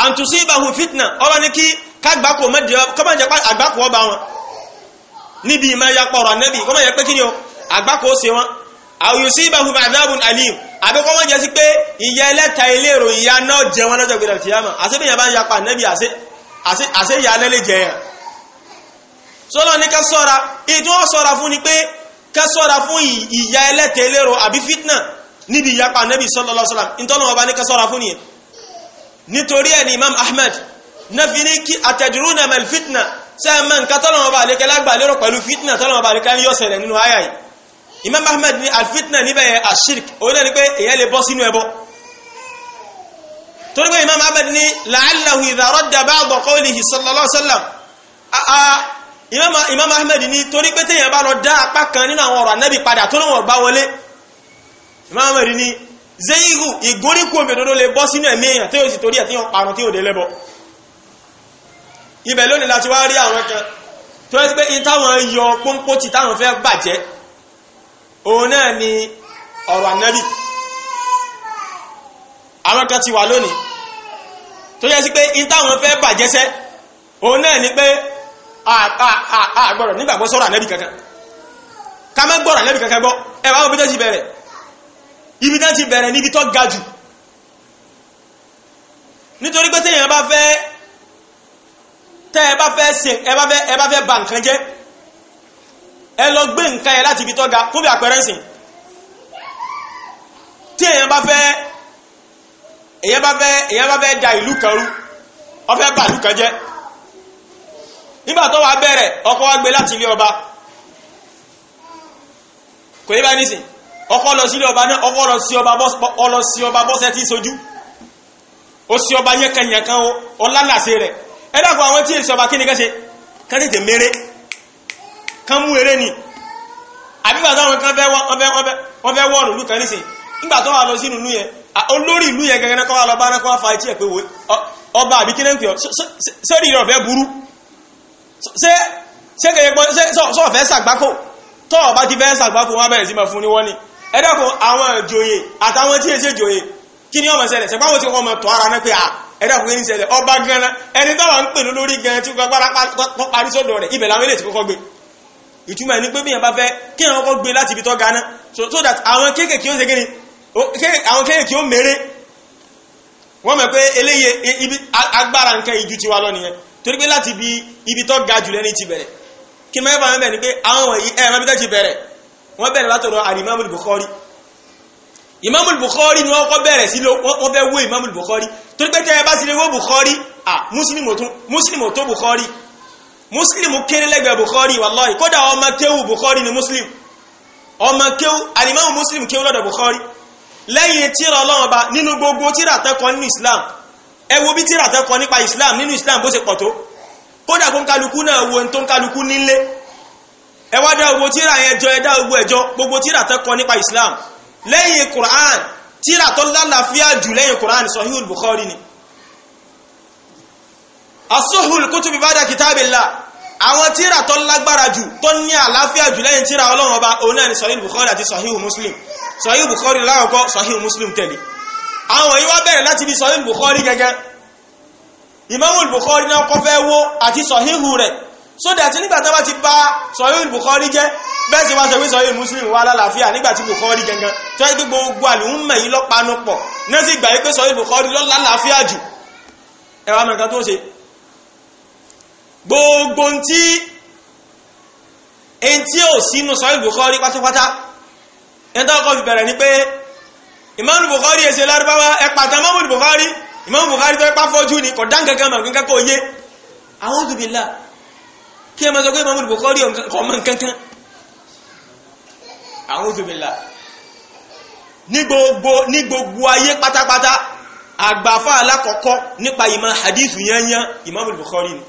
àǹtùsí ìbàhùn fitna ọ̀rọ̀ ní kí kágbàkò mẹ́dìí kọ́mọ̀ jẹ́ àgbàkò ọba wọn níbi ìmọ̀ ya pọ̀rọ̀ nẹ́bì kọ́mọ̀ jẹ́ pé kí ni o àgbàkò ó ṣe wọn àwòyùsí ìbàhùn bàdábùn alim àbíkọ́ wọ́n jẹ́ sí pé ìyá ẹlẹ́ta ilé ìrò ìyá náà jẹ wọn lọ́jọ́ gbẹ̀rẹ̀ tìyàmà àṣẹ́bìyàn bá ń yapa nẹ́bì àṣẹ́yà alẹ́lẹ́ jẹ yàn sọ́lọ́ ní ká sọ́ra ètò wọ́n sọ́ra fún ni pé ká sọ́ra fún ìyá ẹlẹ́ta nítorí ẹ̀ ní imam ahmed náà fi ní kí atadruna mal fitna sẹ́ẹ̀mọ́ nǹkan tọ́lọ́mọ bá lè kẹ́lá gbà lérò pẹ̀lú fitna tọ́lọ́mọ bá lè kẹ́ yọ sẹ̀rẹ̀ nínú àyà yìí imam ahmed ní alfitna níbẹ̀ yẹ ashirk òun náà ni pé èyẹ lè bọ́ sínú ẹbọ torí pé imam ahmed ní la'allahu idha radda ba'da qawlihi sallallahu alaihi imam ahmed ní torí pé téèyàn bá lọ dá apá kan nínú àwọn ọ̀rọ̀ ànábì padà tó lọ́wọ́ bá wọlé imam ahmed ní zeiru ìgúnríkù omi òdodo lè bọ́ sínú ẹ̀mí èèyàn tí ó sì torí ẹ̀ tí wọ́n parun tí ó dé lẹ́bọ̀ ibẹ̀ lónìí láti wá rí àwọn kan tó ẹ́ pé ìtàwọn yọ pọ́npọ́ ti táwọn fẹ́ bàjẹ́ òun náà ni ọ̀rọ̀ ànábì àwọn kan ti wà lónìí tó yẹ sí pé ìtàwọn fẹ́ bàjẹ́ sẹ́ òun náà ni pé àgbọ̀rọ̀ nígbàgbọ́ sọ̀rọ̀ ànábì kankan ká má gbọ́rọ̀ ànábì kankan gbọ́ ẹ̀ wá wọn bí tẹ́sí ibi tán ti bẹ̀rẹ̀ níbi tó ga jù nítorí pé téèyàn bá fẹ́ tẹ́ ẹ bá fẹ́ sìn ẹ bá fẹ́ ẹ bá fẹ́ bà nǹkan jẹ́ ẹ lọ gbé nǹkan yẹn láti ibi tó ga fún bí àpẹẹrẹ sìn téèyàn bá fẹ́ èyàn bá fẹ́ èyàn bá fẹ́ da ìlú kan rú ó fẹ́ ìlú kan jẹ́ nígbà tó wá bẹ̀rẹ̀ ọkọ̀ wá gbé láti ilé ọba kò yẹ bá nísìn ọkọ lọ sílé ọba náà ọkọ́ lọ sí ọba bọ́sẹ̀ tí sojú ó sí ọba yẹ́kẹ̀yẹ̀kan ọlálàsẹ̀ rẹ̀ ọba kí ni kán tètè kán mú eré ni táwọn kan fẹ́ wọ́n nígbà tó wà lọ sínú ìlú yẹn olórí ìlú yẹn gẹ́gẹ́ kọ́ lọ bá kọ́ fa etí ẹ̀ ọba àbí kí rẹ̀ ọ̀fẹ́ burú ti fẹ́ wọn sí fún wọ́n ni ẹ̀dẹ́kùn àwọn ìjòyè àtàwọn tí èsè ìjòyè kí ni ọmọ ṣẹlẹ̀ ṣẹ̀pá wọn ti wọ́n mọ̀ tọ́ ara náà pé à ẹ̀dẹ́kùn kí ni ṣẹlẹ̀ ọba gan-an ẹni tó wà ń pè lórí gan-an tí gbàgbára kọ́ parí sọ́dọ̀ rẹ̀ ibẹ̀ làwọn ilé ti kọ́kọ́ gbé so that àwọn kéékèèké ó ṣe kí ni àwọn kéékèèké ó mèrè e, ibi agbára nǹkan ìjú tiwa lọ nìyẹn ibi tó ga jù lẹ́ni ti bẹ̀rẹ̀ kí mẹ́fà mẹ́bẹ̀ ni pé wọ́n bẹ̀rẹ̀ látọ̀rọ̀ alimamul bukhari imamul bukhari ni wọ́n kọ́ bẹ̀rẹ̀ sí wọ́n bẹ́ wó imamul bukhari torí pé tẹ́ ẹ bá sì lè wó bukhari ah muslim tó bukhari muslim kéré lẹ́gbẹ̀ẹ́ bukhari wallahi kódà ọmọ kéwù bukhari ni muslim ọmọ kéwù alimamu muslim kéwù lọ́dọ̀ bukhari lẹ́yìn tíra ọlọ́run ọba nínú gbogbo tíra tẹ́kọ̀ọ́ nínú islam ẹ wo bí tíra tẹ́kọ̀ọ́ nípa islam nínú islam bó ṣe pọ̀ tó kódà kó ń kálukú náà wo ń tó ń kálukú nílé ẹ wá dá gbogbo tíra yẹn jọ ẹ dá gbogbo ẹjọ gbogbo tíra tó kọ nípa islam lẹ́yìn quran tíra tó lálàáfíà jù lẹ́yìn quran sahihul bukhari ni asuhul kutubi bada kitabillah àwọn tíra tó lágbára jù tó ní àlàáfíà jù lẹ́yìn tíra ọlọ́run ọba òun náà ni sahihul bukhari àti sahihul muslim sahihul bukhari láwọ̀kọ́ sahihul muslim tẹ̀lé àwọn yìí wá bẹ̀rẹ̀ láti bí sahihul bukhari gẹ́gẹ́ imamul bukhari náà kọ́ fẹ́ wo àti sahihu rẹ̀ so that nígbà tó bá ti bá sọ̀yìn Bukhari jẹ́ bẹ́ẹ̀ sì wá sọ pé sọ̀yìn Muslim wà lálàáfíà nígbà tí Bukhari gangan tó yẹ gbogbo àlùmọ̀ yìí lọ́panu pọ̀ náà sì gbà yí pé sọ̀yìn Bukhari lọ́ lálàáfíà jù ẹwà mẹ́kan tó ṣe gbogbo tí èyí tí ò sínú sọ̀yìn Bukhari pátápátá ẹni tó kọ́ fi bẹ̀rẹ̀ ni pé Imam Bukhari èsè lárúbáwá ẹ pàtàkì Imam Bukhari Imam Bukhari tó ẹ pá ni kọ̀ dáǹkankan mọ̀ kankan kò yé a'udhu billah kí ẹ máa sọ pé Imam Bukhari ọmọ nkankan àwọn òfìmìlà ní gbogbo ní gbogbo ayé pátápátá àgbàfà alákọ̀ọ́kọ́ nípa ìmọ̀ hadith yányán Imam Bukhari ni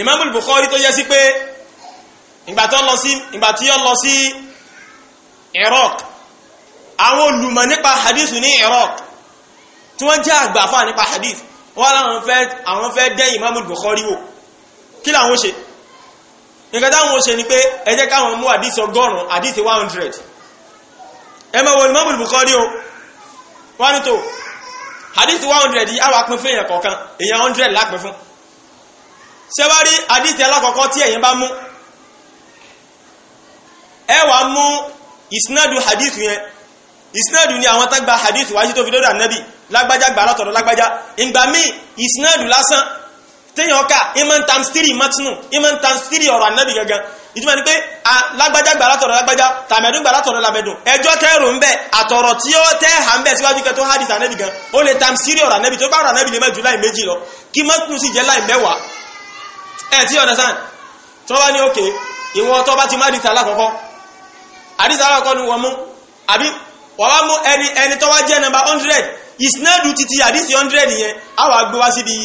Imam Bukhari tó yẹ sí pé ìgbà tí ó lọ sí ìgbà tí ó lọ sí Iraq àwọn olùmọ̀ nípa hadith ní Iraq tí wọ́n jẹ́ àgbàfà nípa hadith wọ́n láwọn fẹ́ àwọn fẹ́ dẹ́yìn Imamul Bukhari wò kí làwọn ṣe nǹkan táwọn ṣe ni pé ẹ jẹ́ káwọn mú àdísì ọgọ́rùn-ún àdísì 100 ẹ mọ̀ wọ Imamul Bukhari o wọ́n ní tó àdísì 100 yìí àwọn apin fún èèyàn kọ̀ọ̀kan èèyàn 100 lápin fún ṣẹ́wárí àdísì alákọ̀ọ́kọ́ tí ẹ̀yin bá mú ẹ wá mú ìsinádù hadith yẹn ìsinádù ni àwọn tágbà hadith wájú tó fi dọ́dọ̀ ànábì lágbájá gbà látọ̀dọ̀ lágbájá ìgbà míì ìsinádù lásán téèyàn ká iman times three matinu iman times three ọ̀rọ̀ ànábì gangan ìtumọ̀ ni pé a lágbájá gbà látọ̀dọ̀ lágbájá tàmẹ̀dún gbà látọ̀dọ̀ làmẹ̀dún ẹjọ́ tẹ́rù ń bẹ̀ àtọ̀rọ̀ tí ó tẹ́ hà ń bẹ̀ síwájú kẹ tó hadith ànábì gan ó lè times three ọ̀rọ̀ ànábì tó bá ọ̀rọ̀ ànábì lè mẹ́jù láì méjì lọ kí matinu sì jẹ́ láì mẹ́wàá ẹ̀ tí ọ̀dẹ̀ sàn tó bá ní òkè ìwọ̀n tó bá ti má dìtà lákọ̀ọ́kọ́ àdìsá alákọ̀ọ́kọ́ ni wọ́n mú àbí wọ́n wá mú ẹni ẹni tó wá jẹ́ nọ́mbà hundred ìsinádù títí àdísì 100 yẹn àwọn agbéwá síbi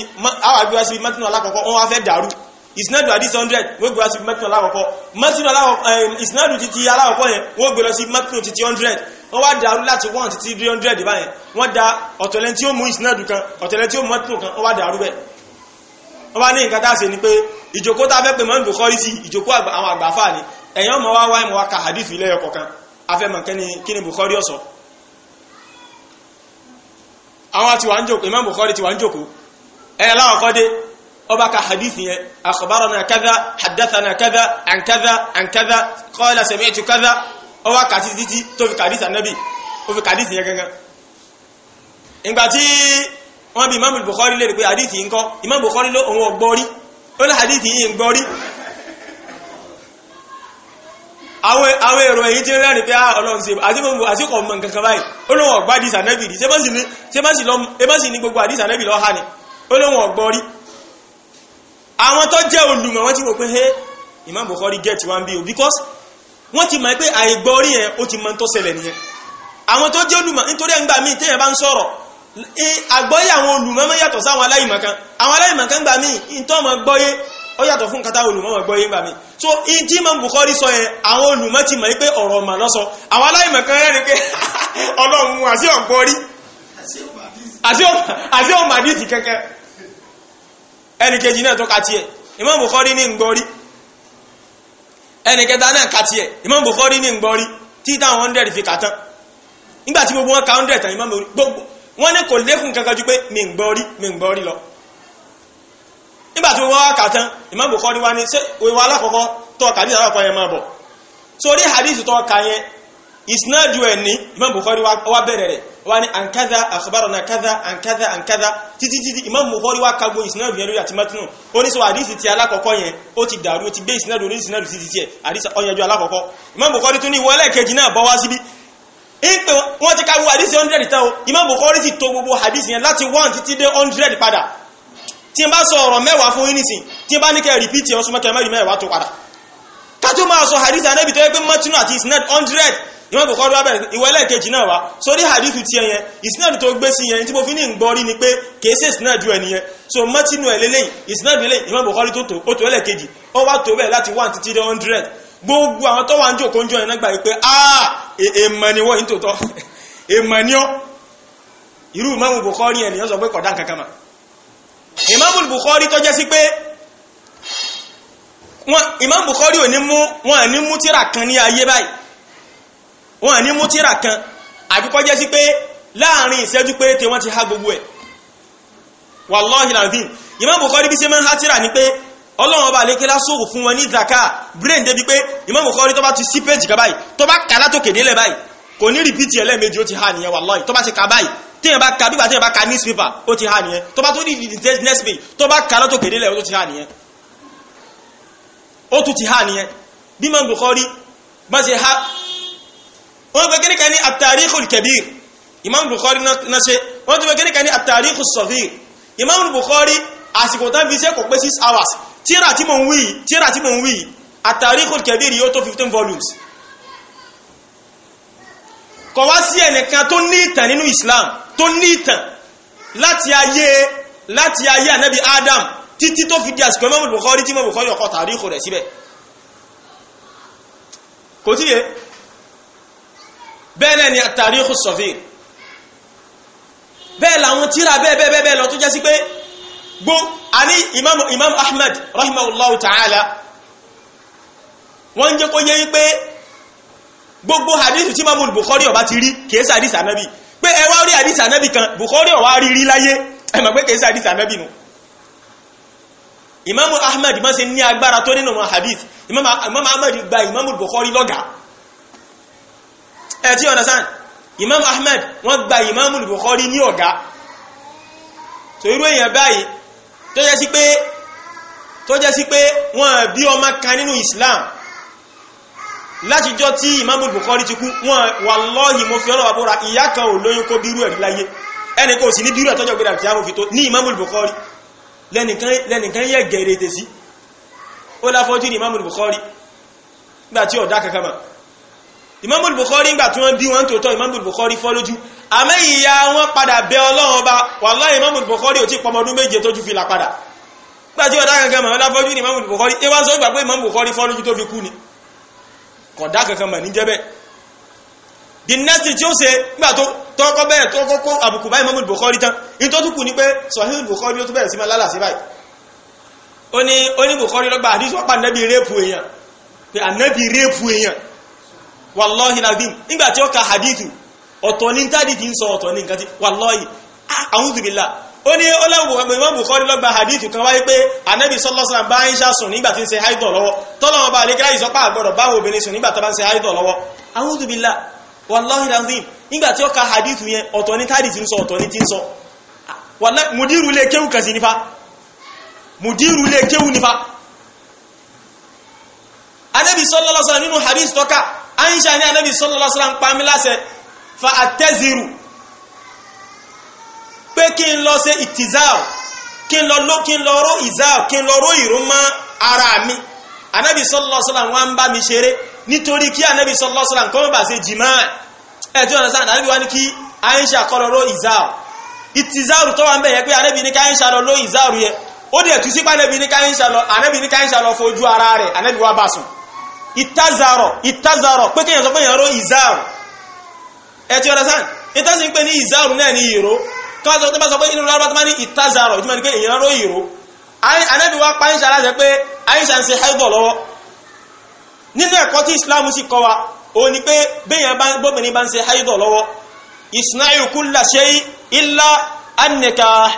mẹ́tínú alákọ̀ọ́kọ́ wọ́n wá fẹ́ dàrú ìsinádù àdísì 100 wọ́n gbé wá síbi mẹ́tínú alákọ̀ọ́kọ́ mẹ́tínú ìsinádù títí alákọ̀ọ́kọ́ yẹn wọ́n gbé lọ sí mẹ́tínú títí 100 wọ́n wá dàrú láti 1 títí 300 báyẹn wọ́n da ọ̀tọ̀lẹ́ tí ó mú ìsinádù kan ọ̀tọ̀lẹ́ tí ó mú mẹ́tínú kan wọ́n wá dàrú bẹ́ẹ̀ wọ́n wá ní nǹkan tá a ṣe ni pé ìjòkó tá a fẹ́ pè mọ́ ìdòkọ́ rí sí ìjòkó àwọn àgbàfà ni ẹ̀yàn ọmọ wá wá ìmọ̀ wa ka hadith ilé ọkọ̀ kan afẹ́mọ̀ kẹ́ni kí ni Bukhari ọ̀sọ̀ àwọn ti wà ń jòkó Imam Bukhari ti wà ń jòkó ẹ̀yà láwọn kọ́ dé ọba ka hadith yẹn akhbarana kadha haddathana kadha an kadha an kadha qala sami'tu kadha ọba ka ti títí tó fi kadith anabi ó fi kadith yẹn gangan ìgbà tí wọ́n bi Imam Bukhari lè rí pé hadith ń kọ́ Imam Bukhari ló òun ọgbọ́rí ó ní hadith yìí ń gbọ́rí àwọn èrò èyí tí ó rẹ́rìn pé ah, ọlọ́run sí àtíkọ̀ àtíkọ̀ mọ̀ nǹkan kan báyìí olóhùn ọ̀gbá àdìsà nẹ́bì rí sẹ́bọ́nsì ní gbogbo àdìsà nẹ́bì lọ́ha ni olóhùn ọ̀gbọ́ rí àwọn tó jẹ́ olùmọ̀ wọ́n ti wò pé get one bill because wọ́n ti mọ̀ pé àìgbọ́ rí yẹn ó ti ó yàtọ̀ fún kátà olùmọ́mọ̀ gbọ́ yíngbà mi so in tí ma ń Bukhari sọ yẹn àwọn olùmọ́ ti mọ̀ pé ọ̀rọ̀ mà lọ́sọ àwọn aláìmọ̀ kan rẹ́ ni pé *laughs* ọlọ́run àti ọ̀gbọ́rí àti ọ̀màdìsì kẹ́kẹ́ ẹnì kejì náà tó ka tiẹ̀ Imam Bukhari ní ngbọ́rí ẹnì kẹta náà ka tiẹ̀ Imam Bukhari ní ngbọ́rí tí táwọn hundred fi kàtán nígbà tí gbogbo wọn ka hundred tán Imam Bukhari gbogbo wọn ní kò lékún kankan ju pé mi ngbọ́rí mi ngbọ́rí lọ nígbà tí wọ́n wá kà tán Imam Bukhari wá ní ṣé ìwà alákọ̀ọ́kọ́ tó kà díẹ̀ alákọ̀ọ́kọ́ yẹn máa bọ̀ sórí hadith tó kà yẹn ìsinádìí ẹ̀ ní Imam Bukhari wá bẹ̀rẹ̀ rẹ̀ wá ní ànkádà akhbarana kádà ànkádà ànkádà títí títí Imam Bukhari wá kagbo ìsinádìí yẹn lórí àti mẹ́tínú ó ní sọ hadith ti alákọ̀ọ́kọ́ yẹn ó ti dàrú ó ti gbé ìsinádìí orí ìsinádìí títí tiẹ̀ hadith ọ̀yẹ́jọ́ alákọ̀ọ́kọ́ Imam Bukhari tún ní ìwọlé kejì náà bọ́ wá síbí ìpè wọ́n ti kagbo hadith 100 tán o Imam Bukhari ti to gbogbo hadith yẹn láti 1 títí dé 100 padà tí n bá sọ ọ̀rọ̀ mẹ́wàá fún yínísìn tí n bá ní kẹ́ rìpítì ọ̀sùn mẹ́kẹ́ mẹ́rin mẹ́wàá tó padà kájọ́ máa sọ hadith anábì tó yẹ pé mọ́tínú àti isnet hundred ìwọ́n kò kọ́ lọ́wọ́ bẹ̀rẹ̀ ìwọ ẹlẹ́ẹ̀kejì náà wá sórí hadith ti ẹyẹn isnet tó gbé sí yẹn tí mo fi ní ìgbọ́ rí ni pé kìí isnet ju ẹniyẹn so mọ́tínú ẹ̀ lélẹ́yìn isnet lélẹ́yìn ìwọ́n kò kọ́ rí tó tó ó tó ẹlẹ́ẹ̀kejì ó wá tó bẹ́ẹ̀ láti one hundred gbogbo àwọn tó wà ń jòkó ń jọ yẹn nágbà yìí pé ah e-, èèmọ̀ ni wọ́n yìí *laughs* ni ọ́ irú mọ́mù sọ pé kódà kankan mà imam bukhari tó jẹ́ sí pé imam bukhari ò ní mú wọn ní mú tíra kan ní ayé báyìí wọn ní mú tíra kan àbí kó jẹ́ sí pé láàrin ìṣẹ́jú péréte wọ́n ti há gbogbo ẹ̀ wallahi lanzim imam bukhari bí ṣe máa ń há tíra ni pé ọlọ́run ọba àlékè lásòrò fún wọn ní zaka brain débi pé imam bukhari tó bá ti sí péjì kan báyìí tó bá kà látòkèdélẹ̀ báyìí kò ní rìpítì ẹlẹ́ẹ̀mejì ó ti há nìyẹn wallahi tó bá ti kà báyìí téèyàn bá ka bí gbà téèyàn bá ka newspaper ó ti há nìyẹn tó bá tó ní the next page tó bá ka lọ́tò kéde ó ti há nìyẹn ó tún ti há nìyẹn bí mọ̀ Bukhari bá ṣe há wọ́n gbé kéde kan ní at-tarikhul kabir Imam Bukhari náà ṣe wọ́n tún gbé kéde kan ní at-tarikhus saghir Imam Bukhari àsìkò tán fi ṣe kò pé six hours tíra tí mò ń wí tíra tí mò ń wí at-tarikhul kabir yóò tó fifteen volumes kọ̀ wá sí ẹnìkan tó ní ìtàn nínú Islam tó ní ìtàn láti ayé láti ayé ànábì Adam títí tó fi di àsìkò Imam Bukhari tí Imam Bukhari ọkọ̀ tàríkù rẹ̀ síbẹ̀ kò tí yé bẹ́ẹ̀ ni àtàríkù sọ̀fíì bẹ́ẹ̀ làwọn tíra bẹ́ẹ̀ bẹ́ẹ̀ bẹ́ẹ̀ lọ tó jẹ́ sí pé gbó a imam imam ahmed rahimahullahu ta'ala wọ́n jẹ́ kó yé pé gbogbo hadith tí Imam Bukhari ó bá ti rí kìí sàdís ànábì pé ẹ wá rí àdìsí ànábì kan Bukhari ọ̀wá rí rí láyé ẹ mọ̀ pé kìí sí àdìsí ànábì nu Imam Ahmad má ní agbára tó nínú hadith Imam Ahmad gba Imam Bukhari lọ́gàá ẹ ti understand Imam Ahmad wọ́n gba Imam Bukhari ní ọ̀gá tó irú èèyàn báyìí tó jẹ́ sí pé wọ́n bí ọmọ kan nínú Islam látijọ́ tí Imam Bukhari ti kú wọn wallahi mo fi ọlọ́wà bóra ìyá kan ò lóyún kó bírú ẹ̀rí láyé ẹni kò sí ní bírú ẹ̀tọ́jọ́ gbéra kí á mọ̀ fi tó ní Imam Bukhari lẹ́nìkan yẹ gẹ̀rẹ̀ tẹ̀ sí ó láfọ́jú ní Imam Bukhari nígbà tí ọ̀dá kankan mà Imam Bukhari nígbà tí wọ́n bí wọn tòótọ́ Imam Bukhari fọ́ lójú àmẹ́ ìyá wọn padà bẹ Ọlọ́run ọba wallahi Imam Bukhari ò tí pọmọdún méje tójú fi kọ̀dá kankan mọ̀ ní jẹ́bẹ̀ the next thing tí ó ṣe nígbà tó tọ́kọ́ bẹ́ẹ̀ tó kọ́kọ́ àbùkù báyìí mọ́mú Bukhari tán in tó túnkù ní pé Sahih Bukhari ó tún bẹ̀rẹ̀ sí máa lálàsí báyìí ó ní ó lọ́gbà hadithu ọ̀tọ̀ ní tádìtì ń sọ ọ̀tọ̀ ní nǹkan ah, billah ó ní ọlọ́mù kọ́ nílọ́gba hadithu kan wáyé pé anabi sọ́lọ́sàn bá ń ṣàsùn nígbà tí ń ṣe haidọ̀ lọ́wọ́ tọ́lọ́wọ́ bá alẹ́kẹ́lá ìsọpá àgbọ̀dọ̀ bá obìnrin sùn nígbà tó bá ń ṣe haidọ̀ lọ́wọ́ a'udhu billah wallahi lanzim nígbà tí ó ka hadithu yẹn ọ̀tọ̀ ní tádì ti ń sọ ọ̀tọ̀ ní ti ń sọ mùdírù lè kéwù kàsí nífa mùdírù lè kéwù nífa anabi sọ́lọ́sàn nínú hadith tọ́ka aisha ní anabi sọ́lọ́sàn pamílásẹ̀ fa àtẹ́zìrù pé kí n lọ ṣe ìtìzáù kí n lọ ló kí n lọ ró ìzáù kí n lọ ró ìrún mọ́ ara mi anabi sallallahu alaihi wasallam ń bá mi ṣeré nítorí kí anabi sallallahu alaihi wasallam kọ́ mọ́ bá ṣe jìmá ẹ̀ tí wọ́n sá anabi wá ní kí aisha kọ́ lọ ró ìzáù ìtìzáù tó wà ń bẹ̀ yẹ pé anabi ni kí aisha ló ìzáù yẹ ó dẹ̀ tú sí anabi ní kí aisha anabi ní kí aisha fojú ara rẹ̀ anabi wá bá sùn ìtazarọ̀ ìtazarọ̀ pé kéèyàn sọ pé èèyàn ró ìzáù ẹ̀ tí wọ́n sá pé ní ìzáù náà ní ìró tó bá sọ tó bá sọ pé inú lárúbá tó bá ní ìtazàrọ̀ ìtumọ̀ ní pé èèyàn ró ìró anábì wa pa Aisha láti pé Aisha ń ṣe haibọ̀ lọ́wọ́ nínú ẹ̀kọ́ tí Islam sì kọ́ wa òun ni pé béèyàn bá gbóbìnrin bá ń ṣe haibọ̀ lọ́wọ́ isna'u kulla shay illa an-nikah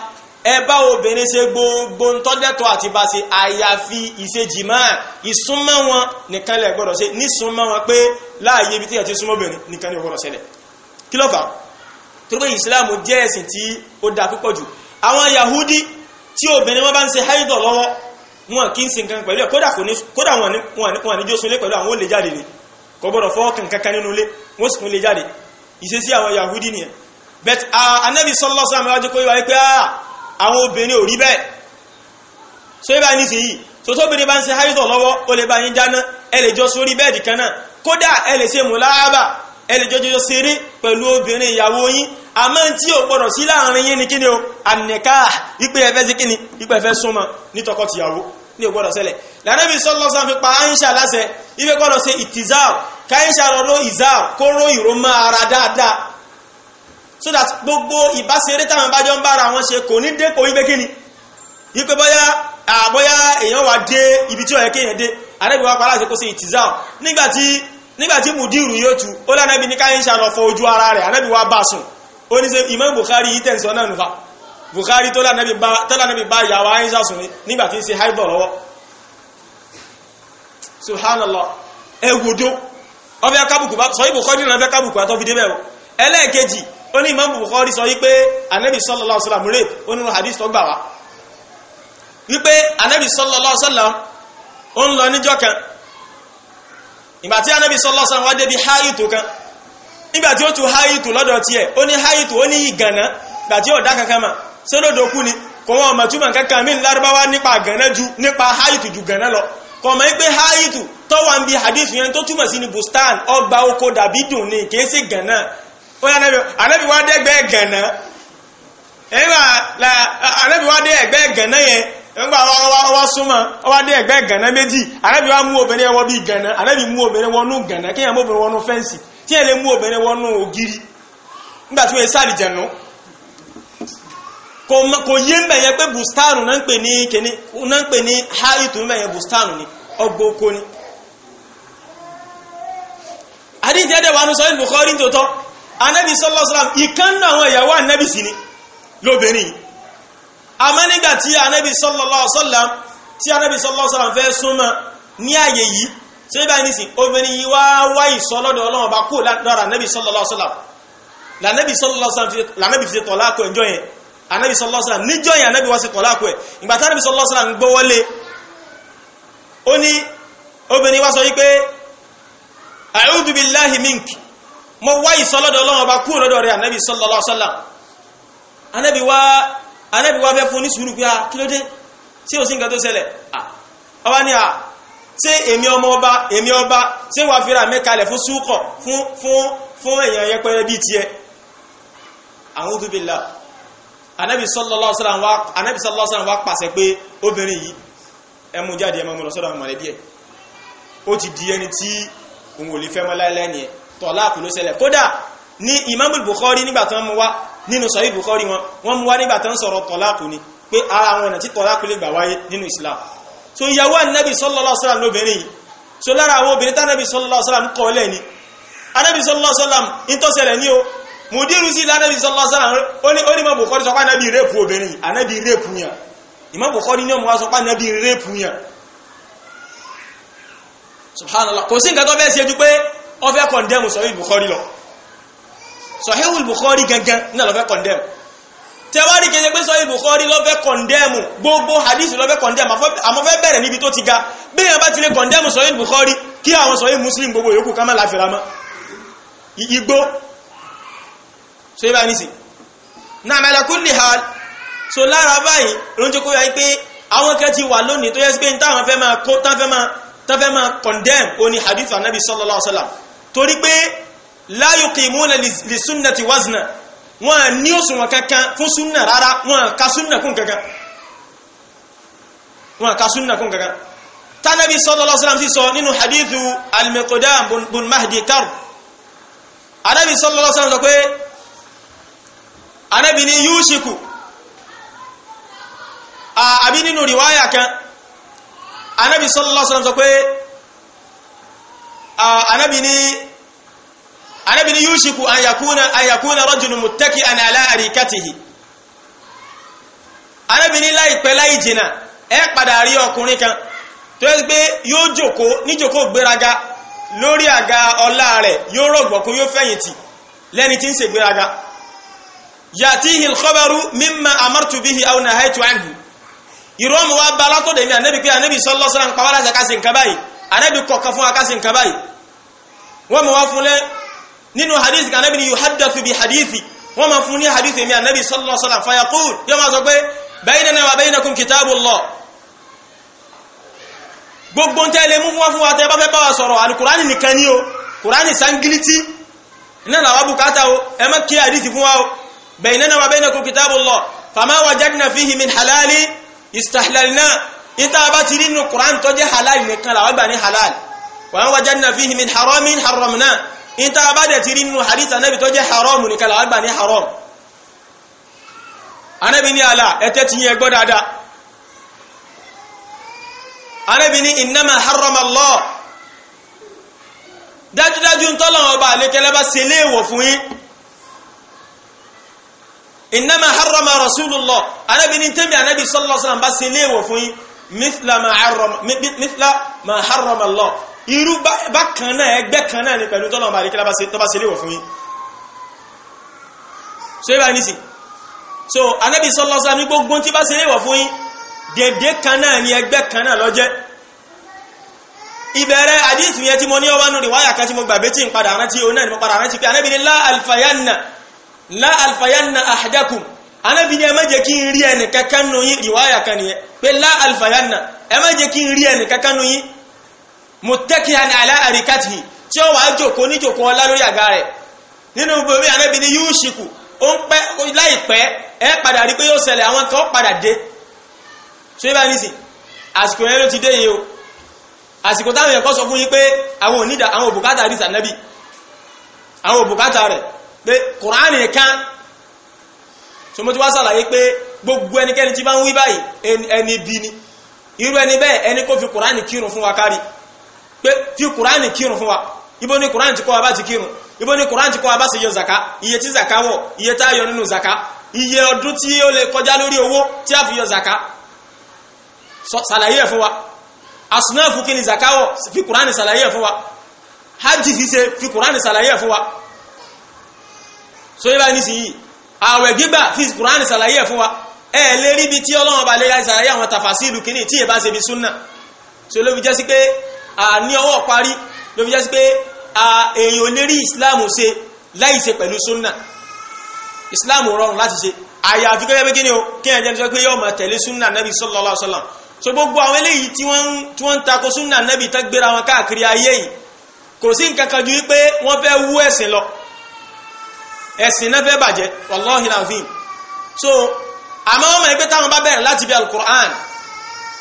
ẹ bá obìnrin ṣe gbogbo ntọ́jẹ́tọ̀ àti bá ṣe àyàfi ìṣèjìmá ìsúnmọ́ wọn nìkan lẹ̀ gbọ́dọ̀ ṣe nísúnmọ́ wọn pé láàyè ibi tí ẹ̀ ti súnmọ́ obìnrin nìkan lẹ̀ gbọ́dọ̀ ṣẹlẹ̀ kí ló fà á torí pé ìsìláàmù jẹ́ ẹ̀sìn tí ó dá púpọ̀ jù àwọn yahudi tí obìnrin wọn bá ń ṣe haidọ̀ lọ́wọ́ wọn kì í sin kan pẹ̀lú ẹ̀ kódà wọn ní jósúnlé pẹ̀lú àwọn olè jáde ni kò gbọ́dọ̀ fọ́ọ̀kàn kankan nínú ilé wọ́n sì yahudi nìyẹn but anabi sallallahu alaihi wasallam wájú kó yíwa wípé ah, àwọn obìnrin ò rí bẹ́ẹ̀ so yíba ní sìn yìí so tóbìnrin bá ń ṣe haidọ̀ lọ́wọ́ ó lè bá yín dáná ẹlẹ́jọ́jọ́ ṣeré pẹ̀lú obìnrin ìyàwó yín àmọ́ tí ò gbọ́dọ̀ sí láàrin yín ni kí ni o ànìká ìpè ẹ̀fẹ́ sí kí ni ìpè ẹ̀fẹ́ súnmọ́ ní tọkọ-tìyàwó ní ò gbọ́dọ̀ ṣẹlẹ̀ lànàbí sọ́lọ́sàn fi pa àyíṣà láṣẹ ìfẹ́ gbọ́dọ̀ ṣe ìtìzáà káyíṣà lọ́rọ́ ìzáà kóró ìró mọ́ ara dáadáa so that gbogbo ìbáṣeré táwọn bájọ́ ń bára wọn ṣe kò ní dépò wípé kí ni wípé bóyá àbóyá èèyàn wà dé ibi tí ó yẹ kéèyàn dé àrẹ́bí wa pa láti kó ṣe ìtìzáà nígbà nígbàtí mùdírù yóò tú ó lánàbí ní káyíṣà lọ fọ ojú ara rẹ̀ anábí wá bá sùn ó ní ṣe Imam Bukhari yìí tẹ̀sán náà nùfà Bukhari tó lánàbí bá ìyàwó àyíṣà sùn nígbàtí ń ṣe haibọ̀ lọ́wọ́ subhanallah ẹwùdó ọfẹ́ kábùkù bá sọ ibùkọ́ dínà fẹ́ kábùkù àtọ́ fi débẹ̀ ẹlẹ́ẹ̀kejì ó ní Imam Bukhari sọ wípé anẹ́bí sallallahu alaihi wasallam rẹ̀ ó nínú hadith tó gbà wá wípé anẹ́bí sallallahu alaihi wasallam ó ń lọ níjọ́ kan ìgbàtí anábì sọlọ́sàn wá débi háyìtù kan nígbàtí ó tu háyìtù lọ́dọ̀ tiẹ̀ ó ní háyìtù ó ní ìgànná gbàtí ó dá kankan mà sólódòkú ni kò wọn ọmọ túmọ̀ kankan mí lárúbáwá nípa gànná ju nípa háyìtù ju gànná lọ kò mọ̀ pé háyìtù tó wà ń bi hadith yẹn tó túmọ̀ sí ni bustan ọgbà oko dàbí dùn ni kì í sí gànná ó yà anábì wá dé ẹgbẹ́ gànná ẹ̀rọ anábì wá dé ẹgbẹ́ yẹn nígbà ọwá súnmọ́ ọwá dé ẹ̀gbẹ́ gànà méjì anábì wá mú obìnrin ẹwọ bíi gànà anábì mú obìnrin wọnú gànà kí èèyàn mú obìnrin wọnú fẹ́ǹsì kí èèyàn lè mú obìnrin wọnú ògiri nígbà tí wọ́n sáàlì jẹ̀nu kò yé ń bẹ̀yẹ pé bùstánù náà ń pè ní kíní náà ń pè ní háìtù ń bẹ̀yẹ bùstánù ni ọgbọ́ oko ni de ẹ̀dẹ̀ wà ní sọ́yìn Bukhari tòótọ́ anábì sallallahu alaihi wasallam ìkan náà àwọn ìyàwó anabi sini ni lóbìnrin àmọ́ nígbà tí anábì sallallahu alaihi wasallam tí anábì sallallahu alaihi wasallam fẹ́ súnmọ́ ní àyè yìí ṣé báyìí nìsín obìnrin yìí wá wá ìsọlọ́dọ̀ ọlọ́run bá kú lára anábì sallallahu alaihi wasallam lànàbì sallallahu alaihi wasallam lànàbì fi tọ̀lá kọ ẹ̀jọ́ yẹn anábì sallallahu alaihi wasallam níjọ́ yẹn anábì wá sí tọ̀lá ẹ̀ ìgbà tí anábì sallallahu alaihi gbọ́wọ́lé ó ní obìnrin wá sọ yí pé mink mo wá ìsọlọ́dọ̀ ọlọ́run bá kú lọ́dọ̀ rẹ̀ anábì sallallahu alaihi wá anẹ́bí wá fẹ́ fún ní sùúrù pé a ah, kí ló dé tí ò sí nǹkan tó ṣẹlẹ̀ ọba ni a ṣé èmi ọmọ ọba èmi ọba ṣé wàá fira mi kalẹ̀ fún súkọ̀ fún fún fún èèyàn yẹpẹrẹ bíi tiẹ̀ a'udhu billah anẹ́bí sallallahu alaihi wasallam wá anẹ́bí sallallahu alaihi wasallam wá pàṣẹ pé obìnrin yìí ẹ mú jáde ẹ mọ́ lọ sọ́dọ̀ àwọn mọ̀lẹ́bí ó ti di ẹni tí òun ò lè fẹ́ mọ́ láéláé nìyẹn tọ́lá kò ló ṣẹlẹ̀ kódà ní Imam Bukhari nígbà tí wọ́n mú wá nínú sahih bukhari wọn wọ́n mú wá nígbà tán sọ̀rọ̀ tọ́láàkù ni pé ara àwọn tí tọ́láàkù lè gbà wáyé nínú islam so ìyàwó ànábì sallallahu alaihi wasallam lóbìnrin yìí so lára àwọn obìnrin tánàbì sallallahu alaihi wasallam kọ́ ọlẹ́ ni ànábì sallallahu alaihi wasallam ìtọ́sẹ̀lẹ̀ ní o mùdírù sí ìlànàbì sallallahu alaihi wasallam ó ní onímọ̀ bukhari sọpá ànábì rẹ́pù obìnrin ànábì rẹ́pù yàn ìmọ̀ bukhari ní ọmọ wa sọpá ànábì rẹ́pù yàn subhanallah kò sí nǹkan tó fẹ́ ṣe ju pé ó fẹ́ kọ̀ndẹ́mù sọ ìbùkọ́rí sọ̀híwùl bukhari gangan náà lọ́fẹ́ condemn tẹwárí kẹsẹ̀ pé sọ́híwùl bukhari lọ́fẹ́ condemn gbogbo hadith lọ́fẹ́ condemn àmọ́fẹ́ bẹ̀rẹ̀ níbi tó ti ga bẹ́ẹ̀ bá ti lè condemn sọ́híwùl bukhari kí àwọn sọ́híwùl muslim gbogbo yòókù ká má láfẹ́ra igbó so yíba ní sí náà mẹ́lẹ̀kún ní hàn so lára báyìí oúnjẹ kó yá pé àwọn kẹ́ ti wà lónìí tó yẹ sí pé táwọn fẹ́ máa kó tán fẹ́ máa condemn ó ní hadith anabi sallallahu alaihi wasallam torí pé la yuqimuna li sunnati wazna wọn ní òṣùwọ̀n kankan fún súnnà rárá wọn ka súnnà kún kankan wọn ka súnnà kún kankan tánàbí sallallahu alaihi wasallam sí sọ nínú hadithu al-Miqdam bun Mahdi Karb anábi sallallahu alaihi wasallam sọ pé anábi ni yushiku àbí nínú riwaya kan anábi sallallahu alaihi wasallam sọ pé anábi ni Ànábì ní yushiku an yakuna an yakuna rajulun muttaki'an ala arikatihi Ànábì ní láìpẹ́ láì jìnnà ẹ padà rí ọkùnrin kan tó yẹ pé yóò jókòó ní jókòó gbéraga lórí àga ọlá rẹ̀ yóò rọ̀gbọ̀kún yóò fẹ̀yìntì lẹ́ni tí ń ṣe gbéraga yatihi al-khabaru mimma amartu bihi aw nahaytu anhu ìrọ́mù wa bá látọ̀dẹ̀ mi ànẹ́bí pé ànẹ́bí sallallahu alaihi wasallam ń pàwọ́lá ṣe kásì nǹkan báyìí ànẹ́bí kọ̀ọ̀kan fún wa kásì nǹkan báyìí wọ́n mọ̀ wá fún lẹ́ nínú hadith kan nabi yuhaddathu bi hadithi wọ́n máa fún ní hadithi mi annabi sallallahu alaihi wasallam fayaqul yóò máa sọ pé bainana wa bainakum kitabullah gbogbo ń tẹ́lẹ̀ mú fún wa fún wa tẹ́ bá fẹ́ bá wa sọ̀rọ̀ alukurani nìkan ni o kurani sangiliti iná làwọn bukata o ẹ má kí hadithi fún wa o bainana wa bainakum kitabullah fama wajadna fihi min haramin haramna ìta abádẹ̀ ti rí nínú hadith anábì tó jẹ́ haram ní kala àgbà ní haram anábì ní àlà ẹ̀tẹ́ ti yẹn gbọ́ dáadáa anábì ní innama harrama Allah dájúdájú ń tọ́lọ̀ ọba àlékẹ́lẹ́ bá ṣe léèwọ̀ fún yín innama harrama rasulullah anábì ní tẹ́mi anábì sallallahu alaihi wasallam bá ṣe léèwọ̀ fún yín mithla ma harrama Allah irú bákan náà ẹgbẹ́ kan náà ni pẹ̀lú tọ́lọ̀ bá rí kí lọ́bá ṣe léwọ̀ fún yín so ibà ní sí so anábì sallallahu alaihi wasallam gbogbo tí bá ṣe léwọ̀ fún yín dèdè kan náà ni ẹgbẹ́ kan náà lọ́jẹ́ ìbẹ̀rẹ̀ àdíìtù yẹn tí mo ní ọwá nù rí wáyà kan tí mo gbàgbé mo padà rántí pé anábì ní lá alfayanna lá alfayanna ahadakum anábì ní ẹ má jẹ́ kí n rí ẹnì kankan nù yín rí wáyà kan nìyẹn pé muttakihan ala arikatihi tí ó wà jòkó ní jòkó ọlá lórí àga rẹ̀ nínú gbogbo ànábì ní yúùṣìkù ó ń pẹ́ láìpẹ́ ẹ padà rí pé yóò ṣẹlẹ̀ àwọn kan padà dé ṣé bá nísì àsìkò yẹn ló ti dé yìí o àsìkò táwọn èèyàn kọ́ sọ fún yín pé àwọn onídà àwọn òbùkátà rí sànẹ́bì àwọn òbùkátà rẹ̀ pé kùránì kan tó mo ti wá sàlàyé pé gbogbo ẹnikẹ́ni tí bá ń wí báyìí ẹni bí ni irú ẹni bẹ́ẹ̀ ẹni kó fi kùránì kírun fún wa kárí pé fi kùránì kírun fún wa ibo ni kùránì ti kọ́ wa bá ti kírun ibo ni kùránì ti kọ́ wa bá sì yọ zaka iye tí zaka wọ̀ iye tá a yọ nínú zaka iye ọdún tí ó lè kọjá lórí owó tí a fi yọ zaka ṣàlàyé ẹ̀ fún wa asunáàfù kí ni zaka wọ̀ fi kùránì ṣàlàyé ẹ̀ fún wa hajj fi ṣe fi kùránì ṣàlàyé ẹ̀ fún wa so yíba nísìnyí ààwẹ̀ gbígbà fi kùránì ṣàlàyé ẹ̀ fún wa ẹ lè rí tí ọlọ́wọ́n ba lè ṣàlàyé àwọn tàfàsílù kìíní tí ì bá ṣe bí so ló jẹ́ sí pé ní ọwọ́ parí ló fi jẹ́ sí pé èèyàn lè rí islam ṣe láì ṣe pẹ̀lú sunna islam rọrùn láti ṣe àyàfi kẹ́kẹ́ pé kíni o kí ẹ̀jẹ̀ sọ pé yóò máa tẹ̀lé sunna nabi sallallahu alaihi wasallam so gbogbo àwọn eléyìí tí wọ́n ń tako sunna nabi tán gbéra wọn káàkiri ayé yìí kò sí nǹkan kan ju wípé wọ́n fẹ́ wú ẹ̀sìn lọ ẹ̀sìn náà fẹ́ bàjẹ́ wallahi alazim so àmọ́ wọn mọ̀ pé táwọn bá bẹ̀rẹ̀ láti bí alukur'an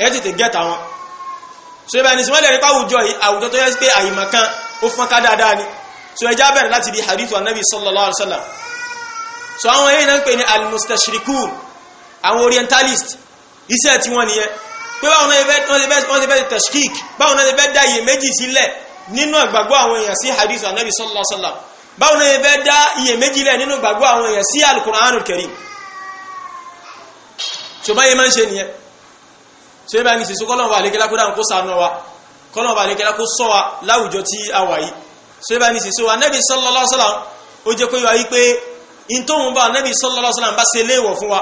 ẹ̀ tètè gẹ́ta wọn so ibà ní sinwọ́n lè rí pàwùjọ yìí àwùjọ tó yẹ pé àyìmọ̀ kan ó fún ká dáadáa ni so ẹ já bẹ̀rẹ̀ láti di hadith anabi sallallahu alayhi wa sallam so àwọn yìí náà ń pè ní almustashirikun àwọn orientalist iṣẹ́ tí wọ́n nìyẹn pé báwọn náà ti fẹ́ tashkik báwọn náà ti fẹ́ dá iye méjì sílẹ̀ nínú ìgbàgbọ́ àwọn èèyàn sí hadith anabi sallallahu alayhi wa sallam báwọn náà ti fẹ́ dá iye méjì lẹ̀ nínú ìgbàgbọ́ àwọn èèyàn sí alukur'anul karim so báyìí máa ń so eba ni sisu kọlọ́wọ́ àlékẹ́lá kó dáhùn kó sànú wa kọlọ́wọ́ àlékẹ́lá kó sọ wa láwùjọ tí a wà yìí so eba ni sisu wa nẹ́bí sallallahu alaihi wasallam ó jẹ́ kó yọ ayé pé in tóun bá nẹ́bí sallallahu alaihi wasallam bá ṣe léèwọ̀ fún wa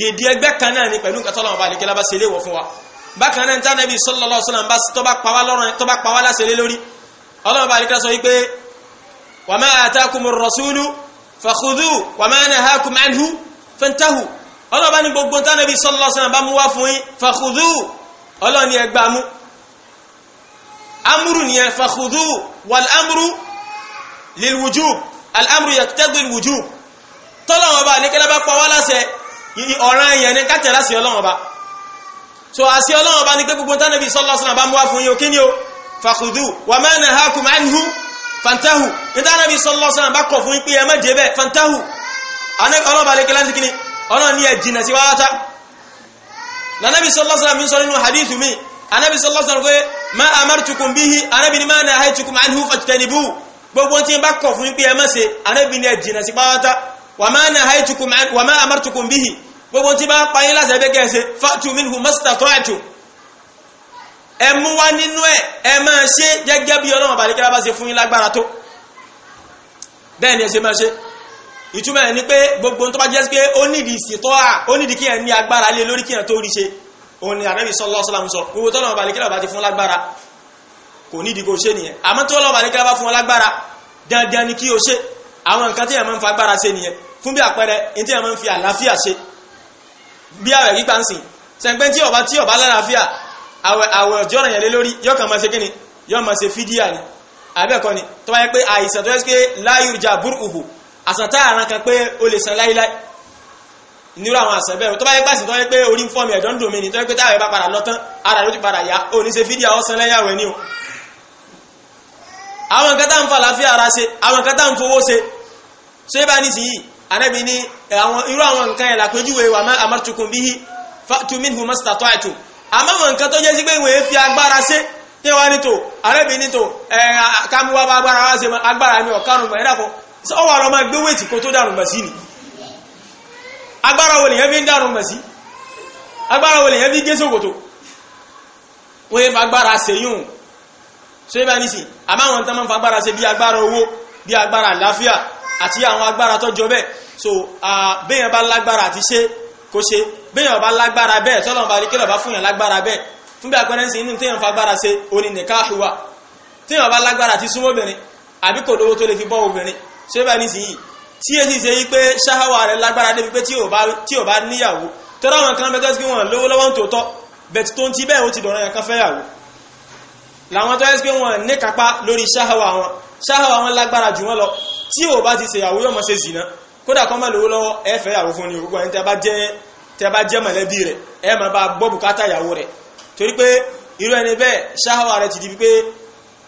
dèdè ẹgbẹ́ kan náà ni pẹ̀lú nǹkan tọ́lọ́wọ́ àlékẹ́lá bá ṣe léèwọ̀ fún wa bákan náà níta nẹ́bí sallallahu alaihi bá tó bá pa lé lórí ọlọ́wọ́ àlékẹ́lá ọlọ́ba ní gbogbo tánàbí sallallahu alaihi wasallam bá mú wá fún yín fakhudhu ọlọ́ni ẹgbà mú amúrù nìyẹn fakhudhu wal amúrù lil wujub al amúrù yaqtadi al wujub tọ́lọ́wọ́n bá nìkẹ́lẹ́ bá pa wá láṣẹ ọ̀ràn èèyàn ní kátẹ̀ láṣẹ ọlọ́wọ́n bá so àṣẹ ọlọ́wọ́n bá ní pé gbogbo tánàbí sallallahu alaihi wasallam bá mú wá fún yín òkè ni o fakhudhu wa ma nahakum anhu fantahu ní tánàbí sallallahu alaihi wasallam bá kọ̀ fún yín pé ẹ má dé bẹ́ẹ̀ fantahu ọlọ́ba nìkẹ́lẹ́ ọlọ́run ní ẹ jìnà sí wáátá lànàbí sọlọ́sọ́lá mi sọ nínú hadith mi ma amartukum bihi anábì ni ma nahaytukum anhu fajtanibu gbogbo tí n bá kọ̀ fún pé ẹ má ṣe anábì ni ẹ jìnà sí wáátá wà má nahaytukum anhu wà má amartukum bihi gbogbo tí bá pa yín láti ẹgbẹ́ kẹsẹ̀ fatu minhu mastata'tu ẹ mú wá nínú ẹ ẹ ṣe gẹ́gẹ́ bí ọlọ́run bá ṣe fún yín tó bẹ́ẹ̀ ni ẹ ṣe máa ṣe ìtumọ̀ ẹ̀ ni pé gbogbo tó bá jẹ́ pé ó nídìí ìsìtọ́ à ó nídìí kí ẹ̀ ní agbára lé lórí kí ẹ̀ tó rí ṣe òun ni ànábì sallallahu alaihi wasallam sọ gbogbo tọ́lọ̀ ọba àlekẹ́lá bá ti fún lágbára kò nídìí kó ṣe nìyẹn àmọ́ tọ́lọ̀ ọba àlekẹ́lá bá fún lágbára dandan ni kí o ṣe àwọn nǹkan tí ẹ̀ máa ń fa agbára ṣe nìyẹn fún bí àpẹẹrẹ ní tí ẹ̀ máa ń fi àlàáfíà ṣe bí àwẹ̀ gbígbà ń sìn sẹ̀ǹpẹ́ tí ọba tí ọba lálàáfíà àwẹ̀ ọjọ́ rẹ̀ yẹn lé lórí yóò kàn máa ṣe kíni yóò máa ṣe fídíà ni àbẹ́ẹ̀kọ́ ni tó pé àìsàn tó yẹ pé láyùrìjà burúkú àsàtà àràn kan pé o lè san láíláí nírú àwọn àsàn bẹ́ẹ̀ tó bá yẹ pàṣẹ tó yẹ pé orí ń fọ́ọ̀mù ẹ̀dọ́ ń ni tó yẹ pé táwọn ẹ̀ bá padà lọ tán ara ló ti padà yá o ní ṣe fídíà ọ̀sán lẹ́yàwó ẹ̀ ní o àwọn nǹkan tá ń fa àlàáfíà ara ṣe àwọn nǹkan tá ń fowó ṣe ṣé bá ní sìyí ànábi minhu mastata'tum àmọ́ àwọn nǹkan tó jẹ́ sí pé ìwọ̀n fi agbára ṣe ní wá ní tò ànábi ní tò bá agbára wá ṣe agbára mi ọ̀karùn-ún ọwọ́ àrọ máa gbé wéètì kó tó dàrùn bà ni agbára wo lèyàn fi ń dàrùn bà sí agbára wo lèyàn fi gé sókòtò wọ́n yẹ fagbára ṣe yún so yẹ bá ní sí àwọn tán máa fagbára ṣe bí agbára owó bí agbára àláfíà àti àwọn agbára tó bẹ́ẹ̀ so béèyàn bá lágbára àti ṣe kó ṣe béèyàn bá lágbára bẹ́ẹ̀ tọ́lọ́mọba àríkẹ́lọ̀ bá fún yàn lágbára bẹ́ẹ̀ fúnbẹ́ àpẹẹrẹ sí inú téèyàn fagbára ṣe oní nìkáhùwà téèyàn bá lágbára àti súnmọ́bìnrin àbí kò tó lè fi bọ́ obìnrin ṣé bá ní sìyí tí èsì ṣe yí pé ṣáháwà rẹ̀ lágbára débi pé tí ò bá níyàwó tọ́lá wọn kan bẹ́tẹ́ sí wọn lówó lọ́wọ́ tó tọ́ bẹ̀tì tó ń ti bẹ́ẹ̀ ó ti dọ̀rọ̀ yẹn kan fẹ́yàwó làwọn tọ́lá sí pé wọn ní kápá lórí ṣáháwà wọn ṣáháwà wọn lágbára jù wọn lọ tí ò bá ti ṣèyàwó yọmọ ṣe zìnà kódà kan má lówó lọ́wọ́ ẹ fẹ́yàwó fún ni gbogbo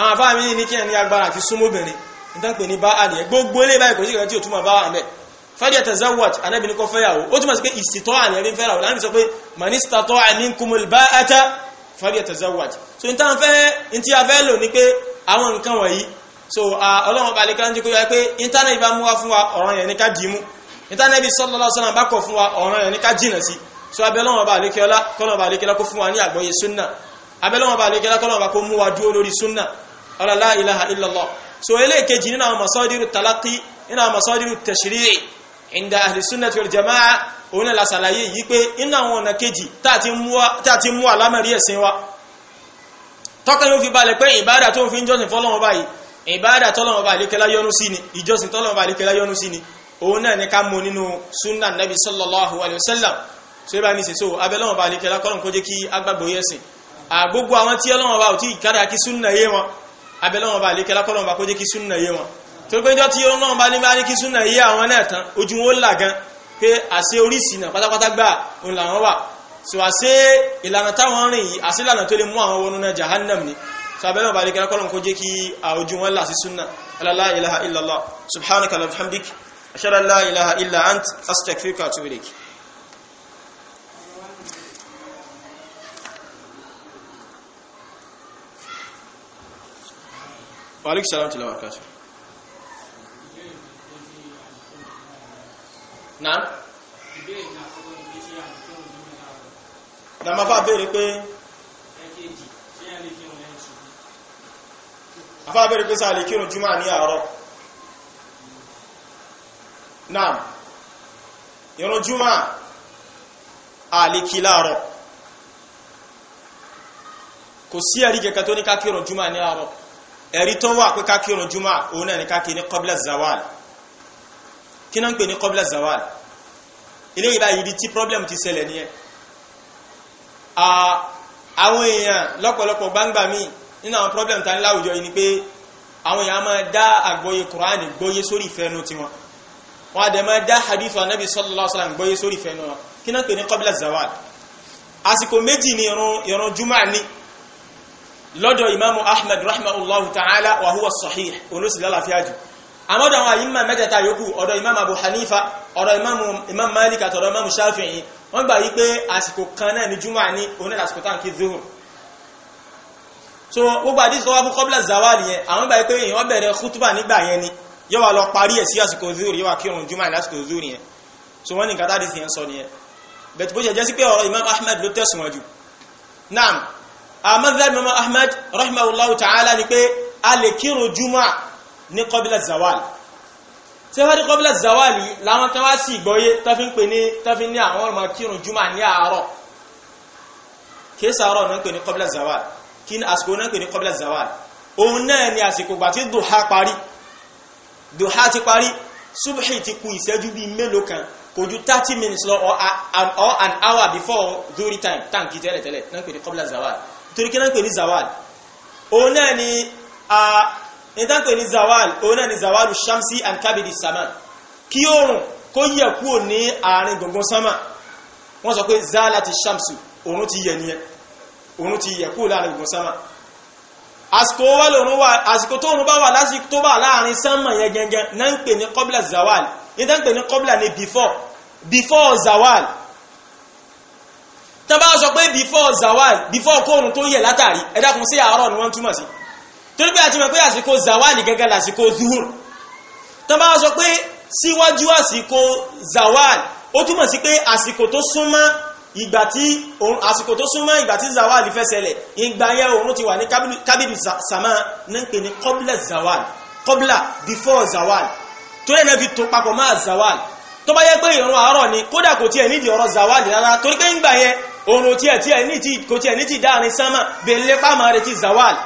àwọn àbá mi ní kíyàn ní agbára àti súnmọ́bìnrin ìtànpè ní bá àlẹ́ gbogbo ilé báyìí kò sí ìrẹ́tí òtúmọ̀ bá wà mẹ́ fẹ́lẹ̀ tazawwaj anábì ní kó fẹ́yàwó ó túnmọ̀ sí pé ìsìtọ́ àlẹ́ rí so ní táwọn fẹ́ ní tí a fẹ́ so ọlọ́run ọba àlekà ń jẹ́ kó yá pé intanẹ́ẹ̀tì bá mú wá fún wa ọ̀ràn yẹn ní ká so abẹ́ ọlọ́run ọba àlekẹ́ọ́lá kọ́lọ́run ọba abẹ́lọ́wọ́n bá lẹ́gẹ́lá kọ́lọ́wọ́n bá kó mú wa dúró lórí súnà ọlọ́lá ilaha illallah so eléèkejì nínú àwọn masadiru talaqi nínú àwọn masadiru tashri'i inda ahli sunnati wal jama'a òun la ṣàlàyé yìí pé nínú àwọn ọ̀nà kejì tá a ti mú àlámọ̀rí ẹ̀sìn wa tọ́kàn yóò fi balẹ̀ pé ìbáàdà tó ń fi ń fọ́lọ́wọ́n báyìí ìbáàdà tọ́lọ́wọ́n bá àlékẹ́lá yọ́nú sí ni ìjọsìn tọ́lọ́wọ́n bá àlékẹ́lá yọ́nú sí ni òun náà ní ká mú nínú súnà nabi sallallahu alayhi wa sallam ní sèso abẹ́lọ́wọ́n bá àlékẹ́lá kọ́lọ́n kó jẹ́ kí agbágbóyẹ̀sìn gbogbo àwọn tí ọlọ́wọ́n bá ò tí ìkádà kí súnà yé wọn abẹ́lọ́wọ́n bá lékẹ́lá kọ́lọ́wọ́n bá kó jẹ́ kí súnà yé wọn tó pé jọ́ tí ọlọ́wọ́n bá ní bá ní kí súnà yé àwọn náà tán ojú wọn ó là gan pé àṣẹ oríṣìí náà pátápátá gbà òun làwọn wà so àṣẹ ìlànà táwọn rìn yìí àṣẹ ìlànà tó lè mú àwọn wọnú náà jahannam ni so abẹ́lọ́wọ́n bá lékẹ́lá kọ́lọ́wọ́n kó jẹ́ kí ojú wọn là sí súnà la ilaha illallah subhanaka wa bihamdik ashhadu an ilaha illa ant astaghfiruka wa atubu ilayk Wàlíkì sàlám tìlà wàkàtù. Náà? Na ma fa béèrè pé Afá béèrè pé sáà lè kírun jùmá ní àárọ̀. Náà, ìrun jùmá à lè kí láàárọ̀. Kò sí ẹ̀rí kẹkẹ tó ní ká kírun jùmá ní àárọ̀ ẹ̀rí tó wà pé ká kírun juma òun náà ni ká kí ní qabla zawal kí náà ń pè ní qabla zawal ilé ìbá yìí tí problem ti ṣẹlẹ̀ ní ẹ àwọn èèyàn lọ́pọ̀lọpọ̀ gbangba mi nínú àwọn problem ta ní láwùjọ yìí ni pé àwọn èèyàn máa dá àgbọ́yé Qur'an gbọ́yé sórí ìfẹ́nu tiwọn wọn a dẹ̀ máa dá hadith anabi sallallahu alaihi wasallam gbọ́yé sórí ìfẹ́nu wọn kí náà pè ní qabla zawal àsìkò méjì ni ìrun ìrun juma ni lọ́dọ̀ imamu ahmed rahimahullahu ta'ala wa huwa sahih olóṣìlá láfíàjù àmọ́dọ̀ àwọn àyíma mẹ́tẹ̀ta yòókù ọ̀dọ̀ imamu abu hanifa ọ̀dọ̀ imamu malik àtọ̀dọ̀ imamu shafi'i wọ́n gbà wípé àsìkò kan náà ni juma ní onílẹ̀ àsìkò tá so gbogbo àdìs tó wá fún kọ́bílà zawal yẹn àwọn gbà wípé èèyàn bẹ̀rẹ̀ kútúbà nígbà yẹn ni yóò wá lọ so wọ́n ní nǹkan tá àdìs yẹn sọ nìyẹn bẹ̀tù bó ṣe jẹ́ sí amadhab mama ahmad rahimahullahu ta'ala ni pé a lè kírun juma ní qabla zawal tí wọ́n rí qabla zawal yìí làwọn kan wá sí ìgbọ́yé tó fi ń pè ní tó fi ní àwọn ọmọ kírun juma ní àárọ̀ kìí sàárọ̀ náà ń pè ní qabla zawal kí ni àsìkò náà ń pè ní qabla zawal òun minutes lọ or an hour before duri time tanki tẹ́lẹ̀tẹ́lẹ̀ náà ń pè ní qabla zawal torí kí náà pè ní zawal òun náà ni a nítorí pè ní zawal òun náà ni zawal shamsi and kabidi saman kí oòrùn kó yẹ kúrò ní àárín gbọ̀ngbọ̀n sánmà wọ́n sọ pé zala ti shamsu òun ti yẹ nìyẹn òun ti yẹ kúrò láàárín gbọ̀ngbọ̀n sánmà àsìkò wa, lòun wà àsìkò tó ń bá wà lásìkò tó bá láàrin sánmà yẹn gẹ́gẹ́ náà ń pè ní kọ́bílà zawal nítorí pè ní kọ́bílà ní before before zawal tán bá sọ pé before zawal before kóòrùn tó yẹ látàrí ẹ dákun sí àárọ̀ ni wọ́n túmọ̀ sí torí pé àti mọ̀ pé àsìkò zawal gẹ́gẹ́ lásìkò zuhur tán bá sọ pé síwájú àsìkò zawal ó túmọ̀ sí pé àsìkò tó súnmọ́ ìgbà tí àsìkò tó súnmọ́ ìgbà tí zawal fẹsẹ̀lẹ̀ ìgbà yẹn òun ti wà ní kábìlì sàmà ní pè ní kọ́bílẹ̀ zawal kọ́bílà before zawal tó yẹ náà fi tó papọ̀ mọ́ zawal tó bá yẹ pé ìrún àárọ̀ ni kódà kò tiẹ̀ nídìí ọ̀rọ̀ zawal rárá torí pé ń gbà yẹn oòrùn tí ẹ̀ tí ẹ̀ ní ti kò tí ẹ̀ ní ti dáàrin sánmà bèèlé pàmà rẹ̀ ti zawal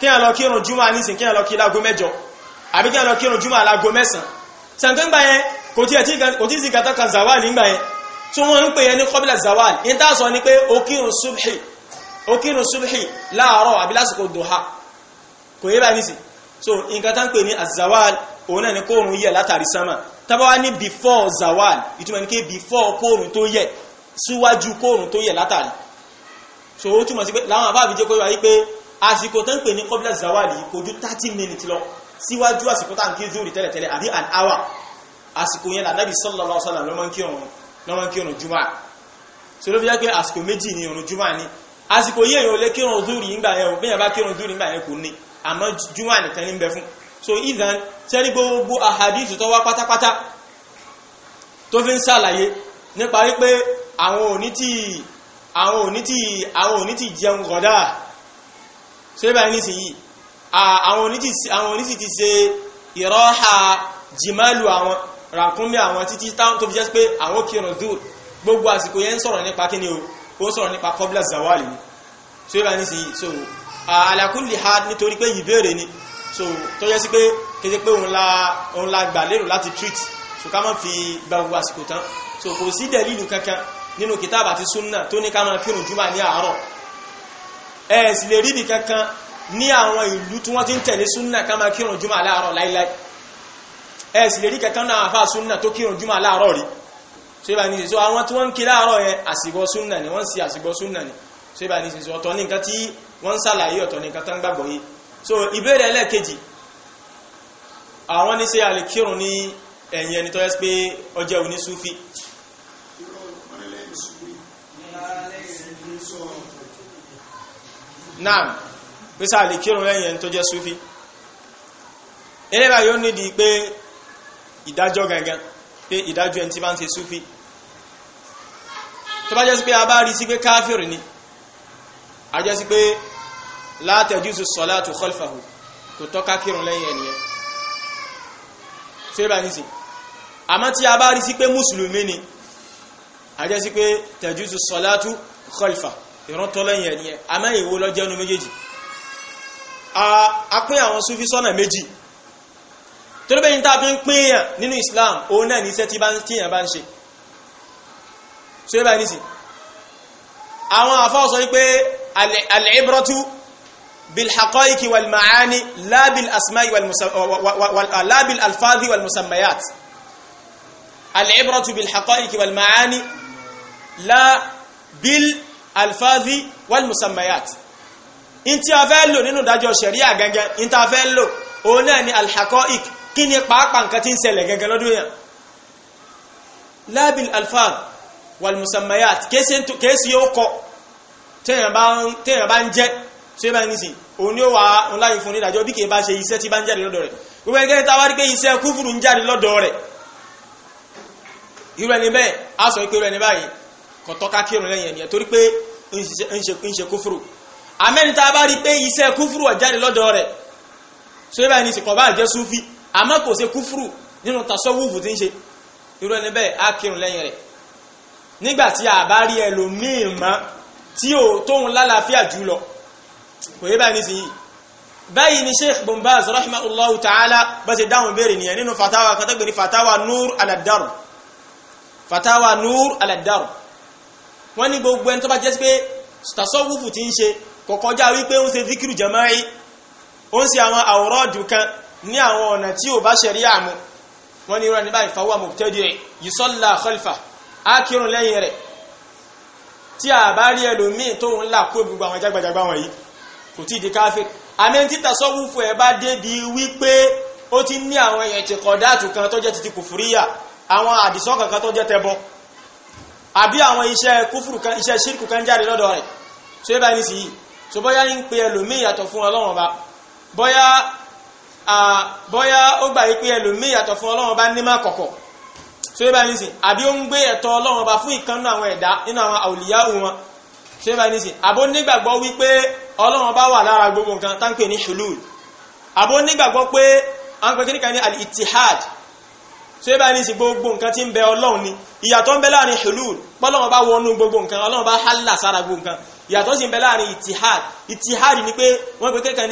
kí ẹ̀ lọ kírun júmà nísìn kí ẹ̀ lọ kí lágo mẹ́jọ àbí kí ẹ̀ lọ kírun júmà lágo mẹ́sàn sàǹkẹ́ ńgbà yẹn kò tí ẹ̀ sí gàtà kan zawal nígbà yẹn tí wọ́n ń pè yẹn ní kọ́bílà zawal yẹn tá ni pé ó subhi ó subhi láàárọ̀ àbí lásìkò duha kò yé báyìí nísìn so nǹkan tá ń pè ní azawal òun náà ni kóòrùn yẹ látàrí sánmà tábà ní before zawal ìtumọ̀ ní pé before kóòrùn tó yẹ síwájú kóòrùn tó yẹ látàrí so ó túmọ̀ sí pé láwọn àbáàbí jẹ́ kó yọ wípé àsìkò tó ń pè ní kọ́bílẹ̀ zawali kò ju thirty minutes lọ síwájú àsìkò tá à ń kí zuri tẹ́lẹ̀tẹ́lẹ̀ àbí an hour àsìkò yẹn lànàbì sallallahu alaihi lọ́mọ juma so ló fi jẹ́ ni ọ̀run juma ni àsìkò yẹn ò zuri ńgbà yẹn ò bẹ́yẹn bá kírun zuri ńgbà yẹn kò ní juma nìkan ní bẹ so idan sẹ́ni gbogbo ahadith tó wá pátápátá tó fi ń ṣàlàyé nípa wípé àwọn òní tí àwọn òní tí àwọn òní tí jẹun gọ̀dá so ibà ní sí yìí àwọn òní tí àwọn òní tí ti ṣe ìrọ́ha jìmálù àwọn ràkúnmí àwọn títí táwọn tó fi jẹ́ pé àwọn kírun dùn gbogbo àsìkò yẹn sọ̀rọ̀ nípa kí ni o ó sọ̀rọ̀ nípa kọ́bílà zawali ni so ibà ní sí yìí so ala kulli hal nítorí pé ìbéèrè ni so tó yẹ sí pé kéde pé òun la gbà lérò láti treat so ká má fi gbàgbọ́ àsìkò tán so kò sí dẹ̀lílù kankan nínú kìtàbà àti súnnà tó ní ká máa kírun jùmọ̀ ní àárọ̀ ẹ̀ sì lè rí ibi kankan ní àwọn ìlú tí wọ́n ti ń tẹ̀lé súnnà ká máa kírun jùmọ̀ láàárọ̀ láíláí ẹ̀ sì lè rí kankan náà àfáà súnnà tó kírun jùmọ̀ láàárọ̀ rí so ibà ní ìsìn so àwọn tí wọ́n kí láàárọ̀ yẹn àsìgbọ́ súnnà ni wọ́n ń si àsìgbọ́ súnnà ni so ibà ní ìsìn so ọ̀tọ̀ ní nǹkan tí wọ́n ń sàlàyé so ìbéèrè ẹlẹ́ẹ̀kejì àwọn ní ṣe a lè kírun ní ẹ̀yìn náà pèsè àlèkírun lẹ́yìn ẹni tó jẹ́ súfí eléba yóò nídìí pé ìdájọ́ gangan pé ìdájọ́ ẹni tí bá ń ṣe súfí tó bá jẹ́ sí pé a bá rí sí pé káfíìrì ni a jẹ́ sí pé látẹ̀júsù sọ́látù khalfahu kò tọ́ káfíìrùn lẹ́yìn ẹniyẹn tí ó bá ní sí àmá tí a bá rí sí pé mùsùlùmí ni a jẹ́ sí pé tẹ̀júsù sọ́látù khalfahu ìrántọ́ lẹ́yìn ẹ̀ nìyẹn àmọ́ ìwo lọ jẹ́nu méjèèjì a pín àwọn súfí sọ́nà méjì tó lóbẹ́ yìí tá a fi ń pín èèyàn nínú Islam òun náà ní iṣẹ́ tí èèyàn bá ń ṣe ṣe é báyìí nísìn àwọn àfáà sọ wípé al-ibratu bilhaqaiki walmaani labil asmai labil alfazi walmusammayat al-ibratu labil alfazi wal musammayat in tí a fẹ́ lò nínú ìdájọ́ sharia gangan in tá a fẹ́ lò òun náà ni alhaqaiq kí ni pàápàá nǹkan tí ń ṣẹlẹ̀ gangan lọ́dún yẹn lábìl alfaz wal musammayat kéèsì yóò kọ téèyàn bá ń jẹ́ tí ó bá ní sí òun ni ó wà ńláyìn fún kò tọ́ ká kírun lẹ́yìn ẹni ẹ̀ torí pé ń ṣe kúfúrú àmẹ́ni tá a bá rí pé iṣẹ́ kúfúrú ó jáde lọ́dọ̀ rẹ̀ so ẹ báyìí ní sìnkàn bá jẹ́ súfí àmọ́ kò ṣe kúfúrú nínú tasọ́wùfù tí ń ṣe irú ẹni bẹ́ẹ̀ á kírun lẹ́yìn rẹ̀ nígbà tí a bá rí ẹlòmíì mọ́ tí ò tóun lálàáfíà jù lọ kò yé báyìí nísìnyí báyìí ni sheikh bombaz rahimahullahu ta'ala bá ṣe dáhùn béèrè nìyẹn nínú fatawa kan tó gbé ní fatawa nur aladar fatawa nur aladar wọ́n ní gbogbo ẹni tó bá jẹ́ sí pé tasọ́wùfù ti ń ṣe kò kọjá wípé ó ń ṣe díkìrù jẹ̀máì ó ń ṣe àwọn àwòrọ́ọ̀dù kan ní àwọn ọ̀nà tí ò bá ṣẹ̀rí àmú wọ́n ní ìrọ̀ ní báyìí fawọ́ rẹ̀ yìsọ́lá khalfa á kírun lẹ́yìn rẹ̀ tí a bá rí ẹlòmíì tó ń là kó gbogbo àwọn jágbàjàgbà wọ̀nyí kò tí ì di káfíìn àmì tí tasọ́wùfù ẹ̀ bá débi wípé ó ti ní àwọn ẹ̀tìkọ̀dá àtùkan tó jẹ́ titi kùfùríyà àwọn àdìsọ́ kankan tó jẹ́ tẹbọn àbí àwọn iṣẹ́ kúfùrù kan iṣẹ́ ṣírkù kan jáde lọ́dọ̀ rẹ̀ tó yẹ báyìí nísìnyí tó bóyá ń pe ẹlòmíì yàtọ̀ fún ọlọ́run ọba bóyá bóyá ó gbà yí pé ẹlòmíì yàtọ̀ fún ọlọ́run ọba ní má kọ̀kọ̀ tó yẹ báyìí nísìnyí àbí ó ń gbé ẹ̀tọ́ ọlọ́run ọba fún ìkan nínú àwọn ẹ̀dá nínú àwọn àwòlíyá wọn tó yẹ báyìí nísìnyí àbó nígbàgbọ́ wípé ọlọ́run ọba wà lára gbogbo nǹkan táǹpẹ̀ ní ṣùlù àbó nígbàgbọ́ pé àwọn pẹ̀kínìkan ní al so ebe ní sí gbogbo nǹkan tí ń bẹ ọlọ́run ni ìyàtọ̀ ń bẹ láàrin hulul pọ́lọ́run bá wọnú gbogbo nǹkan ọlọ́run bá hálà sára gbogbo nǹkan ìyàtọ̀ sì ń bẹ láàrin ìtìhàd ìtìhàd ni pé wọ́n pe kékan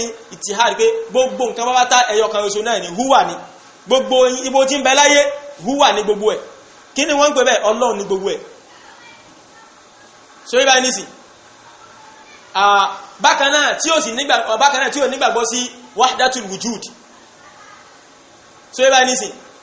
gbogbo nǹkan bá bá tá ẹyọ kan oṣù náà ni gbogbo ibo tí ń bẹ láyé húwà ni gbogbo kí ni wọ́n ń pè bẹ́ẹ̀ gbogbo so ebe ní bákan náà tí ò nígbàgbọ́ sí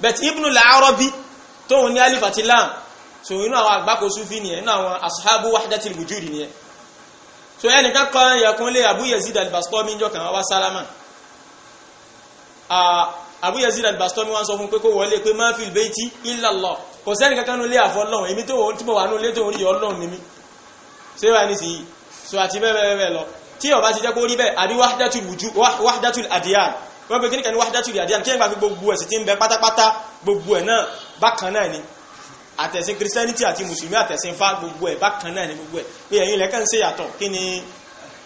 but ibnu al-arabi tóun ní alif àti lam so inú àwọn àgbákò sufi nìyẹn inú àwọn ashabu wahdatil wujudi nìyẹn so ẹnìkan kan yẹkunlé abu yazid al-bastami jọ kan wá sálámà ah, abu yazid wọn sọ fún pé kó wọlé pé ma fil bayti illa Allah kò sẹ́ni kankan nulẹ̀ àfọlọ́hún èmi tó wà nulẹ̀ tó ń ọlọ́run ni mí ṣé wà ní sí so àti bẹ́ẹ̀ bẹ́ẹ̀ lọ tí ó ti jẹ́ kó rí bẹ́ẹ̀ àbí wahdatul adiyan wọ́n pe kíníkà ní wáhídátù ìyàdíyàn kí ẹgbà fi gbogbo ẹ̀sìn tí ń bẹ pátápátá gbogbo ẹ̀ náà bákan náà ni àtẹ̀sìn christianity àti mùsùlùmí àtẹ̀sìn fa gbogbo ẹ̀ bákan náà ni gbogbo ẹ̀ pé ẹ̀yin lẹ́kàn ṣe yàtọ̀ kí ni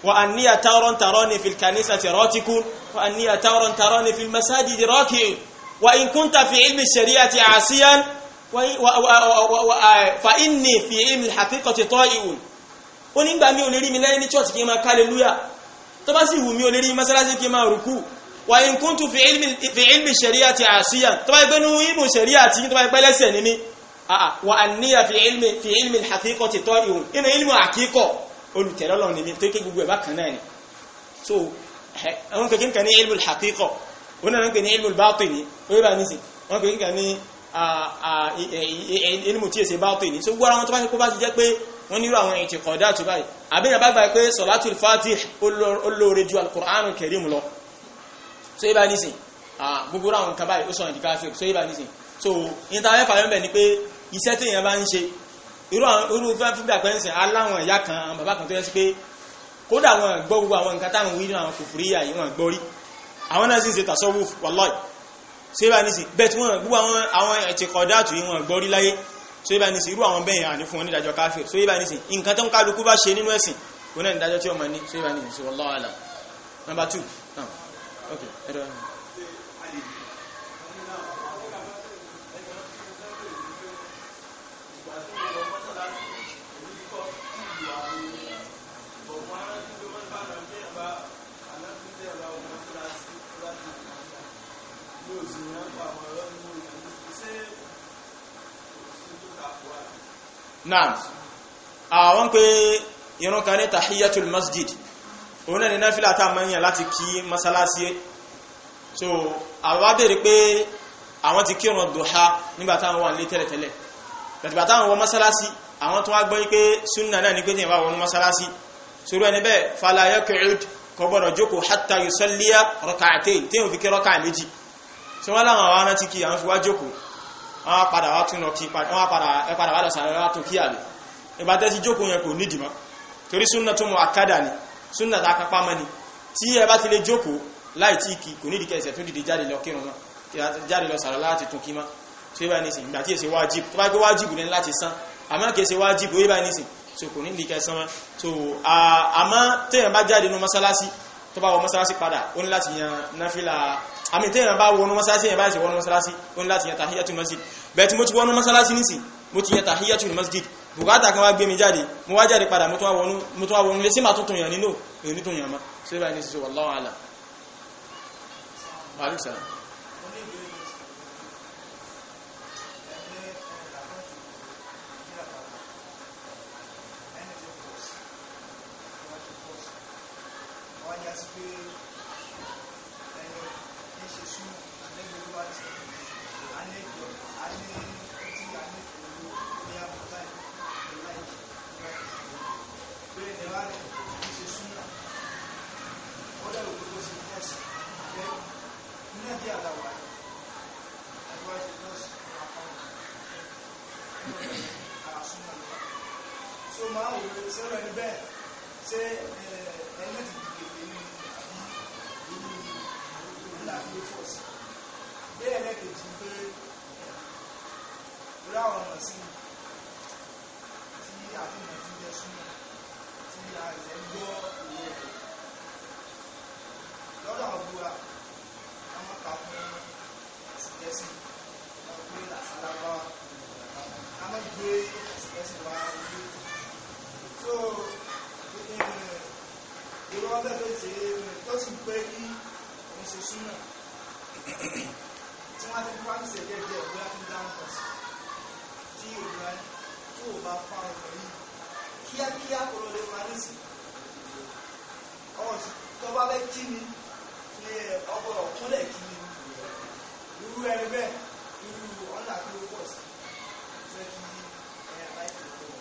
wa anniya tawron taroni fil kanisati rotikun wa anniya tawron taroni fil masajidi rokin wa in kunta fi ilmi shari'ati asiyan fa inni fi ilmi haqiqati ta'iun ó nígbà mi ò lè rí mi ní church tó bá sì wù mí ò rí mi kí n máa rùkú wa in kuntu fi ilmi fi ilmi shari'ati asiyan tó bá gbé nu ibu shari'ati tó bá gbé lẹ́sẹ̀ ni mi ah wa anniya fi ilmi fi ilmi alhaqiqati ta'ihun ina ilmu haqiqo olùtẹ̀lé Ọlọ́run tó ké gbogbo ẹ̀ so àwọn ke kin kan ní ilmu alhaqiqo ona nan ke ní ilmu albatini o ba ni si so gbogbo àwọn tó bá ṣe kó bá ṣe jẹ́ pé wọ́n nílò àwọn ìtìkọ̀dá tó báyìí àbí ìyàbá gbà pé sọ̀látùl fatih olóore ju alkùránù kẹrìm lọ so yíba nísìn gbogbo àwọn kaba báyìí ó sọ̀rọ̀ ìdí káfíìrì so yíba nísìn so ìtawẹ́ fàyọ́ bẹ̀ ni pé iṣẹ́ tí èèyàn bá ń ṣe irú irú fífúnbí àpẹ́sìn aláwọn ẹ̀yà kan àwọn bàbá kan tó yẹ sí pé kódà wọn gbọ́ gbogbo àwọn nǹkan táwọn wí àwọn kòfúríyà yìí wọn gbọ́ rí àwọn náà sì ń ṣe tàṣọ́wò wàlọ́ì so yíba nísìn bẹ́ẹ̀ tí wọ́n gbogbo àwọn ẹ̀tìkọ̀dátù yìí wọn gbọ́ rí láyé so yíba nísìn irú àwọn bẹ́ẹ̀ àní fún wọn nídàjọ́ káfíìrì so yíba nísìn nǹkan tó ń kálukú bá ṣe nínú ẹ̀sìn kò náà nídàjọ́ tí ọmọ ní so yíba nísìn so wàlọ́ọ̀lá number two ok ẹ dọ́rọ̀ mi. naam àwọn ah, pé ìrun kan ní tahiyatul masjid òun náà ni náfílà tá a máa láti kí mọ́sálásí so àwọn wá béèrè pé àwọn ti kírun dùhá nígbà táwọn wà nílé tẹ́lẹ̀tẹ́lẹ̀ bàtìgbà táwọn wọ mọ́sálásí àwọn tó wá gbọ́ pé súnà náà ni pé tí ìbá wọnú mọ́sálásí sórí ẹni bẹ́ẹ̀ fala yaq'ud kò gbọ́dọ̀ jókòó hatta yusalliya rak'atayn tí òun fi kí rọ́kà méjì tí wọ́n láwọn àwọn arántí kí àwọn fi wá jókòó wọ́n padà wá tún lọ kí wọ́n padà wá lọ sàrẹ́ wá tún kí àlè ìbátẹ́ ti jókòó yẹn kò nídìí mọ́ torí ni súnà tá a kápá mọ́ ni tí ẹ bá ti lè jókòó láì tí kì kò nídìí kẹsẹ̀ tó dìde jáde lọ kírun mọ́ jáde lọ sàrọ̀ láti tún kí mọ́ tó yíba nísìn ìgbà tí èsè wájib tó bá gbé wájib ní láti san àmọ́ kì í ṣe wájib ó yíba nísìn so kò nídìí kẹsàn mọ́ so àmọ́ téèyàn bá jáde nu mọ́sálásí tó bá wọ mọ́sálásí padà ó ní láti yan náfìlà àmì téèyàn bá wọnú mọ́sálásí yẹn bá ṣe wọnú mọ́sálásí ó ní láti yan tahiyatul masjid bẹ́ẹ̀ tí mo ti wọnú mọ́sálásí nísìn mo ti yan tahiyatul masjid bùkátà kan wá gbé mi jáde mo wá jáde padà mo tún wá wọnú lé sí màá tuntun yàn nínú èyí nítún yàn má ṣe báyìí ní ṣiṣẹ́ wallahu a'lam Thank you.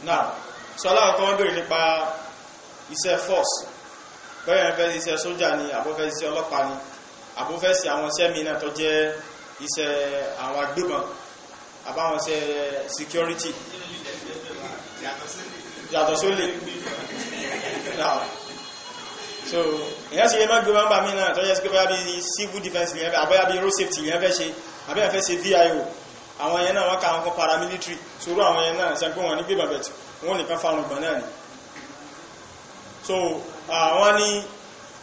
náà sọ aláwọ̀ kan bèèrè nípa iṣẹ́ force bẹ́ẹ̀ yẹn fẹ́ iṣẹ́ sójà ni àbúfẹ́ iṣẹ́ ọlọ́pàá ni àbúfẹ́ sí àwọn iṣẹ́ mìíràn tó jẹ́ iṣẹ́ àwọn agbébọn àbáwọn iṣẹ́ security yàtọ̀ sólè so ìyẹn ṣe mọ́ gbé mọ́mbà mi náà tó yẹ sí pé bá bí civil defense lè yẹn fẹ́ àbọ́yá bí road safety lè yẹn fẹ́ ṣe àbẹ́yẹn fẹ́ ṣe VIO àwọn yẹn náà wọ́n ka àwọn kan paramilitary sòrò àwọn ẹ̀yẹn náà ṣàgbọ́n wọn ní gbé bàbẹ̀tì wọ́n nìkan fárun gbọ̀n náà ni so àwọn ní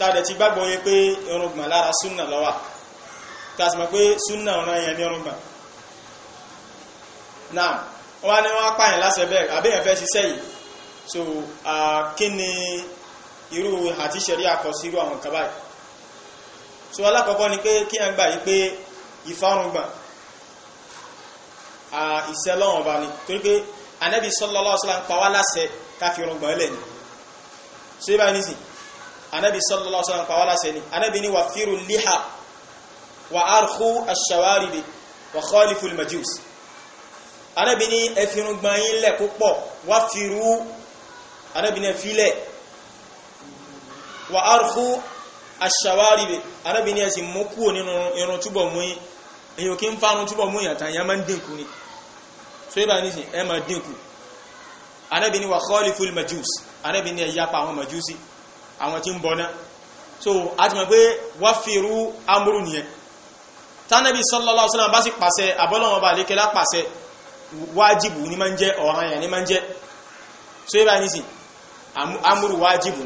tàdẹ̀ ti gbàgbọ́ yẹ pé irùngbọ̀n lára súnà lọ́wà tàṣìmọ̀ pé súnà ọ̀nà ẹ̀yẹn ní irùngbọ̀n náà wọ́n ní so kí ni irú àti ṣẹ̀rí àkọsírú so alákọ̀ọ́kọ́ ni pé kí à ń gbà yí pé ìfárùngbọ̀n iṣẹ́ lọ́wọ́n bá ní torí pé anabi sallallahu alaihi wasallam ń pa wá láṣẹ ká fi irùngbọ̀n ẹlẹ̀ ni so yíba ní sìn anabi sallallahu alaihi wasallam ń pa wá láṣẹ ni anabi ni wà fírù líhà wà arkhu ash-shawarib wà khalifu al-majus anabi ni ẹ fi yín lẹ̀ púpọ̀ wà fírù anabi ni ẹ lẹ̀ wà arkhu ash-shawarib anabi ni ẹ sì nínú irun túbọ̀ mú yín èyàn kí ń fárun túbọ̀ mú ìyàtà ìyàn ń dínkù ni so ibà ní ẹ máa dínkù anábì ni wà khaliful majus anábì ni ẹ̀yà pa àwọn majusi àwọn tí ń bọ̀ náà so a ti mọ̀ pé wá fìrú amúrú nìyẹn tánàbì sallallahu alaihi wasallam bá sì pàṣẹ abọ́lọ́wọ́n bá lékelá pàṣẹ wájìbù ní máa ń jẹ́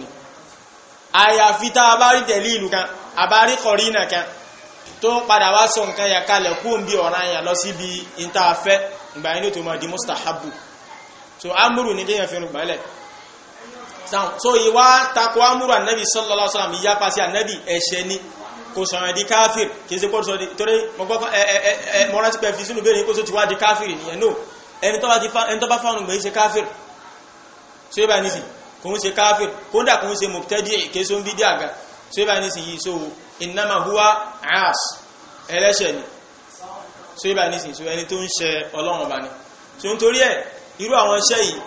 ni àyàfi tá a bá rí tẹ̀lé ìlú kan tó ń padà wá sọ nǹkan yà kalẹ̀ kú ń bí ọ̀ràn lọ síbi bi ìgbà yẹn ní tó máa di mustahabu so amúrù ní fi so ìwà takò amúrù ànábì ìyá ànábì ẹ̀ṣẹ̀ ni kò sọ̀rọ̀ di káfíìr kì í ṣe kóòtù sọ̀rọ̀ torí mọ́rántí pẹ̀ fi sínú bẹ́ẹ̀ kó tó ti wá di káfíìr nìyẹn no ẹni tó bá fáwọn so ibà nísìnyí so innama huwa aas ẹlẹ́ṣẹ̀ ni so ibà nísìnyí so ẹni tó ń ṣe ọlọ́run ọba ni so nítorí ẹ̀ irú àwọn iṣẹ́ yìí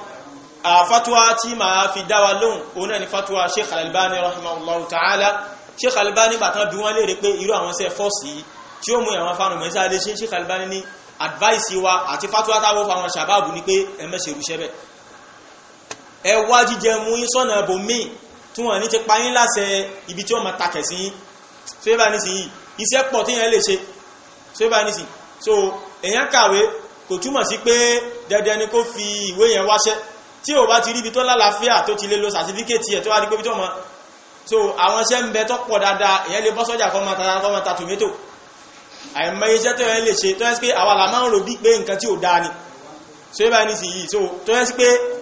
àfatuwa tí màá fi dá wa lóhùn òun náà ni fatuwa sheikh al-albani rahimahullahu ta'ala sheikh al-albani bàtàn bí wọ́n léèrè pé irú àwọn iṣẹ́ fọ́ọ̀sì yìí tí ó mú àwọn fáwọn mẹ́sà lè ṣe sheikh al ní advice wa àti fatuwa táwọn fáwọn sàbáàbù ni pé ẹ mẹ́ṣẹ̀rù ṣẹ́bẹ̀ ẹ wá jíjẹ mú sọ́nà ẹbọ míì tí wọ́n ní ti pa yín láṣẹ ibi tí wọ́n máa takẹ̀ sí yín so yẹ́ bá ní sí yìí iṣẹ́ pọ̀ tí yẹn lè ṣe so yẹ́ bá ní sí so èèyàn kàwé kò túmọ̀ sí pé dandan ni kó fi ìwé yẹn wáṣẹ́ tí ò bá ti rí ibi tó lálàáfíà tó ti lè lo sàtífíkèétì ẹ̀ tó wá rí pé bí tó mọ̀ so àwọn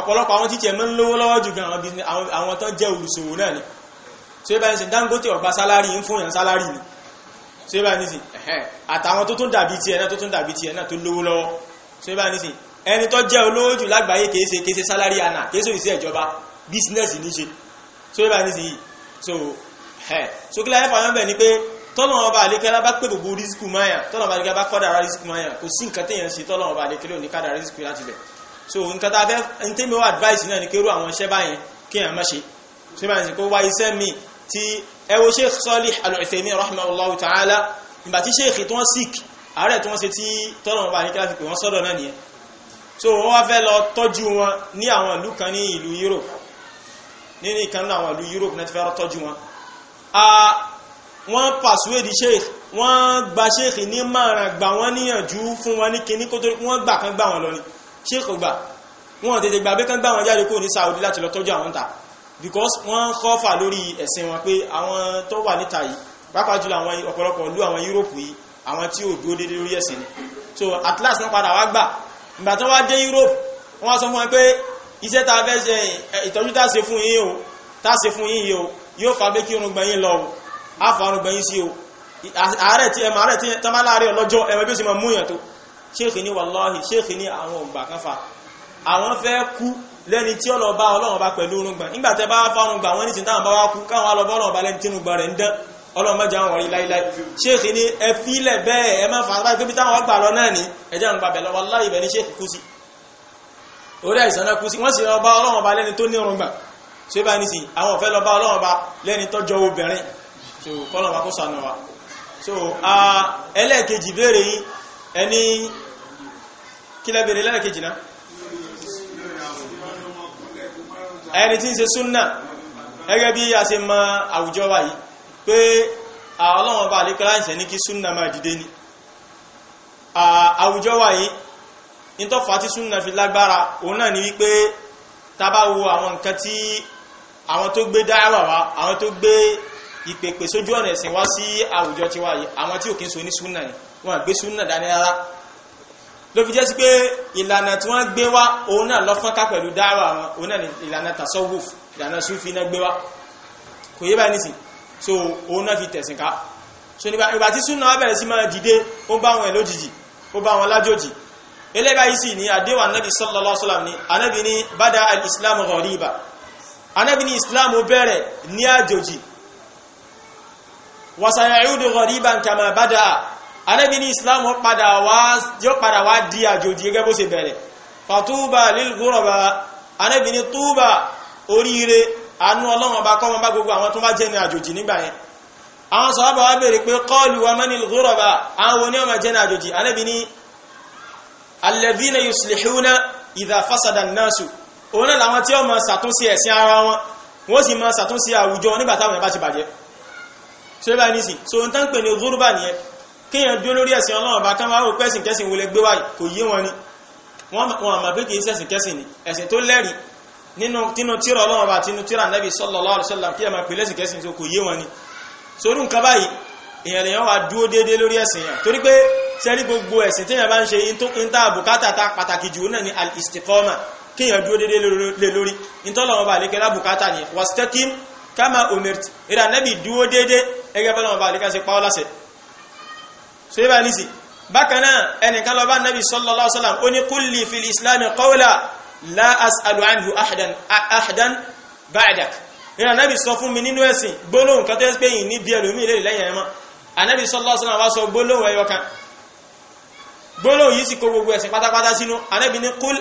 ọ̀pọ̀lọpọ̀ àwọn títí ẹ̀mọ́ ń lówó lọ́wọ́ jù gan àwọn tán jẹ́ olùṣòwò náà ni so ẹ bá ní sin Dangote ọ̀gbà sálárì ń fún yàn sálárì ni so ẹ bá ní sin àtàwọn tó tún dàbí tiẹ̀ náà tó tún dàbí tiẹ̀ náà tó lówó lọ́wọ́ so ẹ bá ní sin ẹni tó jẹ́ olówó jù lágbàáyé kèése kèése sálárì àná kèése òṣìṣẹ́ ìjọba bísínẹ́sì ní ṣe so ẹ bá ní sin so so kí láyé fàwọn bẹ̀ ni pé tọ́lọ́wọ́n bá àlékẹ́lá bá pè gbogbo rísíkù máyà tọ́lọ́wọ́n bá àlékẹ́lá bá kọ́dà ara rísíkù máyà kò sí nǹkan téèyàn ṣe tọ́lọ́wọ́n bá àlékẹ́lá ò ní kádà rísíkù láti bẹ̀ so nǹkan tá a fẹ́ ń tẹ́mi wá advice náà ni kérú àwọn iṣẹ́ báyẹn kí èèyàn má ṣe ṣé báyìí sì kó wá iṣẹ́ mi tí ẹ wo Sheikh Salih Al-Uthaymeen rahimahullahu ta'ala ìgbà tí sheikh tí wọ́n sick àárẹ̀ tí wọ́n ṣe tí tọ́lọ̀wọ́n bá ní kí láti wọ́n sọ́dọ̀ náà nìyẹn so wọ́n wá fẹ́ lọ tọ́jú wọn ní àwọn ìlú kan ní ìlú Europe nínú ìkan ní àwọn ìlú Europe náà ti fẹ́ tọ́jú wọn wọ́n persuade sheikh wọ́n gba sheikh ní márùn-ún gbà wọ́n níyànjú fún wọn ní kíní kó wọ́n gbà kan gbà wọn lọ ni sheikh gbà wọn tètè gbà bẹ́ẹ̀ kán gbà wọn jáde kúrò ní Saudi láti lọ tọ́jú àwọn ta because wọ́n kọ́fà lórí ẹ̀sìn wọn pé àwọn tó wà níta yìí pàápàá jùlọ àwọn ọ̀pọ̀lọpọ̀ ìlú àwọn Europe yìí àwọn tí ò dúró déédéé lórí ẹ̀sìn so at last wọ́n padà wá gbà ìgbà tó wá dé Europe wọ́n sọ fún wọn pé iṣẹ́ tá a fẹ́ ṣe ìtọ́jú tá a ṣe fún yín o tá a ṣe fún yín yìí o yóò fa bẹ́ kí irun gbẹ̀yìn lọ o á fa irun gbẹ̀yìn sí o àárẹ̀ tí ẹ máa rẹ̀ tí tọ́mọ́ láàárín ọlọ́jọ́ ẹ̀wọ̀n ṣéèkì ní wàláhì ṣéèkì ní àwọn ògbà kan fa àwọn fẹ́ kú lẹ́ni tí ó lọ bá ọlọ́run bá pẹ̀lú orúngbà nígbà tẹ́ bá fáwọn gbà wọ́n ní sìntàn bá wá kú káwọn alọ́ bọ́ọ̀lọ́ bá lẹ́ni tínú gbà rẹ̀ ń dán ọlọ́run mẹ́jọ àwọn ọ̀rí láíláí ṣéèkì ní ẹ fílẹ̀ bẹ́ẹ̀ ẹ má fàá báyìí pé táwọn gbà lọ náà ní ẹjẹ́ ń gbàbẹ̀ lọ́wọ́ láì bẹ̀ ní ṣéèkì kú sí orí àìsàn náà kú sí wọ́n sì lọ bá ọlọ́run bá lẹ́ni tó ní orúngbà ṣé bá ní sí àwọn ọ̀fẹ́ lọ bá ọlọ́run bá lẹ́ni tọ́jọ́ obìnrin so kọ́lọ̀ wa kó sànù wa so ẹlẹ́ẹ̀kejì béèrè yín ẹni kí lẹ bèèrè lẹ́ẹ̀kejì náà ẹni tí ń ṣe súnnà gẹ́gẹ́ bí a ṣe mọ àwùjọ wa yìí pé Ọlọ́run bá àlékọ́lá ìṣẹ́ ní kí súnnà máa dìde ni àwùjọ wa yìí nítọ́fà tí súnnà fi lágbára òun náà ni wípé tá bá wo àwọn nǹkan tí àwọn tó gbé dáhàwà wa àwọn tó gbé ìpèpè sójú ọ̀nà ẹ̀sìn wá sí àwùjọ tiwa yìí àwọn tí ò ń so ní súnnà yìí wọn àgbé súnnà dání rárá ló fi jẹ́ sí pé ìlànà tí wọ́n gbé wá òun náà lọ́fọ́n ká pẹ̀lú dáwà àwọn òun náà ìlànà tasawuf ìlànà sufi náà gbé wá kò yé báyìí nìsín so òun náà fi tẹ̀sìn ká so nígbà tí súnà wá bẹ̀rẹ̀ sí máa dìde ó bá wọn lójijì ó bá wọn lájòjì eléyìí báyìí sì ní àdéhùn anábì sallallahu alaihi ni anábì ní bada al-islam ghariba anábì ní islam bẹ̀rẹ̀ ní àjòjì wasayaudu ghariban kama bada anábì ní islam yóò padà wá di àjòjì gẹ́gẹ́ bó ṣe bẹ̀rẹ̀ fàtúbà lílgúrọ̀bà anábì ní túbà oríire anú ọlọ́run ọba kọ́ wọn bá gbogbo àwọn tó bá jẹ́ ní àjòjì nígbà yẹn àwọn sọ̀rọ̀bà wá bèèrè pé kọ́ọ̀lù wa mẹ́ni lílgúrọ̀bà àwọn oní ọmọ jẹ́ ní àjòjì anábì ní alladhina yuslihuna idha fasada an-nasu òun náà làwọn tí ó máa ṣàtúnṣe ẹ̀sìn ara wọn wọ́n sì máa ṣàtúnṣe àwùjọ nígbà táwọn ẹ̀ bá ti bàjẹ́ so ẹ bá ní so n tán pè ní gúrúbà nìyẹn kéèyàn dúró lórí ẹ̀sìn ọlọ́run bá kán wá rò pẹ́sìn kẹ́sìn wọlé gbé wáyìí kò yé wọn ni wọn àmà pé kìí sẹ̀sìn kẹ́sìn ni ẹ̀sìn tó lẹ́rìí nínú tínú tírà ọlọ́run bá tínú tírà nẹ́bí sallallahu alaihi wasallam kí ẹ máa ni sórí nǹkan báyìí èèyàn lèèyàn wá dúró déédé lórí ẹ̀sìn yẹn torí pé sẹ́rí gbogbo ẹ̀sìn téèyàn bá ń ṣe níta bùkátà ta pàtàkì jù náà ni al-istiqama ni wastaqim kama umirt ìrànlẹ́bì dúró déédé ẹgẹ́ bọ́lọ́wọ́n bá àlékẹ́ sí pàwọ́ lásẹ̀ so yíba ní sí bákanáà ẹnìkan lọ bá nabi sallallahu alaihi wasallam ó ní kulli fil islam qawla la as'alu anhu ahadan ahadan ba'dak nínú anábì sọ fún mi nínú ẹ̀sìn gbólóhùn kan tó ẹ́ pé yìí ní bí ẹlòmí ilé lẹ́yìn ẹ̀mọ́ anábì sallallahu alaihi wasallam wá sọ gbólóhùn ẹyọ kan gbólóhùn yìí sì kó gbogbo ẹ̀sìn pátápátá sínú anábì ní kúl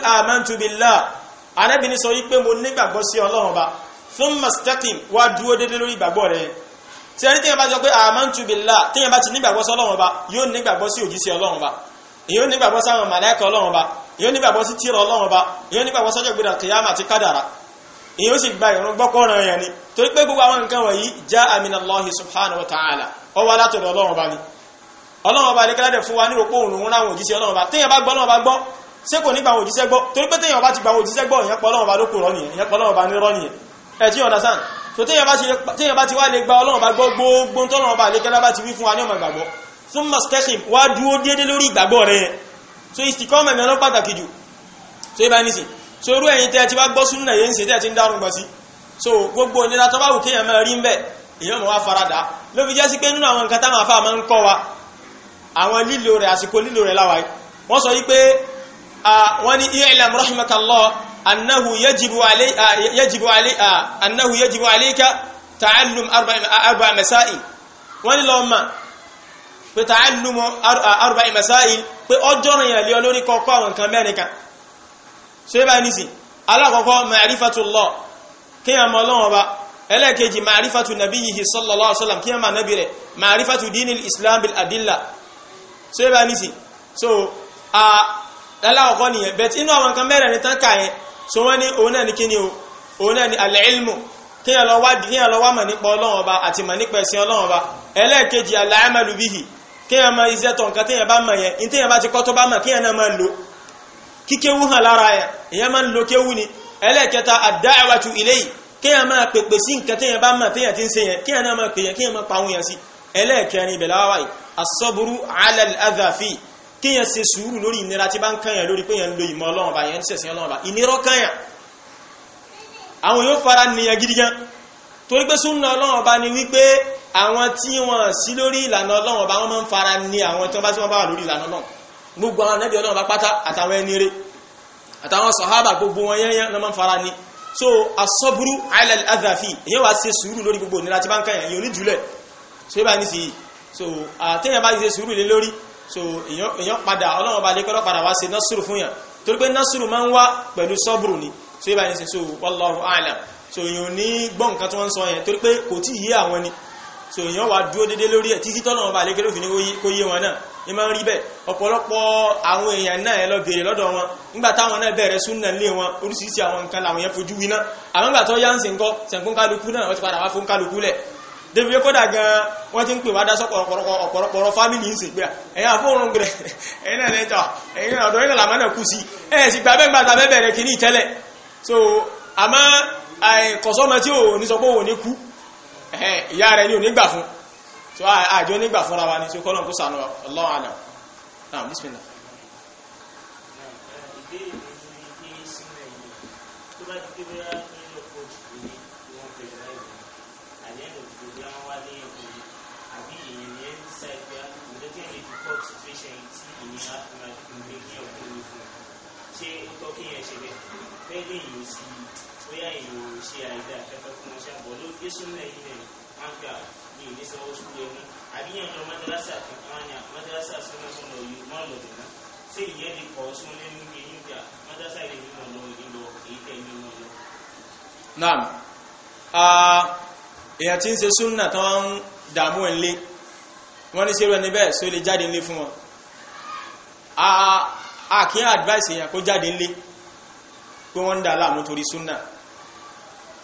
tí ẹni tíyẹn bá sọ pé amantu billah tíyẹn bá ti nígbàgbọ́ sí ọlọ́run ọba yóò nígbàgbọ́ sí òjíṣẹ́ ọlọ́run ọba yóò nígbàgbọ́ sí àwọn màláíkà ọlọ́run ọba yóò nígbàgbọ́ sí tírà ọlọ́run ọba yóò nígbàgbọ́ sọ́jọ́ gbéra kìyàmà àti kádàrà yóò sì gba ìrún gbọ́kànràn yẹn ni torí pé gbogbo àwọn nǹkan wọ̀nyí jaa min Allahi subhanahu wa ta'ala ó wá látọ̀dọ̀ ọlọ́run ọba ni ọlọ́run ọba alẹ́kẹ́lá dẹ̀ fún wa ní òpó òrùn ráwọn òjíṣẹ́ ọlọ́run ọba téèyàn bá gbọ́ ọlọ́run ọba gbọ́ ṣé kò ní gba àwọn òjíṣẹ́ gbọ́ torí pé téèyàn bá ti gba àwọn òjíṣẹ́ gbọ́ ìyẹn pọ̀ ọlọ́run ọba ló kù rọ́ nìyẹn ìyẹn pọ̀ ọlọ́run ọba ní rọ́ nìyẹn ẹ̀ tí you understand so téèyàn bá ti wá lè gba ọlọ́run bá gbọ́ gbogbo tọ́lọ́run bá lè kẹ́lá bá ti wí fún wa ní ọmọ ìgbàgbọ́ súnmọ́ skẹ́ṣìn wá dúó déédé lórí ìgbàgbọ́ rẹ̀ yẹn so ìsìkọ́ mẹ̀mẹ́ lọ pàtàkì jù so ibà ní sìn so irú ẹ̀yin tẹ́ ti wá gbọ́ súnmọ́ yẹn ń ṣe tẹ́ ti ń dárùn gbọ́ sí so gbogbo ìnira tó bá wù kéèyàn máa rí ń bẹ̀ èèyàn mọ̀ wá farada ló fi jẹ́ sí pé nínú àwọn nǹkan táwọn afá máa ń kọ́ wa àwọn lílo rẹ̀ àsìkò lílo rẹ̀ láwàá wọ́n sọ yí pé wọ́n ní iye ilẹ̀ rahmakallah أنه يجب علي يجب علي أنه يجب عليك تعلم أربع أربع مسائل wọ́n ní lọ mà pé تعلم أربع مسائل pé ọjọ́ ràn yàn lé ọ lórí kọ́kọ́ àwọn nǹkan mẹ́rin kan ṣé báyìí nìsín alákọ̀ọ́kọ́ ma'rifatullah kí a mọ Ọlọ́run ọba ẹlẹ́ẹ̀kejì ma'rifatu nabiyyihi sallallahu alaihi wasallam kí a mọ ànábì ma'rifatu dinil islam bil adilla ṣé báyìí nìsín so alákọ̀ọ́kọ́ nìyẹn bẹ̀t inú àwọn nǹkan mẹ́rin tán kà yẹn so wọ́n ní òun náà ní kíni o òun náà ní al-ilmu kíyàn lọ wá kíyàn lọ wá mọ̀ nípa Ọlọ́run Ọba àti mọ̀ nípa ẹ̀sìn Ọlọ́run Ọba ẹlẹ́ẹ̀kejì al-amalu bihi kíyàn iṣẹ́ tó nǹkan tíyàn bá mọ̀ yẹn ní tíyàn bá ti kọ́ tó bá mọ̀ kíyàn náà máa lò kíkéwú hàn lára yẹn ìyẹn máa ń lo kéwú ni ẹlẹ́ẹ̀kẹta ad-da'watu ilayhi kíyàn yẹn máa pè sí kéèyàn ṣe sùúrù lórí ìnira tí bá ń kànyàn lórí pé yẹn lo ìmọ̀ ọlọ́run bá yẹn ṣẹ̀sìn ọlọ́run bá ìnirọ́ kànyàn àwọn yóò fara nìyàn gidi gan torí pé súnà ọlọ́run bá ní wípé àwọn tí wọ́n sí lórí ìlànà ọlọ́run wọ́n máa ń fara ní àwọn tí wọ́n bá tí wọ́n bá wà lórí ìlànà náà gbogbo àwọn ànábì ọlọ́run pátá àtàwọn ẹni rere àtàwọn sàhábà gbogbo wọn yẹn yẹn máa ń fara ní so asọ́búrú alẹ́ adàfi èyàn wá ṣe sùúrù lórí gbogbo ìnira tí bá ń kànyàn yìí oníjùlẹ̀ so yóò bá ní sí so àtẹ̀yàn bá ti ṣe sùúrù lé lórí so èyàn padà ọlọ́wọ́n bá lékọ́lọ́ padà wá sí násùrù fún yàn torí pé násùrù máa ń wá pẹ̀lú sọ́bùrù ni so yíba ní so wallahu a'lam so èyàn ní gbọ́n nǹkan tí wọ́n ń sọ yẹn torí pé kò tí yé àwọn ni so èyàn wà dúró dédé lórí ẹ̀ títí tọ́lọ́wọ́n bá lékọ́lọ́ fi ní kó yé wọn náà ní máa ń rí bẹ́ẹ̀ ọ̀pọ̀lọpọ̀ àwọn èèyàn náà ẹ lọ bèèrè lọ́dọ̀ wọn nígbà táwọn náà bẹ̀rẹ̀ súnà lé wọn oríṣiríṣi àwọn nǹkan làwọn yẹn fojú winá àwọn ìgbà tó yá ń sìn kọ́ sẹ̀ǹkún náà wọ́n ti padà wá fún kálukú lẹ̀ débi pé kódà gan wọ́n ti ń pè wá dáṣọ́ ọ̀pọ̀lọpọ̀lọ fámìlì ń sègbè ẹ̀yìn àfóòrùn gbẹ̀rẹ̀ ẹ̀yìn náà lẹ́ta ẹ̀yìn náà ọ̀dọ̀ ẹ̀yìn náà làmánà kú sí ẹ̀ sì gbà bẹ́ẹ̀ gbàtà bẹ́ẹ̀ kò ní àwọn wá léyàn kò ní àbí èèyàn ní ẹni sá ìgbé àdúgbò lẹ́gbẹ́ yẹn ti pọ̀ situation yìí tí ìnira fún wa kò ní kí ọ̀pọ̀ ní fún un ṣé ó tọ́ kí yẹn ṣe bẹ́ẹ̀ bẹ́ẹ̀ lè yìí sí i bóyá èèyàn ò ṣe àìdá afẹ́fẹ́ ah, fún wọn ṣàbọ̀ ló dé súnmọ́ yìí rẹ̀ wọn gbà ní ìní sanwó sùkúrú èyàn tí ń ṣe súnà tó ń dààmú ẹ̀ lé wọ́n ní ṣe rẹ̀ níbẹ̀ sí lè jáde ńlé fún wọn a kì í advice èyàn kó jáde ńlé pé wọ́n ń dà láàmú torí súnà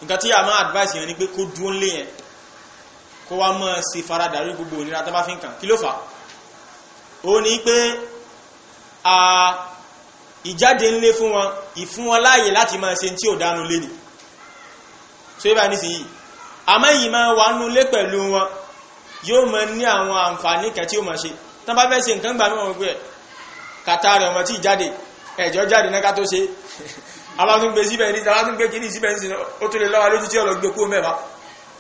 nǹkan tí a máa advice èyàn ni pé kó dúró ńlé yẹn kó wá mọ́ sí faradà rí gbogbo ònira tó bá fi ń kàn kí ló fà ó ní pé ìjáde ńlé fún wọn ìfún wọn láàyè láti máa ṣe tí ò dánú lé ni so ibà nísìnyí àmọ́ yìí máa wà nú lé pẹ̀lú wọn yóò máa ní àwọn àǹfààní kan tí ó máa ṣe tán bá fẹ́ ṣe nǹkan gbà mìíràn pé kàtà rẹ̀ ọmọ tí jáde ẹ̀jọ́ jáde náà ká tó ṣe alátúngbé *laughs* síbẹ̀ ní alátúngbé kìíní síbẹ̀ ní sinú ó tún lè lọ́wọ́ lójú tí ọlọ́gbé kú mẹ́wàá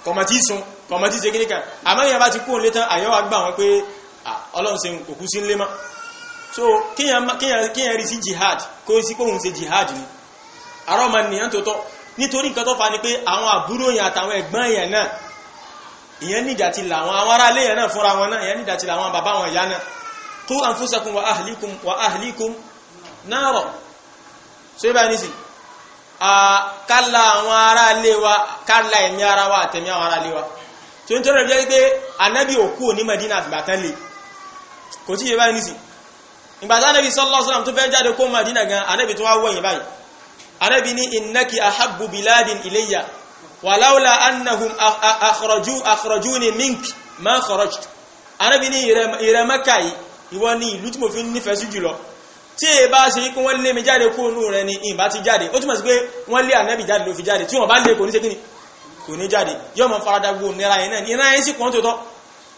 kọ̀mọ̀ tí sun kọ̀mọ̀ tí ṣe kíní kan àmọ́ yẹn bá ti kú òun lé tán àyẹ̀wò àgbà wọn pé ọlọ́run ṣe òkú sí ńlé mọ́ so kíyàn rí sí jihad kó sí kóhun ṣe jihad ni àrọ́ ọmọ nìyàn tó tọ́ nítorí nǹkan tó fa ni pé àwọn àbúrò yẹn àtàwọn ẹ̀gbọ́n yẹn náà ìyẹn nídà ti là àwọn àwọn aráalé yẹn náà fúnra wọn náà ìyẹn nídà ti là àwọn bàbá wọn ìyá náà qu anfusakum wa ahlikum wa ahlikum naro so ibà ní sí kálá àwọn aráalé wa kálá ẹ̀mí ara wa àtẹ̀mí àwọn aráalé wa tí Madina àfìgbà tán lè kò tí yẹ báyìí ní sí ìgbà tí anábì sallallahu alaihi wasallam tó fẹ́ jáde kó Madina gan anábì tó wá wọ̀nyí anábi ní innaki ahabbu biladin ilayya walaula annahum akhraju akhrajuni mink ma kharajtu anábi ní ìrẹ maka yìí ìwọ ni ìlú tí mo fi nífẹ̀ẹ́ sí jùlọ tí è bá ṣe ikú wọ́n mi jáde kó inú rẹ ni ìbá ti jáde ó túnmọ̀ sí pé wọ́n lé ànábì jáde ló fi jáde tí wọ́n bá lé kò ní ṣe kíni kò ní jáde yóò mọ farada gbogbo nira yẹn náà nira yẹn sì pọ́n tó tọ́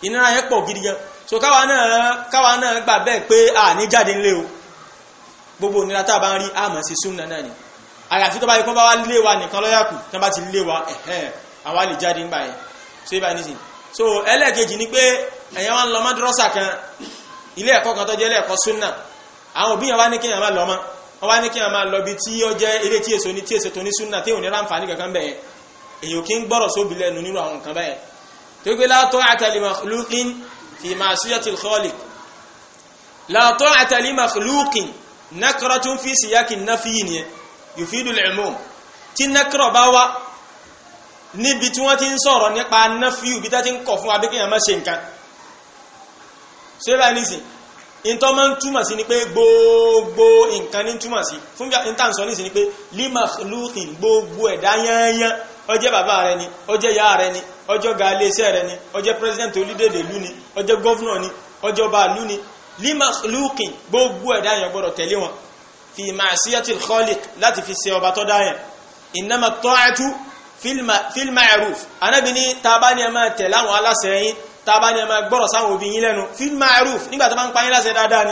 ìnira yẹn pọ̀ gidi gan so káwa náà káwa náà gbà bẹ́ẹ̀ pé à ní jáde ńlé o gbogbo nira tá a bá ń rí àmọ́ sí súnà náà ni àyàfi tó bá yẹ kó bá wá lé wa nìkan lọ́yàkù tó bá ti lé wa ẹ̀hẹ́ àwa lè jáde ń gbà so ibà nísìn so ẹlẹ́ẹ̀kejì ni pé ẹ̀yàn wa ń lọ mọ́dúrọ́sà kan ilé ẹ̀kọ́ kan tó jẹ́ ilé ẹ̀kọ́ súnà àwọn òbí yẹn wá ní kéèyàn má lọ mọ́ wọ́n wá ní kéèyàn má lọ bí tí ó jẹ́ eré tí èso ní tí èso tó ní súnà tí ò ráǹfààní kankan bẹ́ẹ̀ èyí ò kí ń gbọ́rọ̀ sóbi lẹ́nu nínú àwọn nǹkan bẹ́ẹ̀ tó gbé la ta'ata li makhluqin fi ma'siyatil khaliq la ta'ata li makhluqin nakratun fi siyakin nafyi nìyẹn yufidul umum tí nakiro bá wá níbi tí wọ́n ti ń sọ̀rọ̀ nípa nafiu bí tá ti ń kọ̀ fún abékèyàn má ṣe nǹkan ṣé báyìí nìsín ìntọ́ máa ń túmọ̀ sí ni pé gbogbo nǹkan ní túmọ̀ sí fún bí ìntà ń sọ ní sí ni pé limakhluqin gbogbo ẹ̀dá yányán ó bàbá rẹ ni ó jẹ́ ìyá rẹ ni ó jẹ́ ga iléeṣẹ́ rẹ ni ó jẹ́ president orílẹ̀-èdè ìlú ni ó jẹ́ ni ó jẹ́ ọba ni limakhluqin gbogbo ẹ̀dá yẹn gbọ́dọ̀ tẹ̀lé wọn fi ma'siyatil khaliq láti fi ṣe ọba tó dáyàn innama ta'atu fil ma'ruf anábi ní tàbá ní ẹmà tẹ̀lá àwọn aláṣẹ yín tàbá ní ẹmà gbọ́rọ̀ sáwọn òbí yín lẹ́nu fil ma'ruf nígbà tó bá ń pa yín láṣẹ dáadáa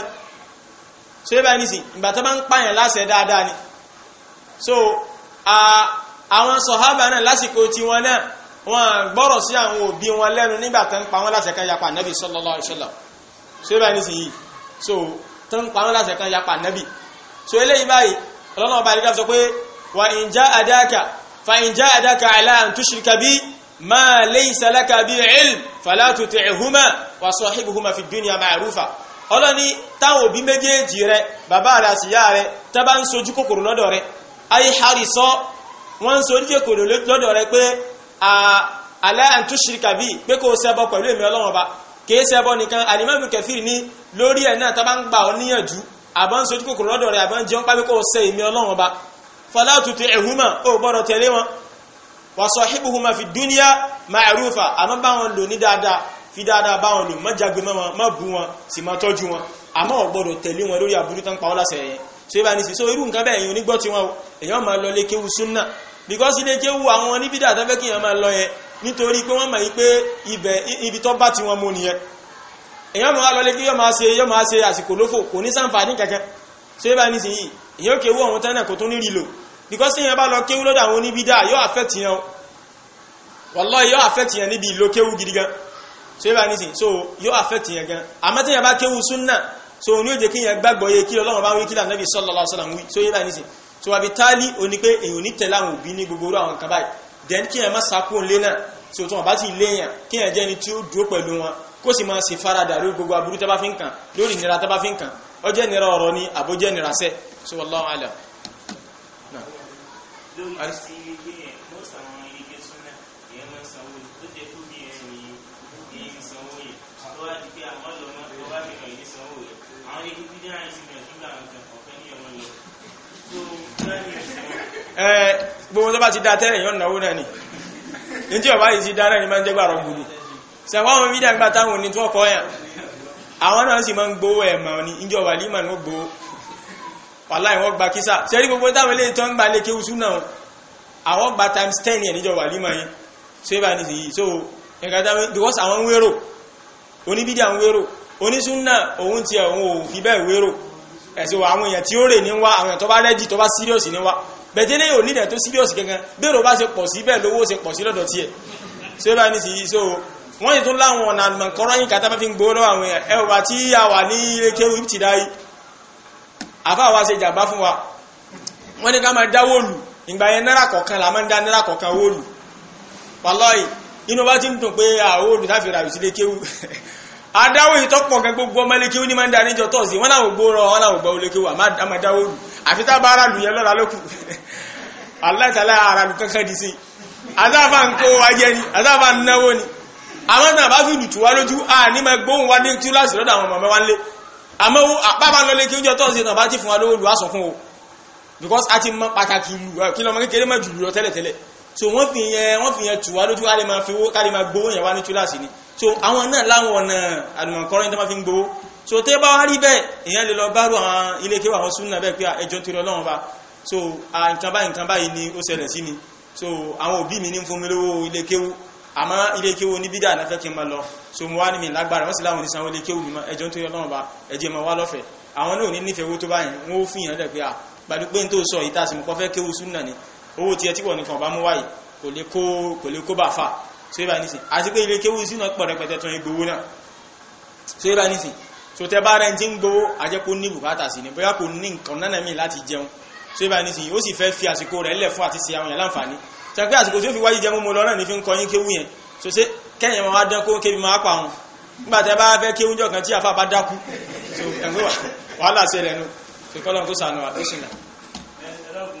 so yẹ́ bá ní sí ìgbà tó bá ń pa yín láṣẹ dáadáa ni so àwọn sọ̀hábà náà lásìkò tiwọn náà wọn gbọ́rọ̀ sí yapa nabi so yẹ́ bá ní sí yìí so so eléyìí báyìí ọlọ́nà ọba àdídá sọ pé wà in jahadaka fa in jahadaka ala an tushrika bi ma laysa laka bi ilm fala tuti'huma wa sahibuhuma fi dunya ma'rufa ọlọ́ni táwọn òbí méjèèjì rẹ bàbá rẹ àti ìyá rẹ tẹ́ bá ń sojú kòkòrò lọ́dọ̀ rẹ ayé harry sọ wọ́n ń sojú kòkòrò lọ́dọ̀ rẹ pé ala an tushrika bi pé kó o ṣẹbọ pẹ̀lú èmi ọlọ́run ọba kì í ṣẹbọ nìkan alimami kẹfìrì ní lórí ẹ̀ náà tẹ́ bá ń gbà ọ àbá ń sojú kòkòrò lọ́dọ̀ rẹ̀ àbá ń jẹun pápẹ́ kó o ṣe èmi ọlọ́run ọba fala tuti'huma ó gbọ́dọ̀ tẹ̀lé wọn wa sahibuhuma fi dunya ma'rufa àmọ́ bá wọn lò ní dáadáa fi dáadáa bá wọn lò má jagbe mọ́ wọn má bú wọn sì má tọ́jú wọn àmọ́ ó gbọ́dọ̀ tẹ̀lé wọn lórí aburú tán pa ọ́ so ibà ní sè so irú nǹkan bẹ́ẹ̀ yẹn onígbọ́ tí wọn o èèyàn máa lọ lé kéwu súnà because ilé kéwu àwọn oníbídà tó fẹ́ kí èèyàn máa lọ yẹn nítorí pé wọ́n mọ̀ yí pé ibi tó bá ti wọn mú nìyẹn èyàn mọ́ alọ́lé kí yọ máa ṣe yọ máa ṣe àsìkò lófò kò ní sáǹfààní kankan so yẹ́ bá ní sìn yìí èyàn kéwú àwọn tẹ́nà kò tó ní rìlò because èyàn bá lọ kéwú lọ́dọ̀ àwọn oníbídà yóò affect yẹn wallahi yóò affect yẹn níbi ìlò kéwú so yẹ́ bá ní sìn so yóò affect so ní ó jẹ́ kí yẹn gbàgbọ́ yẹ kí Ọlọ́run bá wí so yẹ́ bá ní sìn so wàbí táálí o ní pé èyàn ní tẹ̀lé àwọn òbí ní gbogbo àwọn kan kó sì máa ṣe faradà lórí gbogbo aburú tẹ́ bá fi ń kàn lórí ìnira tẹ́ bá fi ń kàn ó ìnira ọ̀rọ̀ ni àbó ìnira sẹ́ so wallahu alam. lórí ti ilé ẹ̀ mọ́sàn àwọn ilé súnà ìyẹn máa ń sanwó tó jẹ́ kó gbogbo tó bá ti da tẹ́lẹ̀ yọ̀ náwó náà ni ní tí ọba yìí ti da náà ni máa ń jẹ́ gbàrọ̀ se àwọn mídíà gbà táwọn òní tó kọ́ yàn àwọn náà sì máa ń gbowó ẹ̀ màá ní ìjọ wà límà ní ó gbowó wàhálà ìwọ́n gba kísà sẹ́rí gbogbo táwọn ilé tó ń gba lékè oṣù náà àwọn gba times ten yẹn níjọ wà límà yẹn so ibà ní sèyí so nǹkan táwọn because àwọn ń wérò oníbídíà ń wérò onísúnà òun tiẹ̀ òun ò fi bẹ́ẹ̀ wérò ẹ̀sìn wa àwọn èèyàn tí ó rè ní wá àwọn èèyàn tó bá rẹ́dì tó bá serious ní wá bẹ̀tẹ́lẹ̀ yóò nílẹ̀ tó serious gangan bẹ́ẹ̀ ló bá ṣe pọ̀ sí bẹ́ẹ̀ lówó ṣe pọ̀ sí lọ́dọ̀ tiẹ̀ so ibà ní sèyí so wọ́n yìí tún láwọn ọ̀nà àlùmọ̀kọ́rọ́ yìí kàtà bá fi ń gbowó lọ́wọ́ àwọn ẹwà tí a wà ní ilé kéwù ti dáyé àbá wa ṣe jàmbá fún wa wọ́n ní ká máa dáwó lù ìgbà yẹn náírà kọ̀ọ̀kan là máa ń dá náírà kọ̀ọ̀kan wó inú bá ti ń dùn pé sí ilé *laughs* gbogbo ọmọ ilé kéwù máa ń da a *laughs* àwọn náà bá fi dùtù wá lójú a ní ma gbóhùn wá ní tí ó láti lọ́dọ̀ àwọn ọmọ because a ti mọ pàtàkì lù kí lọmọ kékeré so wọ́n fi yẹn wọ́n fi yẹn tù wá lójú káàlì máa fi owó káàlì so àwọn náà láwọn ọ̀nà so tẹ́ bá wá rí bẹ́ẹ̀ èèyàn lè lọ bárò àwọn ilé so nǹkan báyìí nǹkan báyìí ni so àwọn òbí mi ní àmọ́ ilé kéwò ní bídà náà fẹ́ kí n máa lọ so mo wá ní mi lágbára wọ́n sì láwọn onísanwó ilé kéwò mímọ́ ẹjọ́ tó yọ lọ́wọ́ bá ẹjẹ́ mọ́ wá lọ́fẹ̀ẹ́ àwọn náà ní nífẹ̀ẹ́ tó báyìí wọ́n ó fìyàn lẹ̀ à gbàdú tó sọ ìta sí kéwò ni owó tiẹ̀ tí wọ́n nìkan bá mú wáyìí kò lè kó kò lè kó bà fà so ibà nísì àti pé ilé kéwò súnà pọ̀ rẹpẹtẹ tó ń gbowó náà so ibà sẹ́pẹ́ àsìkò tí ó fi wáyé jẹ́ múmu lọ́nà ní fi ń kọ yín kéwú yẹn so ṣe kẹ́yìn wọn wá dán kó kébi máa pa wọn nígbà tẹ́ bá fẹ́ kéwú jọ kan tí àfa bá dákú so ẹ̀gbẹ́ wàhálà ṣe rẹ̀ nù fi kọ́ kó sànù àtúnṣìnà. ẹ ẹ dákun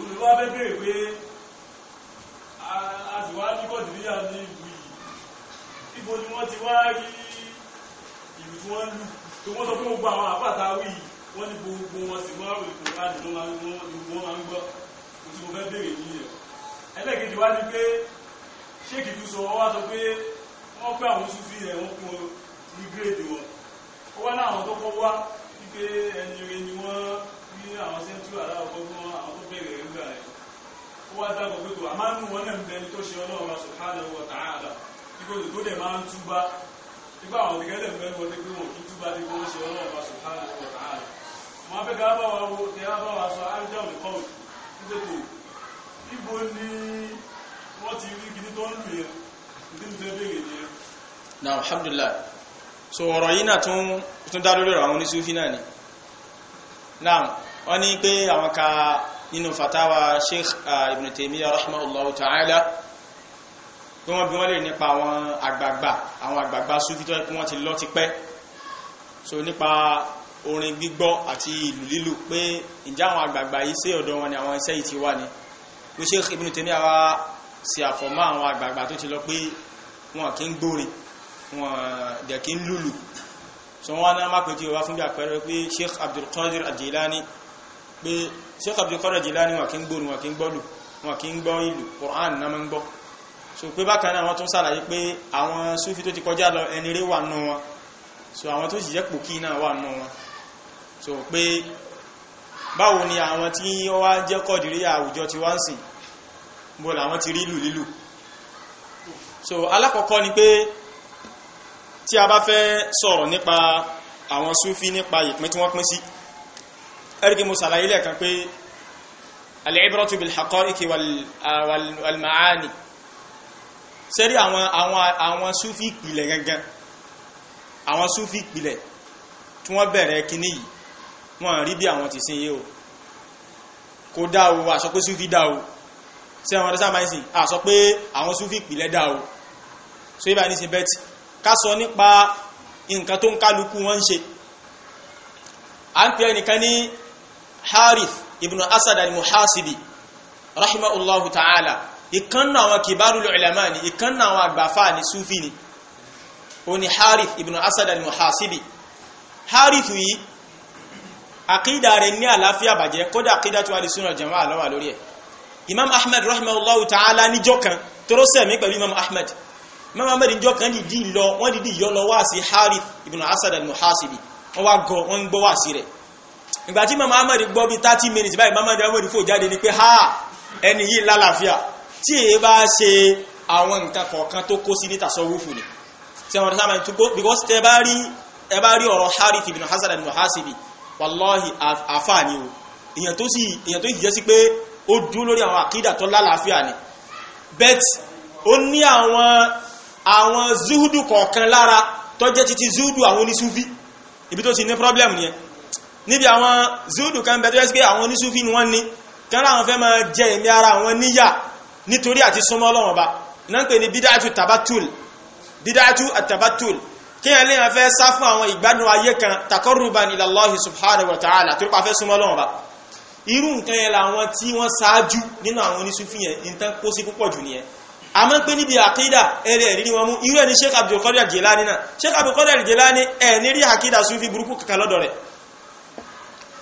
olùwà bẹ bèrè pé àtiwá ní kọ́dìríyà ní ìlú yìí ibo ni wọ́n ti wá rí ìlú tí wọ́n lù tó wọ́n sọ pé gbogbo àwọn àpáta wí wọ́n ní gbogbo wọn sì wọ́n rò ìkùnrin láti wọ́n máa ń gbọ́ wọ́n máa ń gbọ́ kò tí mo fẹ́ bèrè ní ẹ̀ ẹlẹ́gẹ̀dẹ̀ wá ní pé ṣéèkì tó sọ wọ́n wá sọ pé wọ́n pẹ́ àwọn sùfì rẹ̀ wọ́n kún ní gírèdì wọn ó wá láwọn tó kọ́ wá wípé ẹni rẹ̀ ni wọ́n ní àwọn sẹ́ńtú aláwọ̀kọ́ fún àwọn tó bẹ̀rẹ̀ nígbà rẹ̀ ó wá dábọ̀ pé a máa ń nù wọn náà ń bẹ tó ṣe ọlọ́run subhanahu wa ta'ala ìgbòdò tó dẹ̀ máa ń túbá nígbà àwọn ìgbẹ́lẹ̀ ń bẹ́rù wọlé pé wọn kì í túbá ní wọ́n ṣe ọlọ́run subhanahu wa ta'ala wọn fẹ́ ká bá wa wo tẹ á bá wa sọ ájá olùkọ́ nítorí ibo ni wọ́n ti rí gidi tó ń lù yẹn ìdí mi fẹ́ bèèrè nìyẹn. na alhamdulillah so ọ̀rọ̀ yìí náà tún dá lórí ọ̀rọ̀ àwọn oníṣúfì náà ni náà wọ́n ní pé àwọn ka nínú fatawa sheikh ibn taymiyyah rahimahullahu ta'ala pé wọ́n bí wọ́n lè nípa àwọn àgbààgbà àwọn àgbààgbà sufi tó pé wọ́n ti lọ ti pẹ́ so nípa orin gbígbọ́ àti ìlù lílù pé ǹjẹ́ àwọn àgbààgbà yìí sí ọ̀dọ̀ wọn ni àwọn iṣẹ́ yìí ti wà ní pé sheikh ibn taymiyyah wá sí àfọ̀mọ́ àwọn àgbààgbà tó ti lọ pé wọn kì í gbórin wọn dẹ̀ kì lùlù so wọn náà má pè tí o wá pé sheikh abdulkadir al pé Sheikh Abdul Qadir Jilani wọn kí ń gbóòrùn wọn kí ń gbọ́lù wọn kí ń gbọ́ ìlú Quran náà máa ń gbọ́ so pé bákan náà wọ́n tún sàlàyé pé àwọn Sufi tó ti kọjá lọ ẹni rẹ̀ wà nù wọn so àwọn tó sì jẹ́ pòkí náà wà nù wọn so pé báwo ni àwọn tí ó wá jẹ́ kọ́dìrí àwùjọ ti wá ń sìn bó làwọn ti rí ìlú lílù so alákọ̀ọ́kọ́ ni pé tí a bá fẹ́ sọ̀rọ̀ nípa àwọn Sufi nípa ìpín tí wọ́n pín sí ẹ̀rìgì mo sàlàyé lẹ́ẹ̀kan pé al-ibratu bil haqa'iqi wal ma'ani sẹ́rí àwọn àwọn àwọn súfì ìpìlẹ̀ gangan àwọn súfì ìpìlẹ̀ tí wọ́n bẹ̀rẹ̀ kíní yìí wọ́n rí bí àwọn ti sin yé o kò dá o àsọ pé súfì dá o sí àwọn ọdún sáàmà ìsìn àsọ pé àwọn súfì ìpìlẹ̀ dá so ibà nísìn bẹ́ẹ̀ tí ká nípa nǹkan tó ń kálukú wọn ń ṣe à ń pè ẹnìkan ní harith ibn asad al-muhasibi rahimahullahu ta'ala ìkànnà àwọn kìbárùlù ulama ni ìkànnà àwọn àgbàfà ni sufi ni ó ní harith ibn asad al-muhasibi harith yìí àkídà rẹ̀ ní àlàáfíà bàjẹ́ kódà àkídà tó alì súnà jama'a lọ́wà lórí ẹ̀ imam ahmed rahimahullahu ta'ala níjọ́ kan tóró sẹ̀mí pẹ̀lú imam ahmed imam ahmed níjọ́ kan dìdí lọ wọ́n dìdí yọ lọ wá sí harith ibn asad al-muhasibi wọ́n wá gọ wọ́n gbọ́ wá sí rẹ̀ ìgbà tí mama ahmed gbọ́ bí 30 minutes báyìí mama ahmed fò jáde ni pé ha ẹni yìí lálàáfíà tí èyí bá ṣe àwọn nǹkan kọ̀ọ̀kan tó kó sí níta sọ́wọ́fù ni tí wọ́n sábà tó kó because tẹ bá rí ẹ bá rí ọ̀rọ̀ harith ibn hasan ibn hasibi wallahi àfààní o èèyàn tó sì èèyàn tó jẹ́ sí pé ó dúró lórí àwọn àkídà tó lálàáfíà ni bet ó ní àwọn àwọn zuhudu kọ̀ọ̀kan lára tó jẹ́ títí zuhudu àwọn onísúfí ibi tó ti ní problem nìyẹn níbi àwọn zudu kan bẹ̀ tó yẹ sí pé àwọn oníṣúfì ni wọ́n ní kánra àwọn fẹ́ máa jẹ ẹ̀mí ara àwọn níyà nítorí àti súnmọ́ Ọlọ́run Ọba náà pè ní bídáàtú tabatul bídáàtú àtabatul kíyàn léyàn fẹ́ sá fún àwọn ìgbádùn ayé kan takoruban ila Allah subhanahu wa ta'ala torí pa fẹ́ súnmọ́ Ọlọ́run Ọba irú nǹkan yẹn làwọn tí wọ́n ṣáájú nínú àwọn oníṣúfì yẹn nǹkan kó sí púpọ̀ jù nìyẹn a níbi àkídà ẹ̀rẹ̀ ẹ̀rí ni wọ́n mú irú ẹni Sheikh Abdul Qadir Jilani náà Sheikh Abdul Qadir Jilani ẹ̀ ní rí àkídà súnfì burúkú kankan lọ́dọ̀ rẹ̀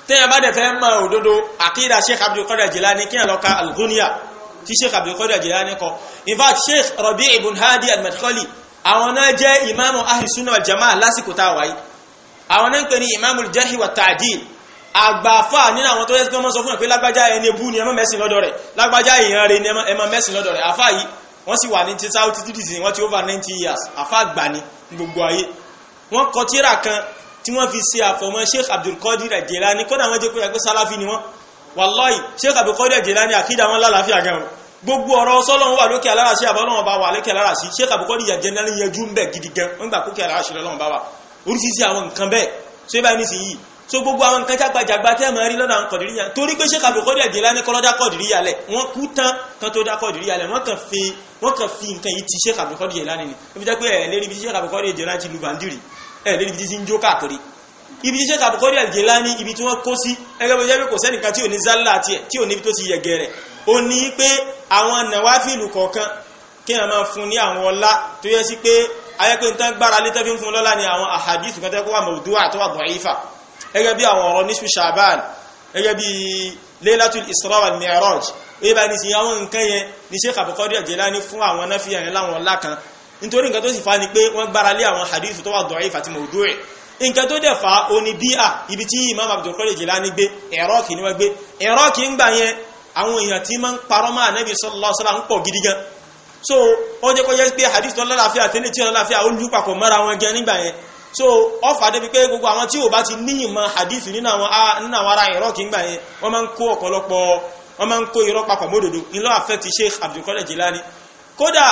tẹ́yàn bá dẹ̀ fẹ́ mọ̀ òdodo àkídà sheikh abdulkadir jilani kí lọ́ka al-Ghunya tí sheikh abdulkadir jilani kọ in fact sheikh rabi ibn hadi al-madkhali àwọn náà jẹ́ imamu ahli sunna wal lásìkò tá a wáyé àwọn náà ń pè ní imamu al wa ta'dil àgbàfà nínú àwọn tó yẹ kí wọ́n sọ fún ẹ̀ pé lágbájá ẹni ebú ni ẹ má mẹ́sìn lọ́dọ̀ lágbájá èèyàn rẹ̀ ni ẹ má mẹ́sìn lọ́dọ̀ àfà yìí wọ́n sì wà ní títí wọ́n ti over ninety years àfà àgbà gbogbo ayé wọ́n kọ tírà kan tí wọ́n fi ṣe àfọ̀mọ́ sheikh abdulkadir Jilani kódà wọ́n jẹ́ pé ẹgbẹ́ sáláfì ni wọ́n wàláì sheikh abdulkadir Jilani àkídà wọn lálàáfíà gan gbogbo ọ̀rọ̀ sọ́lọ́run wà lókè alárasí àbọ́lọ́run bá wà lókè alárasí sheikh abdulkadir Jilani yẹjú ń bẹ̀ gidi gan wọ́n gbà kókè alárasí lọ́lọ́run bá wà oríṣiríṣi àwọn nǹkan bẹ́ẹ̀ ṣé báyìí nísìnyí so gbogbo àwọn nǹkan jágbajàgba tẹ́ mọ̀ rí lọ́dọ̀ àwọn kọ̀dìríyà torí pé sheikh abdulkadir Jilani kọ́lọ́dá kọ̀dìríyà lẹ̀ wọ́n kú tán kan tó dá kọ̀dìríyà lẹ̀ wọ́n kàn fi nǹkan yìí ti sheikh abdulkadir Jilani ni ó fi jẹ́ pé ẹ̀ lérí bí sheikh abdulkadir Jilani ti lu bàndìrì ẹ̀ lórí ibi tí ń jó káàkiri ibi tí sẹ́kà àbùkọ́rí àlìjẹ́lá ní ibi tí wọ́n kó sí ẹgbẹ́ bó jẹ́ pé kò sẹ́nìkan tí ò ní zálà àti ẹ̀ tí ò níbi tó ti yẹ̀gẹ̀ rẹ̀ ó ní pé àwọn nàwáfíìlù kọ̀ọ̀kan kí wọ́n máa fún ní àwọn ọlá tó yẹ sí pé ayẹ́pẹ́ ń tán gbára lé tẹ́bí fún lọ́lá ni àwọn àhàdìsù kan tẹ́kọ́ wà mọ̀dúwà tó wà bọ̀ífà gẹ́gẹ́ bí àwọn ọ̀rọ̀ níṣù sàbáàn gẹ́gẹ́ bí lailatul isra wal mi'raj ó yẹ bá ní àwọn nǹkan yẹn nítorí nǹkan tó sì fa ni pé wọ́n gbára lé àwọn hadith tó wà da'if àti mawdu' nǹkan tó dẹ̀ fa o ni bíà ibi tí imam Abdul Qadir Jilani gbé Iraki ni wọ́n gbé Iraki ń gbà yẹn àwọn èèyàn tí máa ń parọ́ máa Nabi sallallahu ń pọ̀ gidi gan so ó jẹ́ kó yẹ pé hadith tó lálàáfíà tẹ́lẹ̀ tí lálàáfíà ó lù papọ̀ mọ́ra wọn gan nígbà yẹn so ọfà débi pé gbogbo àwọn tí ò bá ti níyìn mọ hadith nínú àwọn ah, ará Iraki ń gbà yẹn wọ́n máa ń kó ọ̀pọ̀lọpọ̀ wọ́n máa ń kó irọ́ papọ̀ mọ́dòdó ńlọ affect Sheikh Abdul Qadir Jilani kódà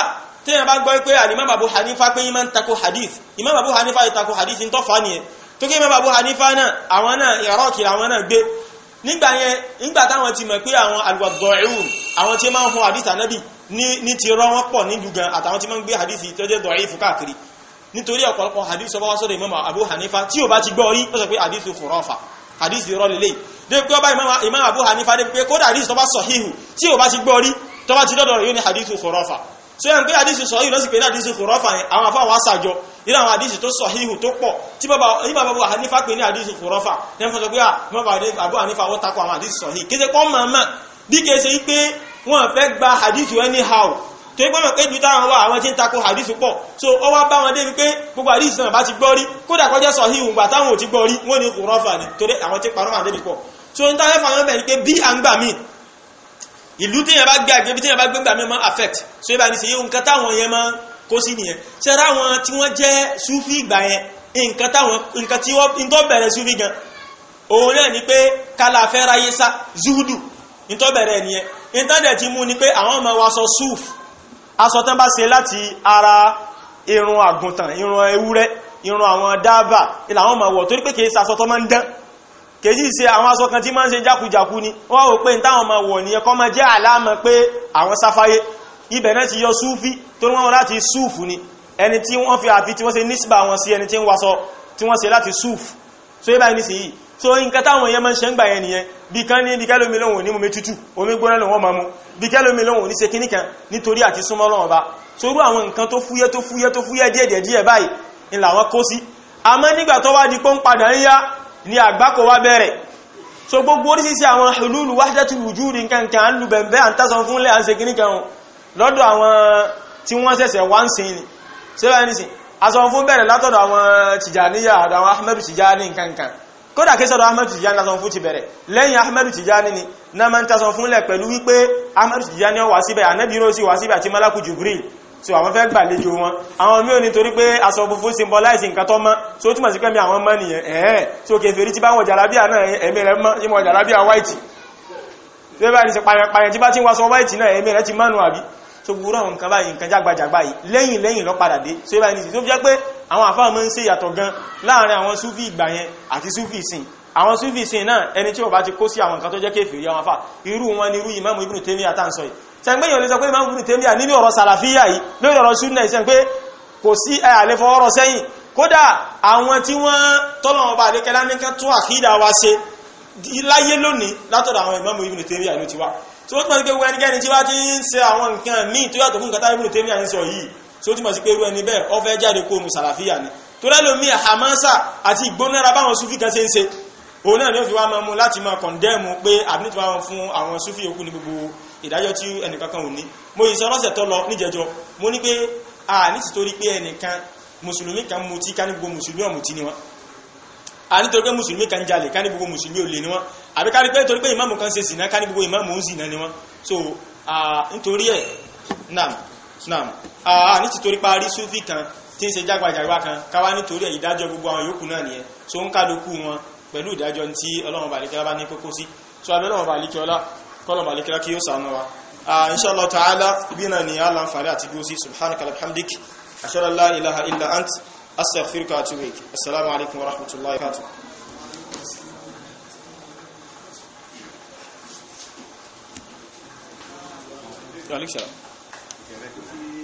téèyàn bá gbọ́ pé alimam abu hanifa pé imam tako hadith imam abu hanifa yìí tako hadith ń tọ́fà nìyẹn tó kí imam abu hanifa náà àwọn náà iraki àwọn náà gbé nígbà yẹn nígbà táwọn ti mọ̀ pé àwọn alwadọ́ọ̀rún àwọn tí máa ń hun hadith anabi ní ti rọ wọn pọ̀ nílùú gan àtàwọn tí máa ń gbé hadith tó jẹ́ dọ̀rí fún káàkiri nítorí ọ̀pọ̀lọpọ̀ abu hanifa tí ò bá ti gbọ́ rí ó sọ pé hadith khurafa hadith irọ́ lélẹ̀ dé abu hanifa dé pé kódà hadith tó bá sọ híhù tí ò bá ti gbọ́ rí so yẹn pé àdísì sọ̀híhù lọ́sì pé ní àdísì kùrọ́fà yẹn àwọn afọ àwọn àṣàjọ nínú àwọn àdísì tó sọ̀híhù tó pọ̀ tí bàbá bàbá Hanifa pé ní àdísì kùrọ́fà ní wọ́n sọ pé ah, bàbá Abu Hanifa wọ́n takọ àwọn àdísì sọ̀híhù kése pọ́ mọ̀ọ́mọ̀ bí kése pé wọ́n fẹ́ gba àdísì wẹ́n ní how tó gbọ́n mọ̀ pé ju táwọn wá àwọn tí ń takọ àdísì pọ̀ so ó wá bá wọn débi pé gbogbo àdísì náà bá ti gbọ́ rí kódà kọjá sọ̀híhù gbà táwọn ò ti gbọ́ rí wọ́n ní kùrọ́fà ni torí àwọn tí parọ́ màdébì pọ̀ so ń táwọn fà wọn bẹ̀ ni pé bí à ń gbà míì ìlú téèyàn bá gbé àgbébí téèyàn bá gbé gbàmí máa affect so yóò bá ní sèyí nǹkan táwọn yẹn máa kó sí nìyẹn ṣẹ́ra àwọn tí wọ́n jẹ́ súfì ìgbà yẹn nǹkan táwọn nǹkan tí wọ́n ń tọ́ bẹ̀rẹ̀ súfì gan òun náà ni pé kálá fẹ́ ráyé sá zúdù ń tọ́ bẹ̀rẹ̀ nìyẹn ìtọ́dẹ̀ ti mú ni pé àwọn ọmọ wa sọ súf aṣọ tán bá ṣe láti ara irun àgùntàn irun ewúrẹ́ irun àwọn dáàbà ìlà àwọn ọmọ wọ̀ torí pé kìí sasọ tó máa ń dán kèjì ṣe àwọn aṣọ kan tí máa ń ṣe jákujàku ni wọ́n wò pé táwọn máa wọ̀ nìyẹn kọ́ máa jẹ́ àlámọ̀ pé àwọn sáfáyé ibẹ̀ náà ti yọ súfí tó ní wọ́n láti súfù ni ẹni tí wọ́n fi àfi tí wọ́n ṣe nísìbà wọn sí ẹni tí ń waṣọ tí wọ́n ṣe láti súfù so ibà ní sí yìí so nǹkan táwọn èèyàn máa ń ṣe ń gbà yẹn nìyẹn bí kan ní bí kẹ́lómi lóhùn ní omi tútù omi gbóná lòun máa mu bí kẹ́lómi lóhùn ní ṣe kíní kan nítorí àti súnmọ́ lọ́wọ́ bá so irú àwọn nǹkan tó fúyẹ́ tó fúyẹ́ tó fúyẹ́ díẹ̀díẹ̀ díẹ̀ báyìí ni làwọn kó sí àmọ́ nígbà tó wá di pé padà ń yá ní àgbákò wá bẹ̀rẹ̀ so gbogbo oríṣiríṣi àwọn hululu wahdatul wujudi nǹkankan à ń lu bẹ̀m̀bẹ́ à ń tásán fún lẹ́ à ń ṣe kíníkan o lọ́dọ̀ àwọn tí wọ́n ṣẹ̀ṣẹ̀ wá ń sin ni ṣé wá ní sìn aṣọ fún bẹ̀rẹ̀ látọ̀dọ̀ àwọn tìjàníyà àdọ̀ àwọn ahmedu ni náà máa ń tásán fún lẹ̀ pẹ̀lú wípé ahmedu tìjání wà síbẹ̀ ànẹ́bí ró sì so àwọn fẹ́ gbàlejò wọn àwọn mí ò ní torí pé aṣọ funfun symbolize nǹkan tó mọ́ so ó túnmọ̀ sí pẹ́mí àwọn mọ́ nìyẹn ẹ̀ẹ́ so kèfèrí tí bá wọn jàlábíà náà ẹ̀mí rẹ̀ mọ́ sí wọn jàlábíà white tí bá ní ṣe pàyàn tí bá ti ń waṣọ white náà ẹ̀mí rẹ̀ ti mánu àbí so gbúrọ̀ nǹkan báyìí nǹkan jágbajàgba yìí lẹ́yìn lẹ́yìn lọ padà dé so ibà ní sí tó fi jẹ́ pé àwọn àfáà mọ́ ń ṣe ìyàtọ̀ gan láàrin àwọn súfì ìgbà yẹn àti súfì àwọn sufi sin náà ẹni tí ó bá ti kó sí àwọn nǹkan tó jẹ́ kéfìrí àwọn afá irú wọn ni irú ìmáàmù Ibn Taymiyyah tá ń sọ yìí sẹ́gbẹ́yìn olè sọ pé ìmáàmù Ibn Taymiyyah nínú ọ̀rọ̀ sàlàfíà yìí lórí ọ̀rọ̀ sunna ìsẹ́ pé kò sí àlefọ́ ọ̀rọ̀ sẹ́yìn kódà àwọn tí wọ́n tọ́lọ̀ ọba àdékẹ́lá ní kan tún àkídà wa ṣe láyé lónìí látọ̀dọ̀ àwọn ìmáàmù Ibn Taymiyyah ló ó túnmọ̀ sí pé wọ́n ẹnikẹ́ni tí wá ti ń ṣe àwọn nǹkan míì tó yàtọ̀ fún nǹkan táwọn Ibn ń sọ yìí tí ó túnmọ̀ sí pé irú ẹni bẹ́ẹ̀ ó jáde kó mu sàlàfíà ni torí ẹlòmíì àmọ́sà àti ìgbónára báwọn sufi kan ṣe ń ṣe òun náà ni ó fi wá máa mú láti máa kọ̀ndẹ́mù pé àbí nítorí wọn fún àwọn súfì yòókù ní gbogbo ìdájọ́ tí ẹnìkankan ò ní mo yìí sọ lọ́sẹ̀ tó lọ níjẹjọ mo ní pé a ní títorí pé ẹnìkan mùsùlùmí kan mutí ká ní gbogbo mùsùlùmí ọ̀mùtí ni wọn a ní torí pé mùsùlùmí kan jalè ká ní gbogbo mùsùlùmí olè ni wọn àbí ká ní pé torí pé ìmáàmù kan ṣe sìnà ká ní gbogbo ìmáàmù ń sìnà ni wọn so nítorí ẹ̀ nam nam a ní títorí parí súfì kan tí ń ṣe jágbajàgba kan káwá nítorí ẹ̀ ìdájọ́ gbogbo àwọn yòókù náà nìyẹn so ń kálukú wọn pẹ̀lú ìdájọ́ tí ọlọ́run bá lékẹ́lá bá ní kókó sí so abẹ́lọ́run bá lékẹ́lá kọ́lọ̀n bá lékẹ́lá kí ó sànú wa insha Allah ta'ala ibi náà ni alamfààrí àti bí ó sí subhanaka alhamdik ashhadu an la ilaha illa ant astaghfiruka wa atubu ilaik assalamu alaikum wa rahmatullahi